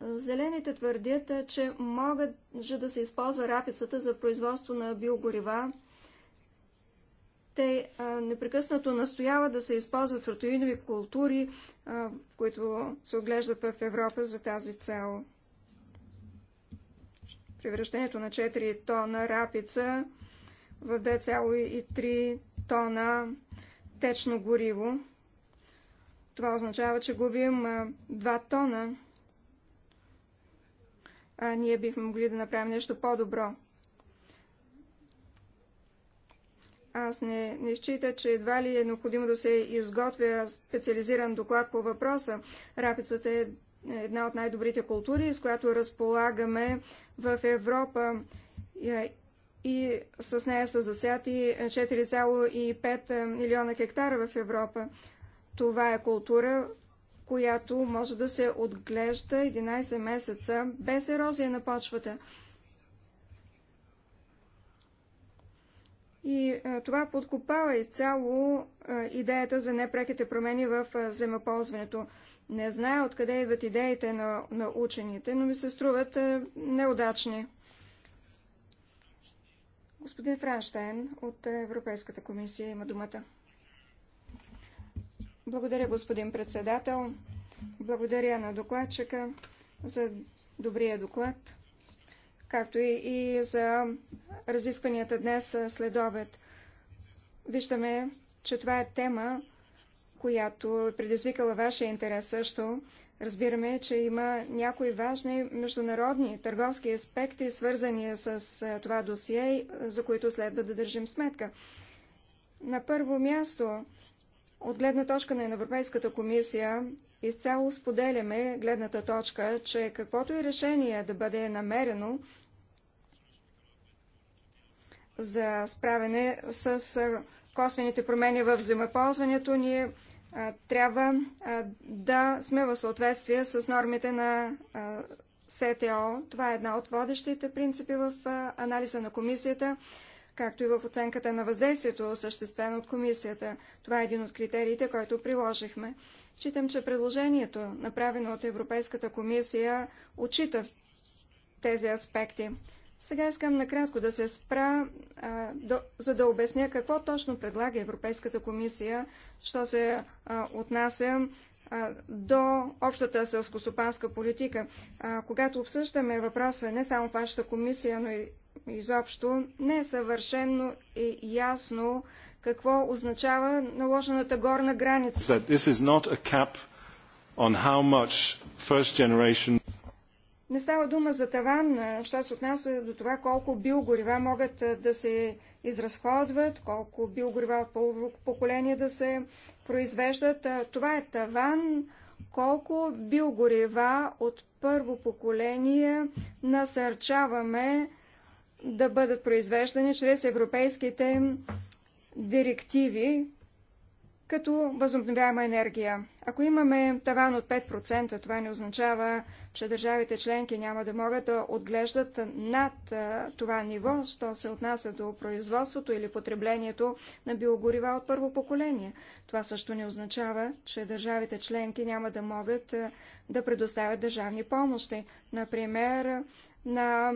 Зелените твърдят, че могат да се използва рапицата за производство на биогорива. Те непрекъснато настояват да се използват протеинови култури, които се отглеждат в Европа за тази цел превръщането на 4 тона рапица в 2,3 тона течно гориво. Това означава, че губим 2 тона. А ние бихме могли да направим нещо по-добро. Аз не, не счита, че едва ли е необходимо да се изготвя специализиран доклад по въпроса. Рапицата е една от най-добрите култури, с която разполагаме в Европа е, и с нея са засяти 4,5 е, милиона хектара в Европа. Това е култура, която може да се отглежда 11 месеца без ерозия на почвата. И е, това подкопава изцяло идеята за непреките промени в земеползването. Не зная откъде идват идеите на, на учените, но ми се струват е, неудачни. Господин Франштайн от Европейската комисия има думата. Благодаря, господин председател. Благодаря на докладчика за добрия доклад, както и, и за разискванията днес след обед. Виждаме, че това е тема, която е предизвикала вашия интерес също. Разбираме, че има някои важни международни търговски аспекти, свързани с това досие, за които следва да държим сметка. На първо място, от гледна точка на Европейската комисия, изцяло споделяме гледната точка, че каквото и решение да бъде намерено за справяне с косвените промени в взаимоползването, ние трябва да сме в съответствие с нормите на СТО. Това е една от водещите принципи в анализа на комисията, както и в оценката на въздействието, осъществено от комисията. Това е един от критериите, който приложихме. Читам, че предложението, направено от Европейската комисия, отчита тези аспекти. Сега искам накратко да се спра, а, до, за да обясня какво точно предлага Европейската комисия, що се а, отнася а, до общата селскостопанска политика. А, когато обсъждаме въпроса не само в вашата комисия, но и изобщо, не е съвършено и ясно какво означава наложената горна граница. So this is not a cap on how much first generation не става дума за таван, що се отнася до това колко биогорива могат да се изразходват, колко биогорива от първо поколение да се произвеждат. Това е таван, колко биогорива от първо поколение насърчаваме да бъдат произвеждани чрез европейските директиви, като възобновяема енергия. Ако имаме таван от 5%, това не означава, че държавите членки няма да могат да отглеждат над това ниво, що се отнася до производството или потреблението на биогорива от първо поколение. Това също не означава, че държавите членки няма да могат да предоставят държавни помощи. Например, на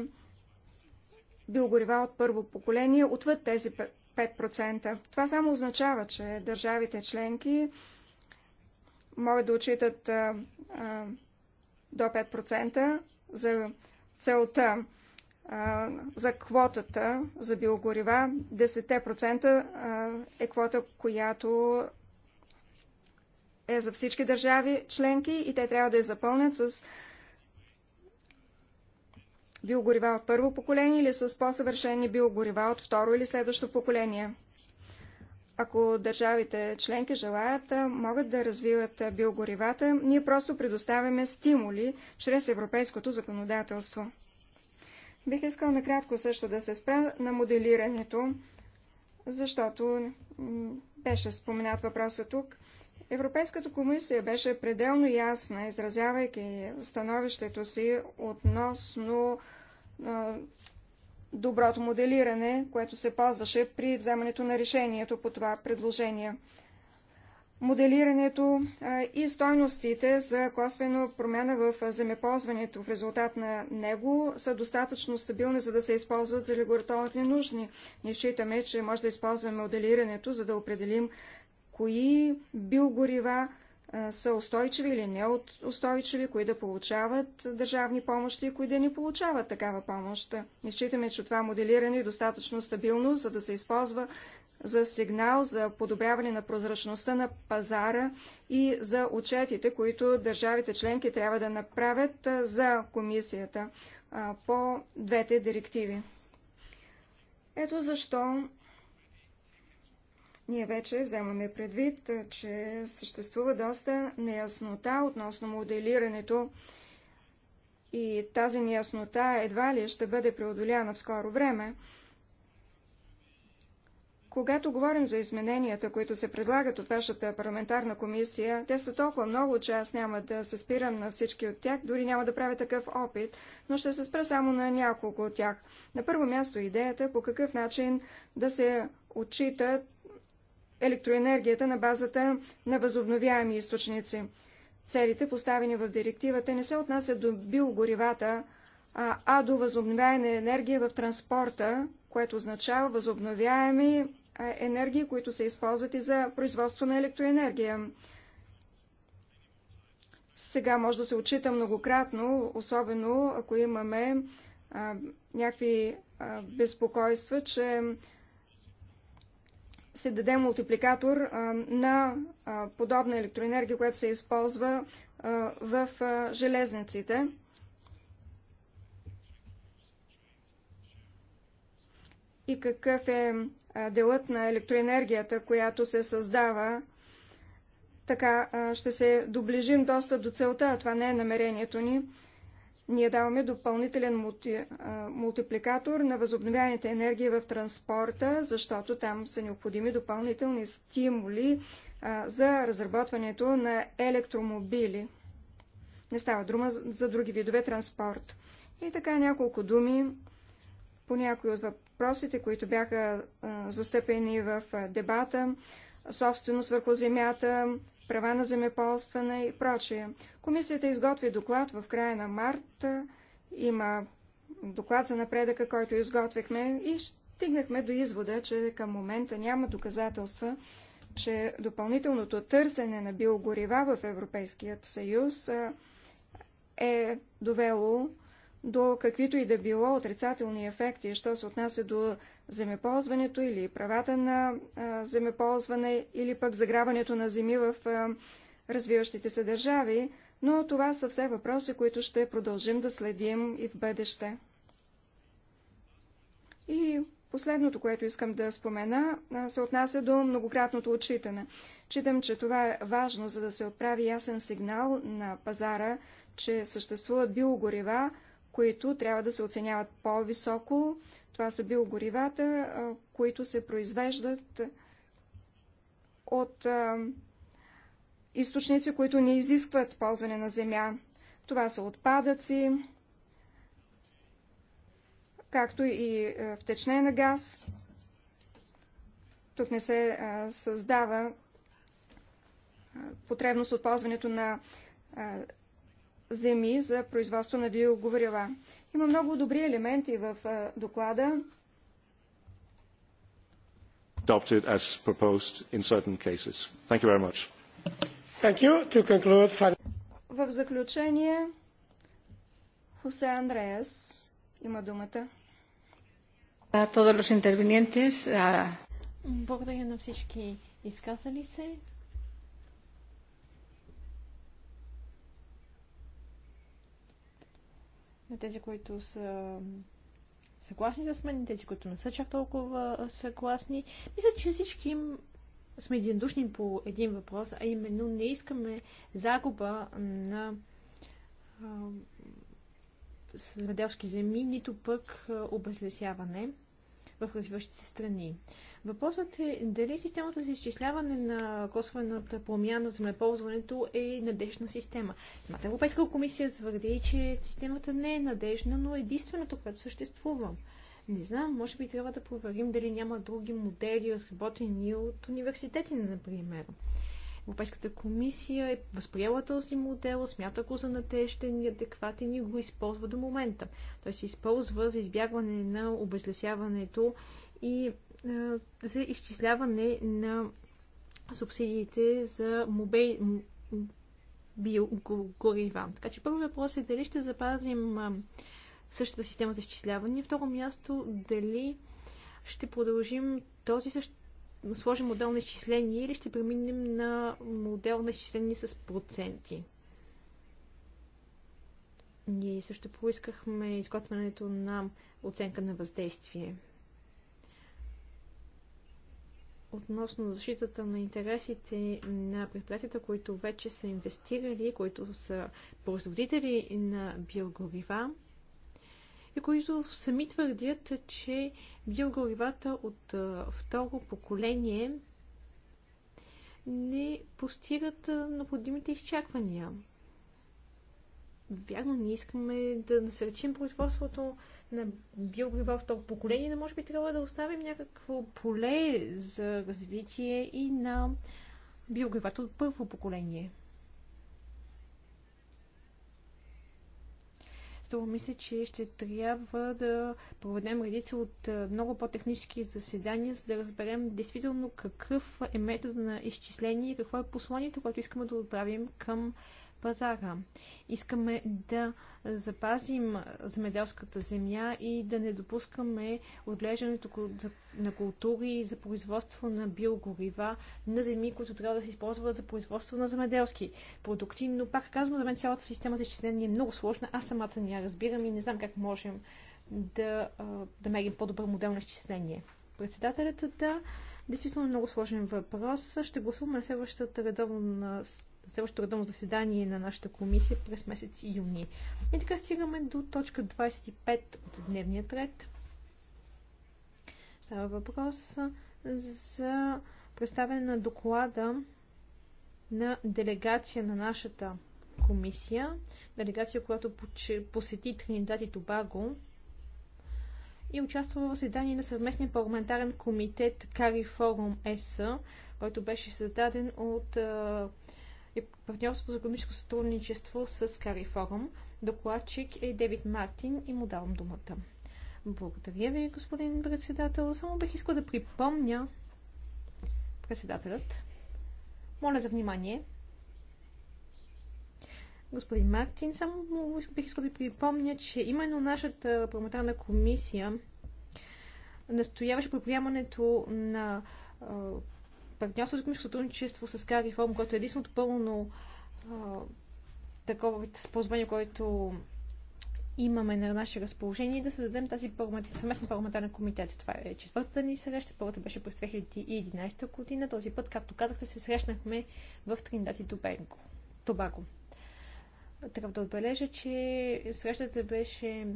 биогорива от първо поколение отвъд тези 5%. Това само означава, че държавите членки могат да отчитат до 5% за целта за квотата за биогорива. 10% е квота, която е за всички държави членки и те трябва да я запълнят с биогорива от първо поколение или с по-съвършени биогорива от второ или следващо поколение. Ако държавите членки желаят, могат да развиват биогоривата, ние просто предоставяме стимули чрез европейското законодателство. Бих искал накратко също да се спра на моделирането, защото беше споменат въпроса тук. Европейската комисия беше пределно ясна, изразявайки становището си относно доброто моделиране, което се ползваше при вземането на решението по това предложение. Моделирането и стойностите за косвено промяна в земеползването в резултат на него са достатъчно стабилни, за да се използват за регуляторни нужни. Не считаме, че може да използваме моделирането, за да определим кои биогорива са устойчиви или не устойчиви, кои да получават държавни помощи и кои да не получават такава помощ. Не считаме, че това моделиране е достатъчно стабилно, за да се използва за сигнал за подобряване на прозрачността на пазара и за отчетите, които държавите членки трябва да направят за комисията по двете директиви. Ето защо ние вече вземаме предвид, че съществува доста неяснота относно моделирането и тази неяснота едва ли ще бъде преодоляна в скоро време. Когато говорим за измененията, които се предлагат от вашата парламентарна комисия, те са толкова много, че аз няма да се спирам на всички от тях, дори няма да правя такъв опит, но ще се спра само на няколко от тях. На първо място идеята по какъв начин да се отчитат електроенергията на базата на възобновяеми източници. Целите, поставени в директивата, не се отнасят до биогоривата, а до възобновяема енергия в транспорта, което означава възобновяеми енергии, които се използват и за производство на електроенергия. Сега може да се отчита многократно, особено ако имаме а, някакви а, безпокойства, че се даде мултипликатор на подобна електроенергия, която се използва в железниците. И какъв е делът на електроенергията, която се създава така ще се доближим доста до целта, а това не е намерението ни. Ние даваме допълнителен мулти, а, мултипликатор на възобновяваните енергии в транспорта, защото там са необходими допълнителни стимули а, за разработването на електромобили. Не става дума за, за други видове транспорт. И така няколко думи по някои от въпросите, които бяха а, застъпени в дебата собственост върху земята, права на земеполстване и прочее. Комисията изготви доклад в края на март. Има доклад за напредъка, който изготвихме и стигнахме до извода, че към момента няма доказателства, че допълнителното търсене на биогорива в Европейският съюз е довело до каквито и да било отрицателни ефекти, що се отнася до земеползването или правата на а, земеползване или пък заграването на земи в а, развиващите се държави, но това са все въпроси, които ще продължим да следим и в бъдеще. И последното, което искам да спомена, се отнася до многократното отчитане. Читам, че това е важно, за да се отправи ясен сигнал на пазара, че съществуват биогорива, които трябва да се оценяват по-високо. Това са биогоривата, които се произвеждат от източници, които не изискват ползване на земя. Това са отпадъци, както и втечнен газ. Тук не се създава потребност от ползването на земи за производство на биогорива. Има много добри елементи в доклада. Adopted as proposed in certain cases. Thank you very much. Thank you. To conclude, в заключение, Хосе Андреас има думата. Благодаря на всички изказали се. на тези, които са съгласни с мен, тези, които не са чак толкова съгласни. Мисля, че всички им сме единодушни по един въпрос, а именно не искаме загуба на земеделски земи, нито пък обезлесяване в развиващите се страни. Въпросът е дали системата за изчисляване на косвената промяна за меползването е надежна система. Самата Европейска комисия твърди, че системата не е надежна, но е единственото, което съществува. Не знам, може би трябва да проверим дали няма други модели, разработени от университети, например. Европейската комисия е възприела този модел, смята го за надежден и адекватен и го използва до момента. Той се използва за избягване на обезлесяването и е, за изчисляване на субсидиите за мобей, биогорива. Така че първо въпрос е дали ще запазим е, същата система за изчисляване. Второ място, дали ще продължим този същ сложим модел на изчисление или ще преминем на модел на изчисление с проценти. Ние също поискахме изготвянето на оценка на въздействие. Относно защитата на интересите на предприятията, които вече са инвестирали, които са производители на биогорива и които сами твърдят, че биогоривата от второ поколение не постигат необходимите изчаквания. Вярно, ние искаме да насърчим производството на биогорива второ поколение, но може би трябва да оставим някакво поле за развитие и на биогоривата от първо поколение. Струва ми се, че ще трябва да проведем редица от много по-технически заседания, за да разберем действително какъв е метод на изчисление и какво е посланието, което искаме да отправим към пазара. Искаме да запазим земеделската земя и да не допускаме отглеждането на култури за производство на биогорива на земи, които трябва да се използват за производство на земеделски продукти. Но пак казвам, за мен цялата система за изчисление е много сложна. Аз самата не я разбирам и не знам как можем да, да мерим по-добър модел на изчисление. Председателят да, действително е много сложен въпрос. Ще гласуваме на следващата редовна следващото редовно заседание на нашата комисия през месец юни. И така стигаме до точка 25 от дневния ред. Става въпрос за представяне на доклада на делегация на нашата комисия, делегация, която посети Тринидад и Тобаго и участва в заседание на съвместния парламентарен комитет Кари Форум ЕС, който беше създаден от и партньорство за економическо сътрудничество с Кари Форум. Докладчик е Девид Мартин и му давам думата. Благодаря ви, господин председател. Само бих искал да припомня председателят. Моля за внимание. Господин Мартин, само бих искал да припомня, че именно нашата парламентарна комисия настояваше при приемането на партньорство за економическо сътрудничество с Форум, което е единственото пълно а, такова споразумение, което имаме на наше разположение и да създадем тази парламент... съместна парламентарна комитет. Това е четвъртата ни среща. Първата беше през 2011 година. Този път, както казахте, се срещнахме в Триндати Тобенко. Тобаго. Трябва да отбележа, че срещата беше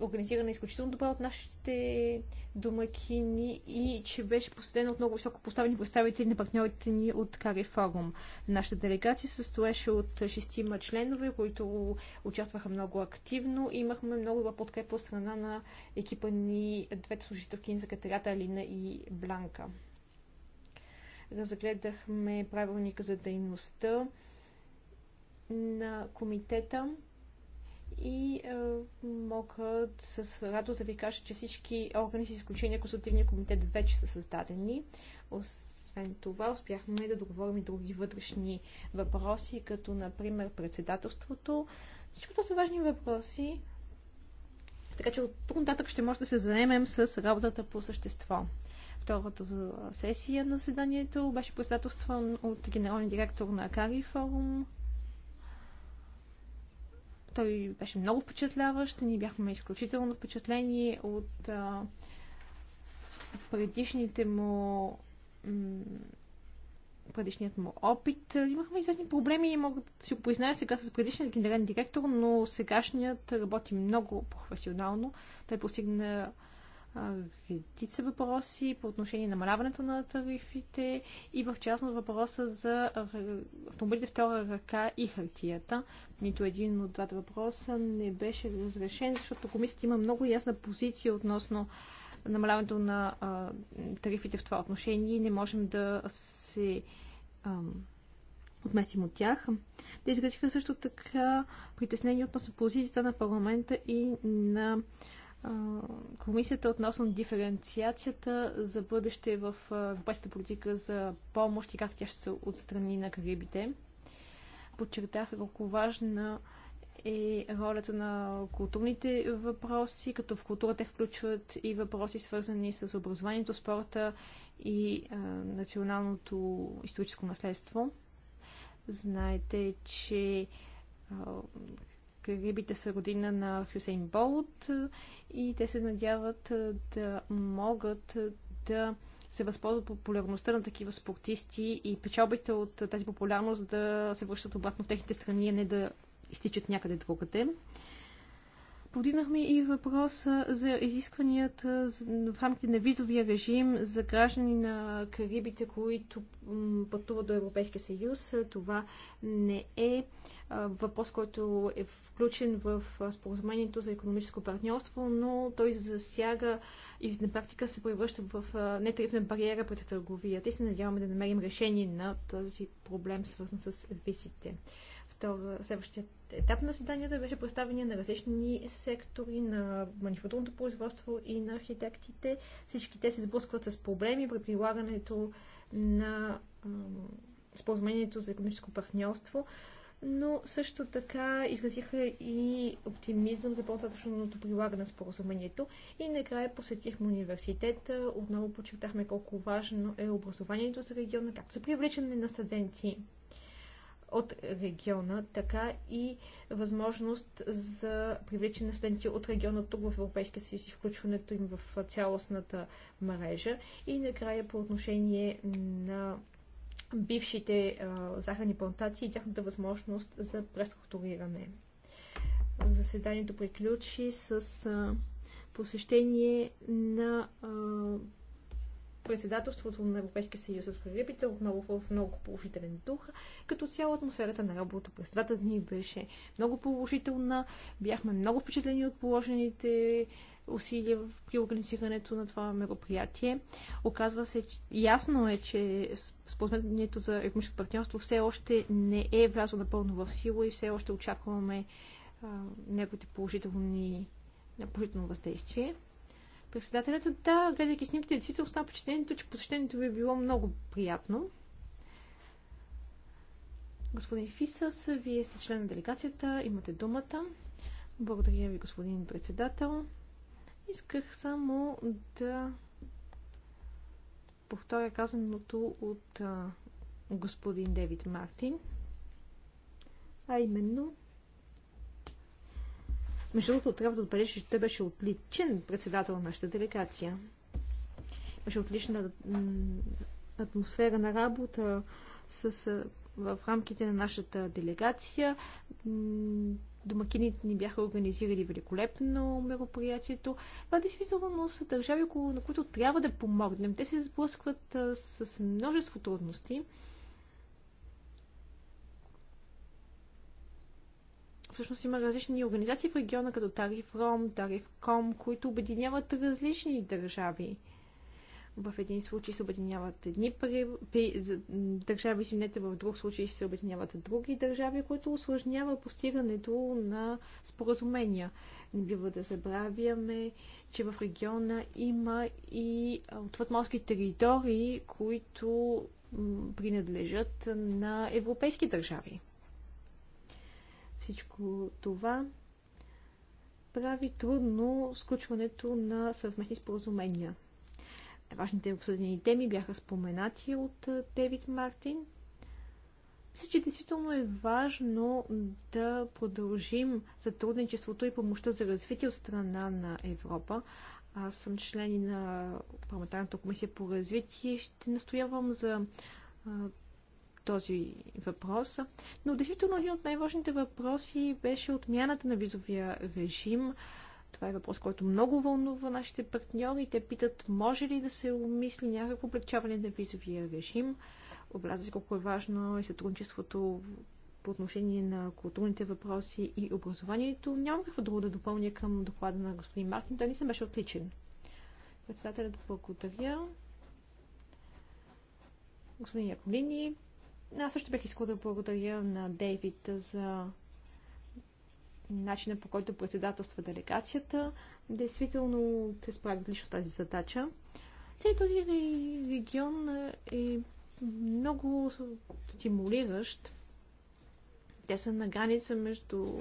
организирана изключително добре от нашите домакини и че беше посетена от много високо поставени представители на партньорите ни от Кари Форум. Нашата делегация състоеше от шестима членове, които участваха много активно. И имахме много добра подкрепа от страна на екипа ни двете служителки за катерата Алина и Бланка. Разгледахме правилника за дейността на комитета и а, е, мога с радост да ви кажа, че всички органи с изключение консултативния комитет вече са създадени. Освен това, успяхме да договорим и други вътрешни въпроси, като например председателството. Всичко това са важни въпроси, така че от тук нататък ще може да се заемем с работата по същество. Втората сесия на заседанието беше председателство от генералния директор на Акари форум той беше много впечатляващ. Ние бяхме изключително впечатлени от а, предишните му предишният му опит. Имахме известни проблеми и мога да си го сега с предишният генерален директор, но сегашният работи много професионално. Той постигна редица въпроси по отношение на намаляването на тарифите и в частност въпроса за автомобилите втора ръка и хартията. Нито един от двата въпроса не беше разрешен, защото комисията има много ясна позиция относно намаляването на а, тарифите в това отношение и не можем да се отместим от тях. Те изградиха също така притеснения относно позицията на парламента и на а, комисията относно диференциацията за бъдеще в европейската политика за помощ и как тя ще се отстрани на Карибите. Подчертах колко важна е ролята на културните въпроси, като в културата те включват и въпроси свързани с образованието, спорта и а, националното историческо наследство. Знаете, че а, Карибите са родина на Хюсейн Болт и те се надяват да могат да се възползват популярността на такива спортисти и печалбите от тази популярност да се връщат обратно в техните страни, а не да изтичат някъде другаде. Подигнахме и въпроса за изискванията в рамките на визовия режим за граждани на Карибите, които пътуват до Европейския съюз. Това не е въпрос, който е включен в споразумението за економическо партньорство, но той засяга и на практика се превръща в нетарифна бариера пред търговията и се надяваме да намерим решение на този проблем, свързан с визите. Второ, следващият етап на заседанието беше представение на различни сектори на манифатурното производство и на архитектите. Всички те се сблъскват с проблеми при прилагането на споразумението за економическо партньорство, но също така изразиха и оптимизъм за по-нататъчното прилагане на споразумението. И накрая посетихме университета. Отново подчертахме колко важно е образованието за региона, както за привличане на студенти от региона, така и възможност за привличане на студенти от региона тук в Европейския съюз и включването им в цялостната мрежа. И накрая по отношение на бившите а, захарни плантации и тяхната възможност за преструктуриране. Заседанието приключи с а, посещение на а, председателството на Европейския съюз в Карибите отново в много положителен дух. Като цяло атмосферата на работа през двата дни беше много положителна. Бяхме много впечатлени от положените усилия при организирането на това мероприятие. Оказва се, че, ясно е, че споразумението за економическо партньорство все още не е влязло напълно в сила и все още очакваме някои положителни, положително въздействие. Председателят, да, гледайки снимките, действително стана впечатлението, че посещението ви е било много приятно. Господин Фисас, вие сте член на делегацията, имате думата. Благодаря ви, господин председател. Исках само да повторя казаното от а, господин Девид Мартин, а именно, между другото, трябва да отбележи, че той беше отличен председател на нашата делегация. Беше отлична атмосфера на работа с, в рамките на нашата делегация. Домакините ни бяха организирали великолепно мероприятието. Това действително са държави, на които трябва да помогнем. Те се сблъскват с множество трудности. Всъщност има различни организации в региона, като Тариф Тариф Тарифком, които обединяват различни държави. В един случай се обединяват едни при, държави, извинете, в друг случай се обединяват други държави, което осложнява постигането на споразумения. Не бива да забравяме, че в региона има и отвъдморски територии, които принадлежат на европейски държави. Всичко това прави трудно сключването на съвместни споразумения. Важните обсъдени теми бяха споменати от Девид Мартин. Мисля, че действително е важно да продължим сътрудничеството и помощта за развитие от страна на Европа. Аз съм член на парламентарната комисия по развитие и ще настоявам за този въпрос. Но действително един от най-важните въпроси беше отмяната на визовия режим. Това е въпрос, който много вълнува нашите партньори. Те питат, може ли да се умисли някакво облегчаване на визовия режим. Обляза се колко е важно и сътрудничеството по отношение на културните въпроси и образованието. Нямам какво друго да допълня към доклада на господин Мартин. Той не съм беше отличен. Председателят благодаря. Господин Яковлини, аз също бях искала да благодаря на Дейвид за начина по който председателства делегацията. Действително се справи лично тази задача. Цели този регион е много стимулиращ. Те са на граница между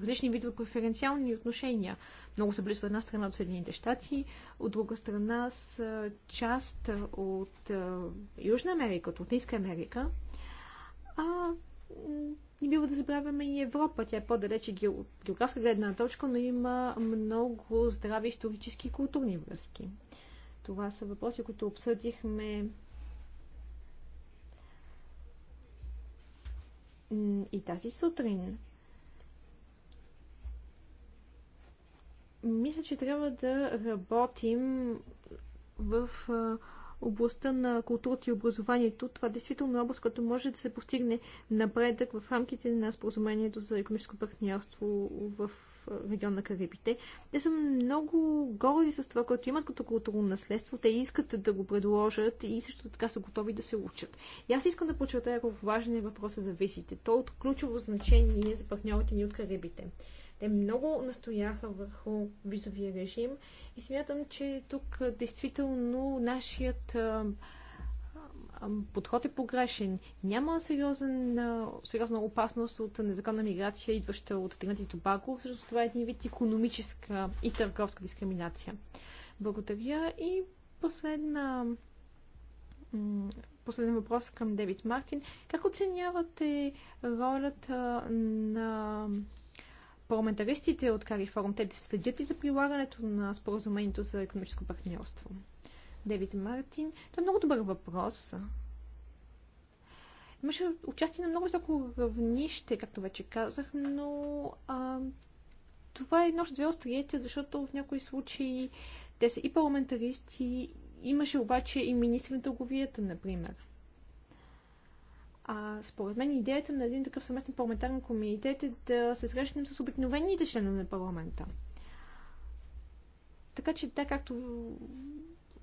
различни видове преференциални отношения. Много са близо от една страна от Съединените щати, от друга страна са част от е, Южна Америка, от Латинска Америка. А не бива да забравяме и Европа. Тя е по-далече географска гледна точка, но има много здрави исторически и културни връзки. Това са въпроси, които обсъдихме и тази сутрин. Мисля, че трябва да работим в областта на културата и образованието, това е действително е област, която може да се постигне напредък в рамките на споразумението за економическо партньорство в регион на Карибите. Те са много горди с това, което имат като културно наследство. Те искат да го предложат и също така са готови да се учат. И аз искам да подчертая колко важен е въпросът за визите. Той е от ключово значение за партньорите ни от Карибите. Те много настояха върху визовия режим и смятам, че тук действително нашият подход е погрешен. Няма сериозен, сериозна опасност от незаконна миграция, идваща от Тринати и Тобаго. Всъщност това е един вид економическа и търговска дискриминация. Благодаря и последна последен въпрос към Девид Мартин. Как оценявате ролята на парламентаристите от Форум, Те следят и за прилагането на споразумението за економическо партньорство. Девид Мартин. Това е много добър въпрос. Имаше участие на много високо равнище, както вече казах, но а, това е едно две остриятия, защото в някои случаи те са и парламентаристи, имаше обаче и министри на търговията, например. А според мен идеята на един такъв съместен парламентарен комитет е да се срещнем с обикновените членове на парламента. Така че, така както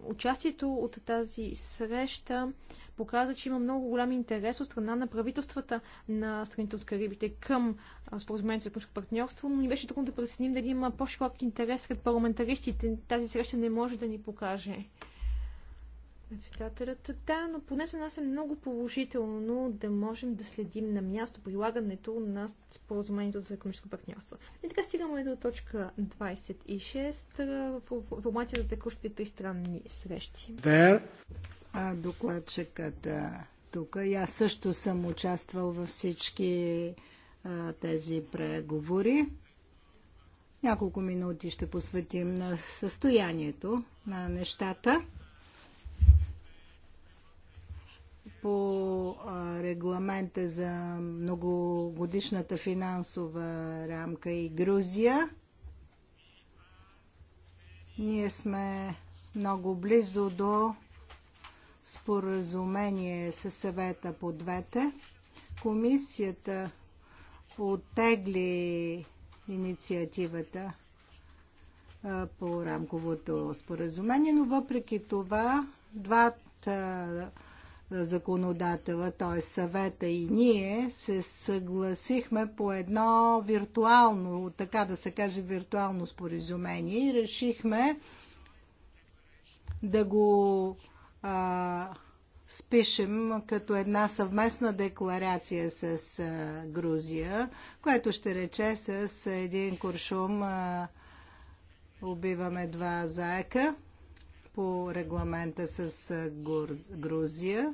участието от тази среща показа, че има много голям интерес от страна на правителствата на страните от Карибите към споразумението за пънско партньорство, но ни беше трудно да преценим дали има по-широк интерес сред парламентаристите. Тази среща не може да ни покаже председателят. Да, но поне за нас е много положително да можем да следим на място прилагането на споразумението за економическо партньорство. И така стигаме до точка 26, информация за текущите тристранни срещи. There. А, докладчикът тук. И аз също съм участвал във всички а, тези преговори. Няколко минути ще посветим на състоянието на нещата. по регламента за многогодишната финансова рамка и Грузия. Ние сме много близо до споразумение с съвета по двете. Комисията оттегли инициативата по рамковото споразумение, но въпреки това двата законодателя, т.е. съвета и ние се съгласихме по едно виртуално, така да се каже, виртуално споразумение и решихме да го а, спишем като една съвместна декларация с а, Грузия, което ще рече с един куршум а, убиваме два заека по регламента с Грузия.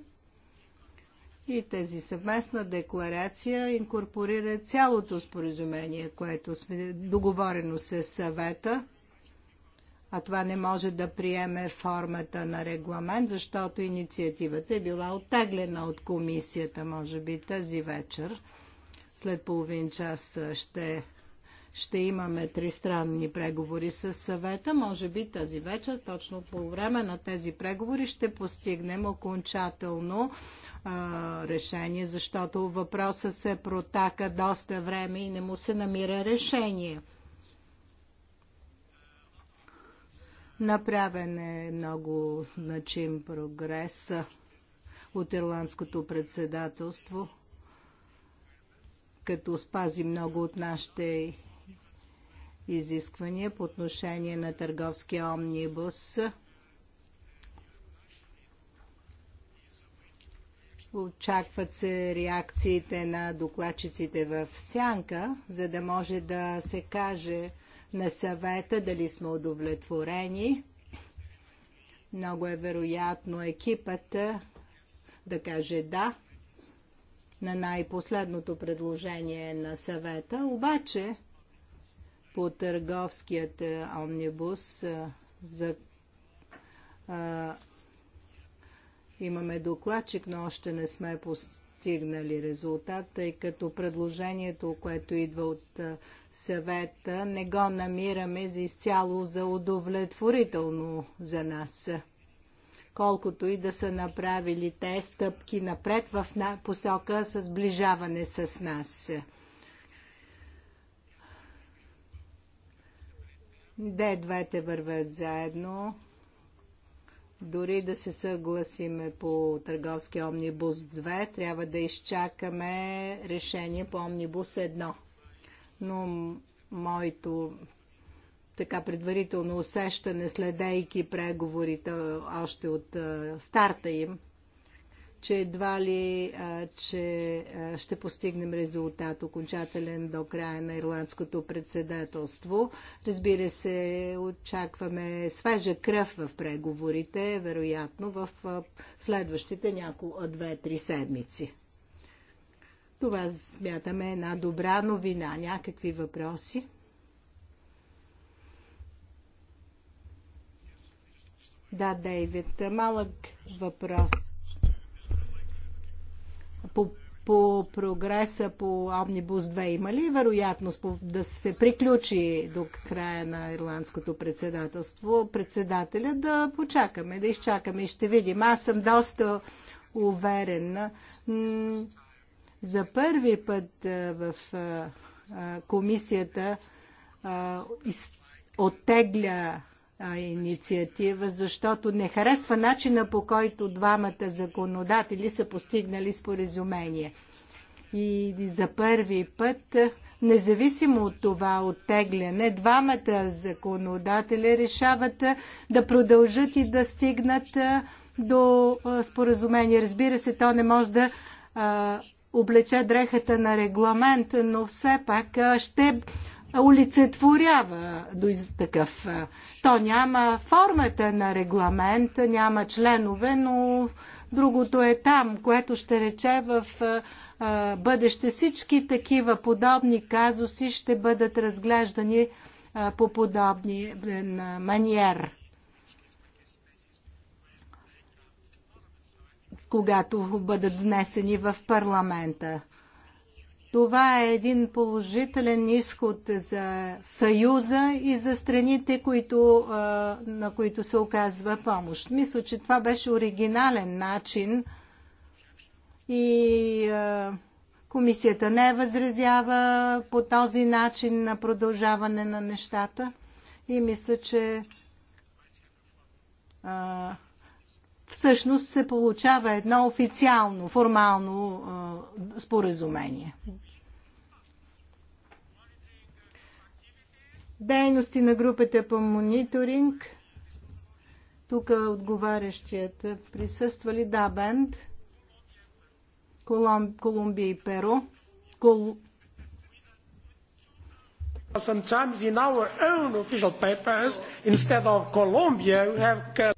И тези съвместна декларация инкорпорира цялото споразумение, което сме договорено с съвета. А това не може да приеме формата на регламент, защото инициативата е била оттеглена от комисията. Може би тази вечер, след половин час, ще ще имаме тристранни преговори с съвета. Може би тази вечер, точно по време на тези преговори, ще постигнем окончателно а, решение, защото въпроса се протака доста време и не му се намира решение. Направен е много значим прогрес от ирландското председателство, като спази много от нашите изисквания по отношение на търговския омнибус. Очакват се реакциите на докладчиците в сянка, за да може да се каже на съвета дали сме удовлетворени. Много е вероятно екипът да каже да на най-последното предложение на съвета, обаче по търговският е, омнибус е, за а, е, имаме докладчик, но още не сме постигнали резултат, тъй като предложението, което идва от съвета, не го намираме за изцяло за удовлетворително за нас. Колкото и да са направили те стъпки напред в посока с сближаване с нас. Де двете вървят заедно. Дори да се съгласиме по търговски омнибус 2, трябва да изчакаме решение по омнибус 1. Но моето така предварително усещане, следейки преговорите още от а, старта им, че едва ли а, че а, ще постигнем резултат окончателен до края на ирландското председателство. Разбира се, очакваме свежа кръв в преговорите, вероятно в а, следващите няколко две-три седмици. Това смятаме една добра новина. Някакви въпроси? Да, Дейвид, малък въпрос по, по прогреса по Омнибус 2? Има ли вероятност да се приключи до края на ирландското председателство председателя? Да почакаме, да изчакаме и ще видим. Аз съм доста уверен. За първи път в комисията оттегля инициатива, защото не харесва начина по който двамата законодатели са постигнали споразумение. И за първи път, независимо от това оттегляне, двамата законодатели решават да продължат и да стигнат до споразумение. Разбира се, то не може да облече дрехата на регламент, но все пак ще олицетворява до такъв. То няма формата на регламент, няма членове, но другото е там, което ще рече в бъдеще всички такива подобни казуси ще бъдат разглеждани по подобни маниер. когато бъдат внесени в парламента. Това е един положителен изход за Съюза и за страните, които, на които се оказва помощ. Мисля, че това беше оригинален начин и комисията не възразява по този начин на продължаване на нещата и мисля, че всъщност се получава едно официално, формално а, споразумение. Дейности на групата по мониторинг. Тук отговарящият присъства ли? Да, Бенд. Колумбия и Перу. Кол... Sometimes in our own official papers, instead of Colombia, we have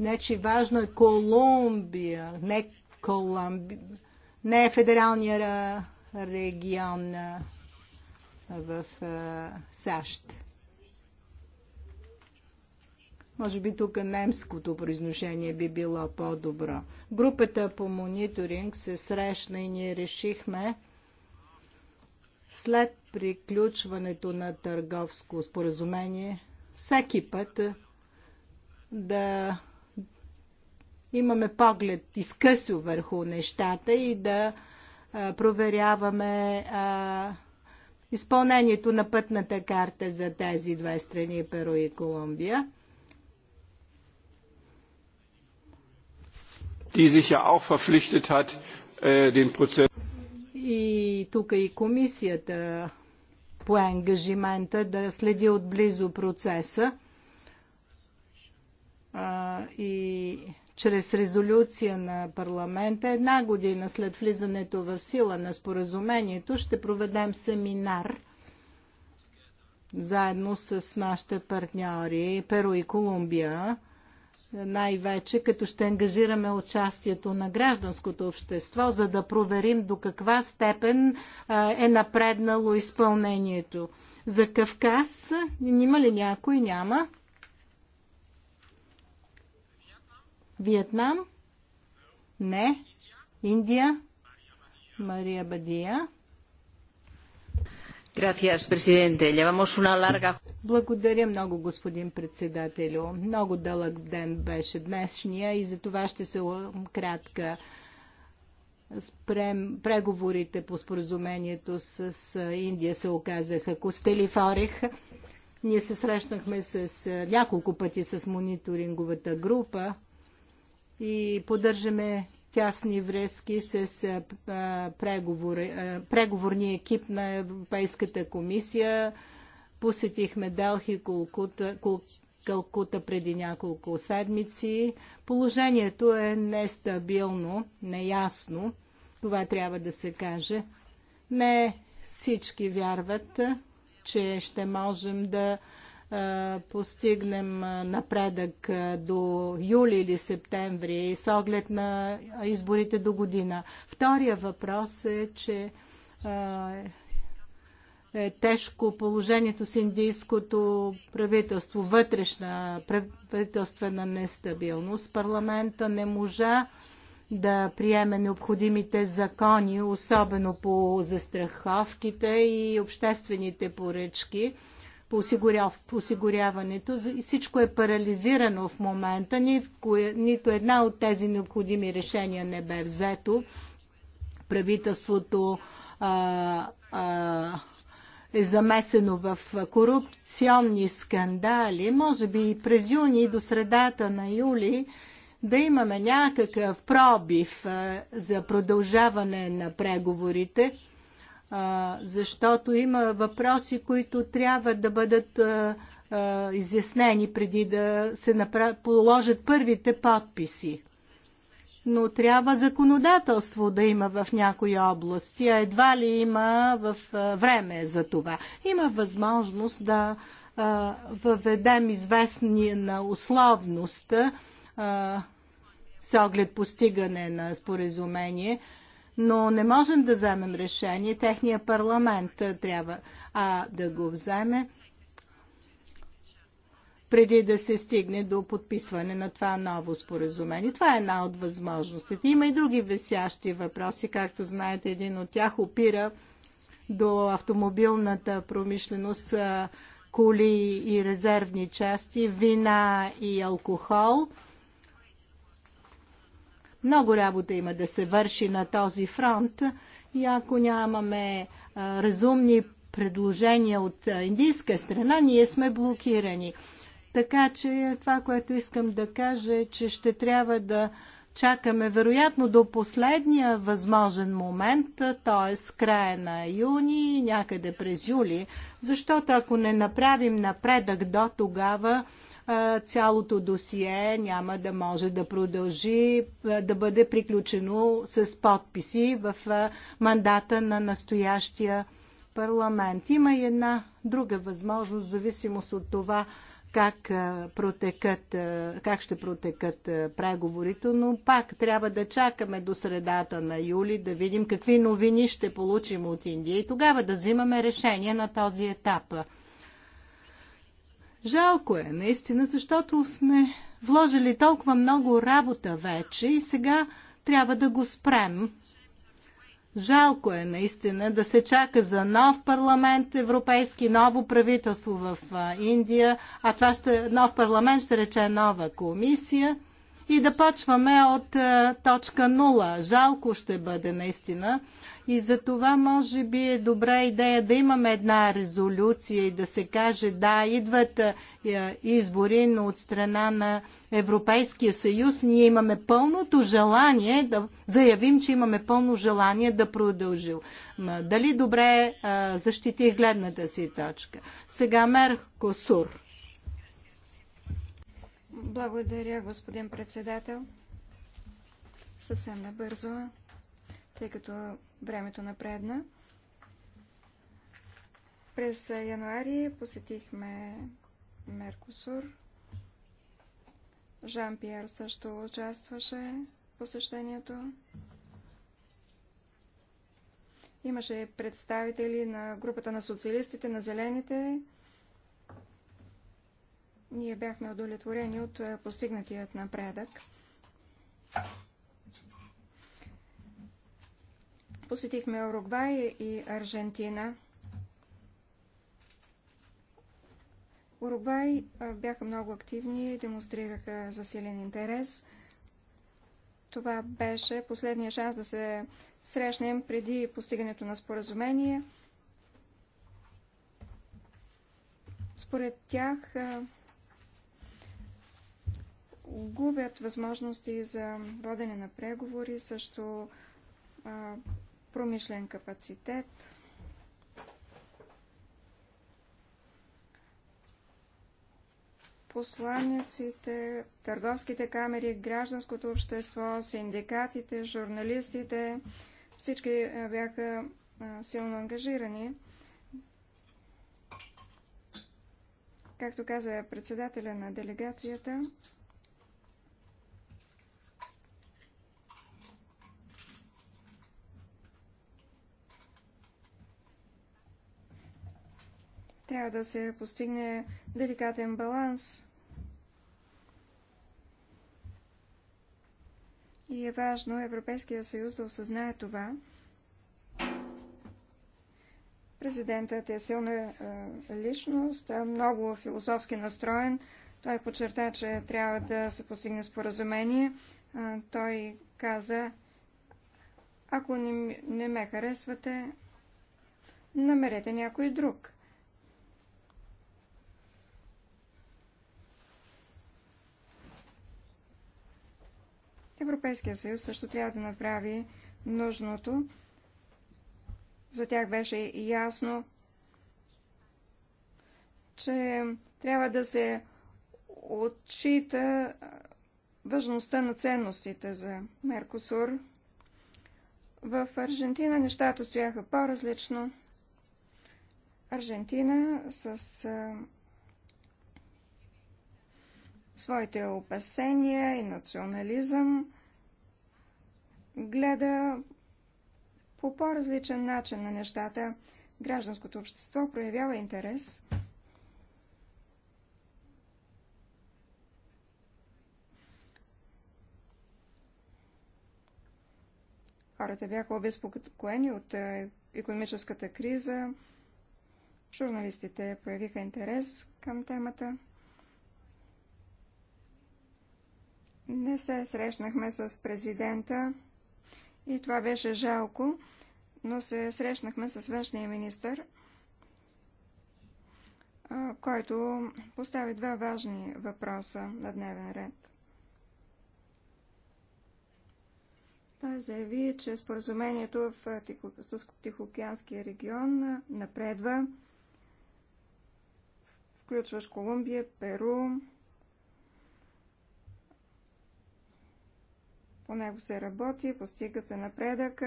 Значи важно е Колумбия, не Колумбия, не е федералния регион в САЩ. Може би тук немското произношение би било по-добро. Групата по мониторинг се срещна и ние решихме след приключването на търговско споразумение всеки път да имаме поглед изкъсо върху нещата и да проверяваме изпълнението на пътната карта за тези две страни, Перу и Колумбия. Die sich ja auch verpflichtet hat, äh, den Prozess. И тук и комисията по ангажимента да следи отблизо процеса а, и чрез резолюция на парламента една година след влизането в сила на споразумението ще проведем семинар заедно с нашите партньори Перу и Колумбия, най-вече като ще ангажираме участието на гражданското общество, за да проверим до каква степен е напреднало изпълнението. За Кавказ има ли някой? Няма. Виетнам? Не. Индия? Мария Бадия. Gracias, presidente. Llevamos una larga... Благодаря много, господин председателю. Много дълъг ден беше днешния и за това ще се кратка спрем преговорите по споразумението с Индия се оказаха костели в Орех. Ние се срещнахме с няколко пъти с мониторинговата група и поддържаме тясни връзки с преговор, преговорния екип на Европейската комисия. Посетихме Делхи Колкута, Калкута преди няколко седмици. Положението е нестабилно, неясно. Това трябва да се каже. Не всички вярват, че ще можем да постигнем напредък до юли или септември с оглед на изборите до година. Втория въпрос е, че е тежко положението с индийското правителство, вътрешна правителствена нестабилност. Парламента не можа да приеме необходимите закони, особено по застраховките и обществените поръчки по, осигуряв, по осигуряването и всичко е парализирано в момента. Нито, нито една от тези необходими решения не бе взето. Правителството а, а, е замесено в корупционни скандали. Може би и през юни до средата на юли да имаме някакъв пробив а, за продължаване на преговорите а, защото има въпроси, които трябва да бъдат а, а, изяснени преди да се положат първите подписи. Но трябва законодателство да има в някои области, а едва ли има в време за това. Има възможност да а, въведем известни на условност с оглед постигане на споразумение, но не можем да вземем решение. Техния парламент е, трябва а, да го вземе преди да се стигне до подписване на това ново споразумение. Това е една от възможностите. Има и други висящи въпроси. Както знаете, един от тях опира до автомобилната промишленост, коли и резервни части, вина и алкохол – много работа има да се върши на този фронт и ако нямаме разумни предложения от индийска страна, ние сме блокирани. Така че това, което искам да кажа е, че ще трябва да чакаме вероятно до последния възможен момент, т.е. края на юни, и някъде през юли, защото ако не направим напредък до тогава, цялото досие няма да може да продължи да бъде приключено с подписи в мандата на настоящия парламент. Има и една друга възможност, в зависимост от това как, протекат, как ще протекат преговорите, но пак трябва да чакаме до средата на юли да видим какви новини ще получим от Индия и тогава да взимаме решение на този етап. Жалко е, наистина, защото сме вложили толкова много работа вече и сега трябва да го спрем. Жалко е наистина да се чака за нов парламент европейски, ново правителство в Индия, а това ще, нов парламент ще рече нова комисия и да почваме от точка нула. Жалко ще бъде наистина, и за това може би е добра идея да имаме една резолюция и да се каже да, идват е, избори, но от страна на Европейския съюз ние имаме пълното желание да заявим, че имаме пълно желание да продължим. Дали добре е, защитих гледната си точка? Сега Меркосур. Благодаря, господин председател. Съвсем набързо тъй като времето напредна. През януари посетихме Меркосур. Жан Пьер също участваше в посещението. Имаше представители на групата на социалистите, на зелените. Ние бяхме удовлетворени от постигнатият напредък. Посетихме Уругвай и Аржентина. Уругвай бяха много активни, демонстрираха засилен интерес. Това беше последния шанс да се срещнем преди постигането на споразумение. Според тях губят възможности за водене на преговори, също промишлен капацитет, посланиците, търговските камери, гражданското общество, синдикатите, журналистите, всички е, бяха е, силно ангажирани. Както каза председателя на делегацията, Трябва да се постигне деликатен баланс. И е важно Европейския съюз да осъзнае това. Президентът е силна личност, много философски настроен. Той подчерта, че трябва да се постигне споразумение. Той каза, ако не, ме харесвате, намерете някой друг. Европейския съюз също трябва да направи нужното. За тях беше ясно, че трябва да се отчита важността на ценностите за Меркосур. В Аржентина нещата стояха по-различно. Аржентина с своите опасения и национализъм, гледа по по-различен начин на нещата. Гражданското общество проявява интерес. Хората бяха обезпокоени от економическата криза. Журналистите проявиха интерес към темата. Не се срещнахме с президента и това беше жалко, но се срещнахме с външния министр, който постави два важни въпроса на дневен ред. Той заяви, че споразумението в тихо, с Тихоокеанския регион напредва, включващ Колумбия, Перу, По него се работи, постига се напредък.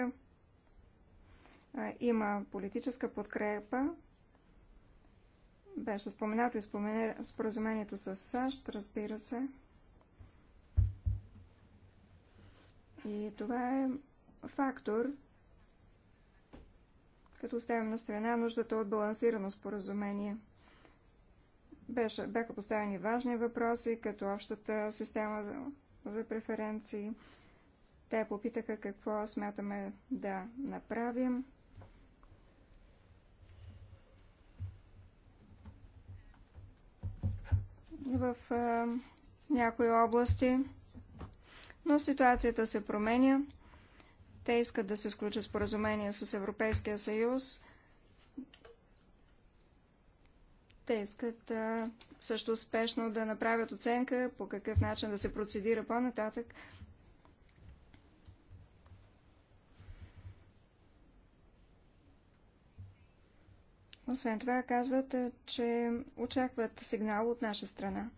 Има политическа подкрепа. Беше споменато и споразумението с САЩ, разбира се. И това е фактор, като оставим на страна нуждата от балансирано споразумение. Беше, бяха поставени важни въпроси, като общата система за преференции, те попитаха какво смятаме да направим. В някои области, но ситуацията се променя. Те искат да се сключат споразумения с Европейския съюз. Те искат а, също успешно да направят оценка по какъв начин да се процедира по-нататък. Освен това казват, е, че очакват сигнал от наша страна.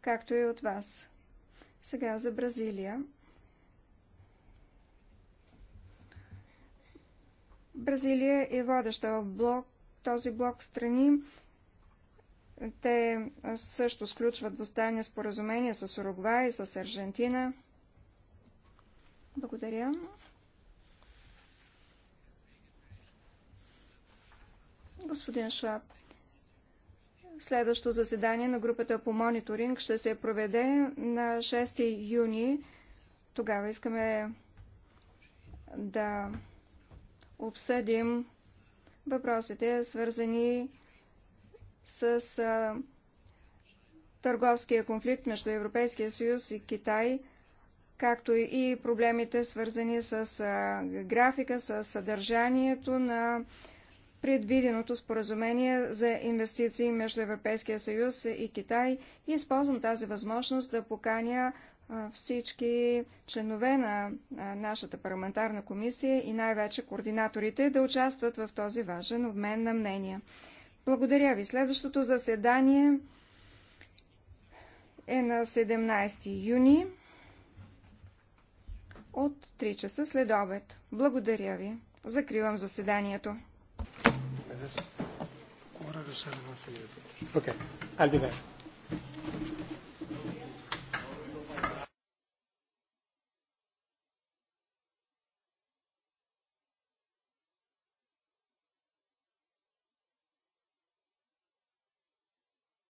Както и от вас. Сега за Бразилия. Бразилия е водеща в блок, този блок страни. Те е, също сключват двустранни споразумения с Уругвай, с Аржентина. Благодаря. Господин Шваб, следващото заседание на групата по мониторинг ще се проведе на 6 юни. Тогава искаме да обсъдим въпросите, свързани с търговския конфликт между Европейския съюз и Китай, както и проблемите свързани с графика, с съдържанието на предвиденото споразумение за инвестиции между Европейския съюз и Китай и използвам тази възможност да поканя всички членове на нашата парламентарна комисия и най-вече координаторите да участват в този важен обмен на мнения. Благодаря ви. Следващото заседание е на 17 юни от 3 часа след обед. Благодаря ви. Закривам заседанието this? Quarter to seven. Okay, I'll be there.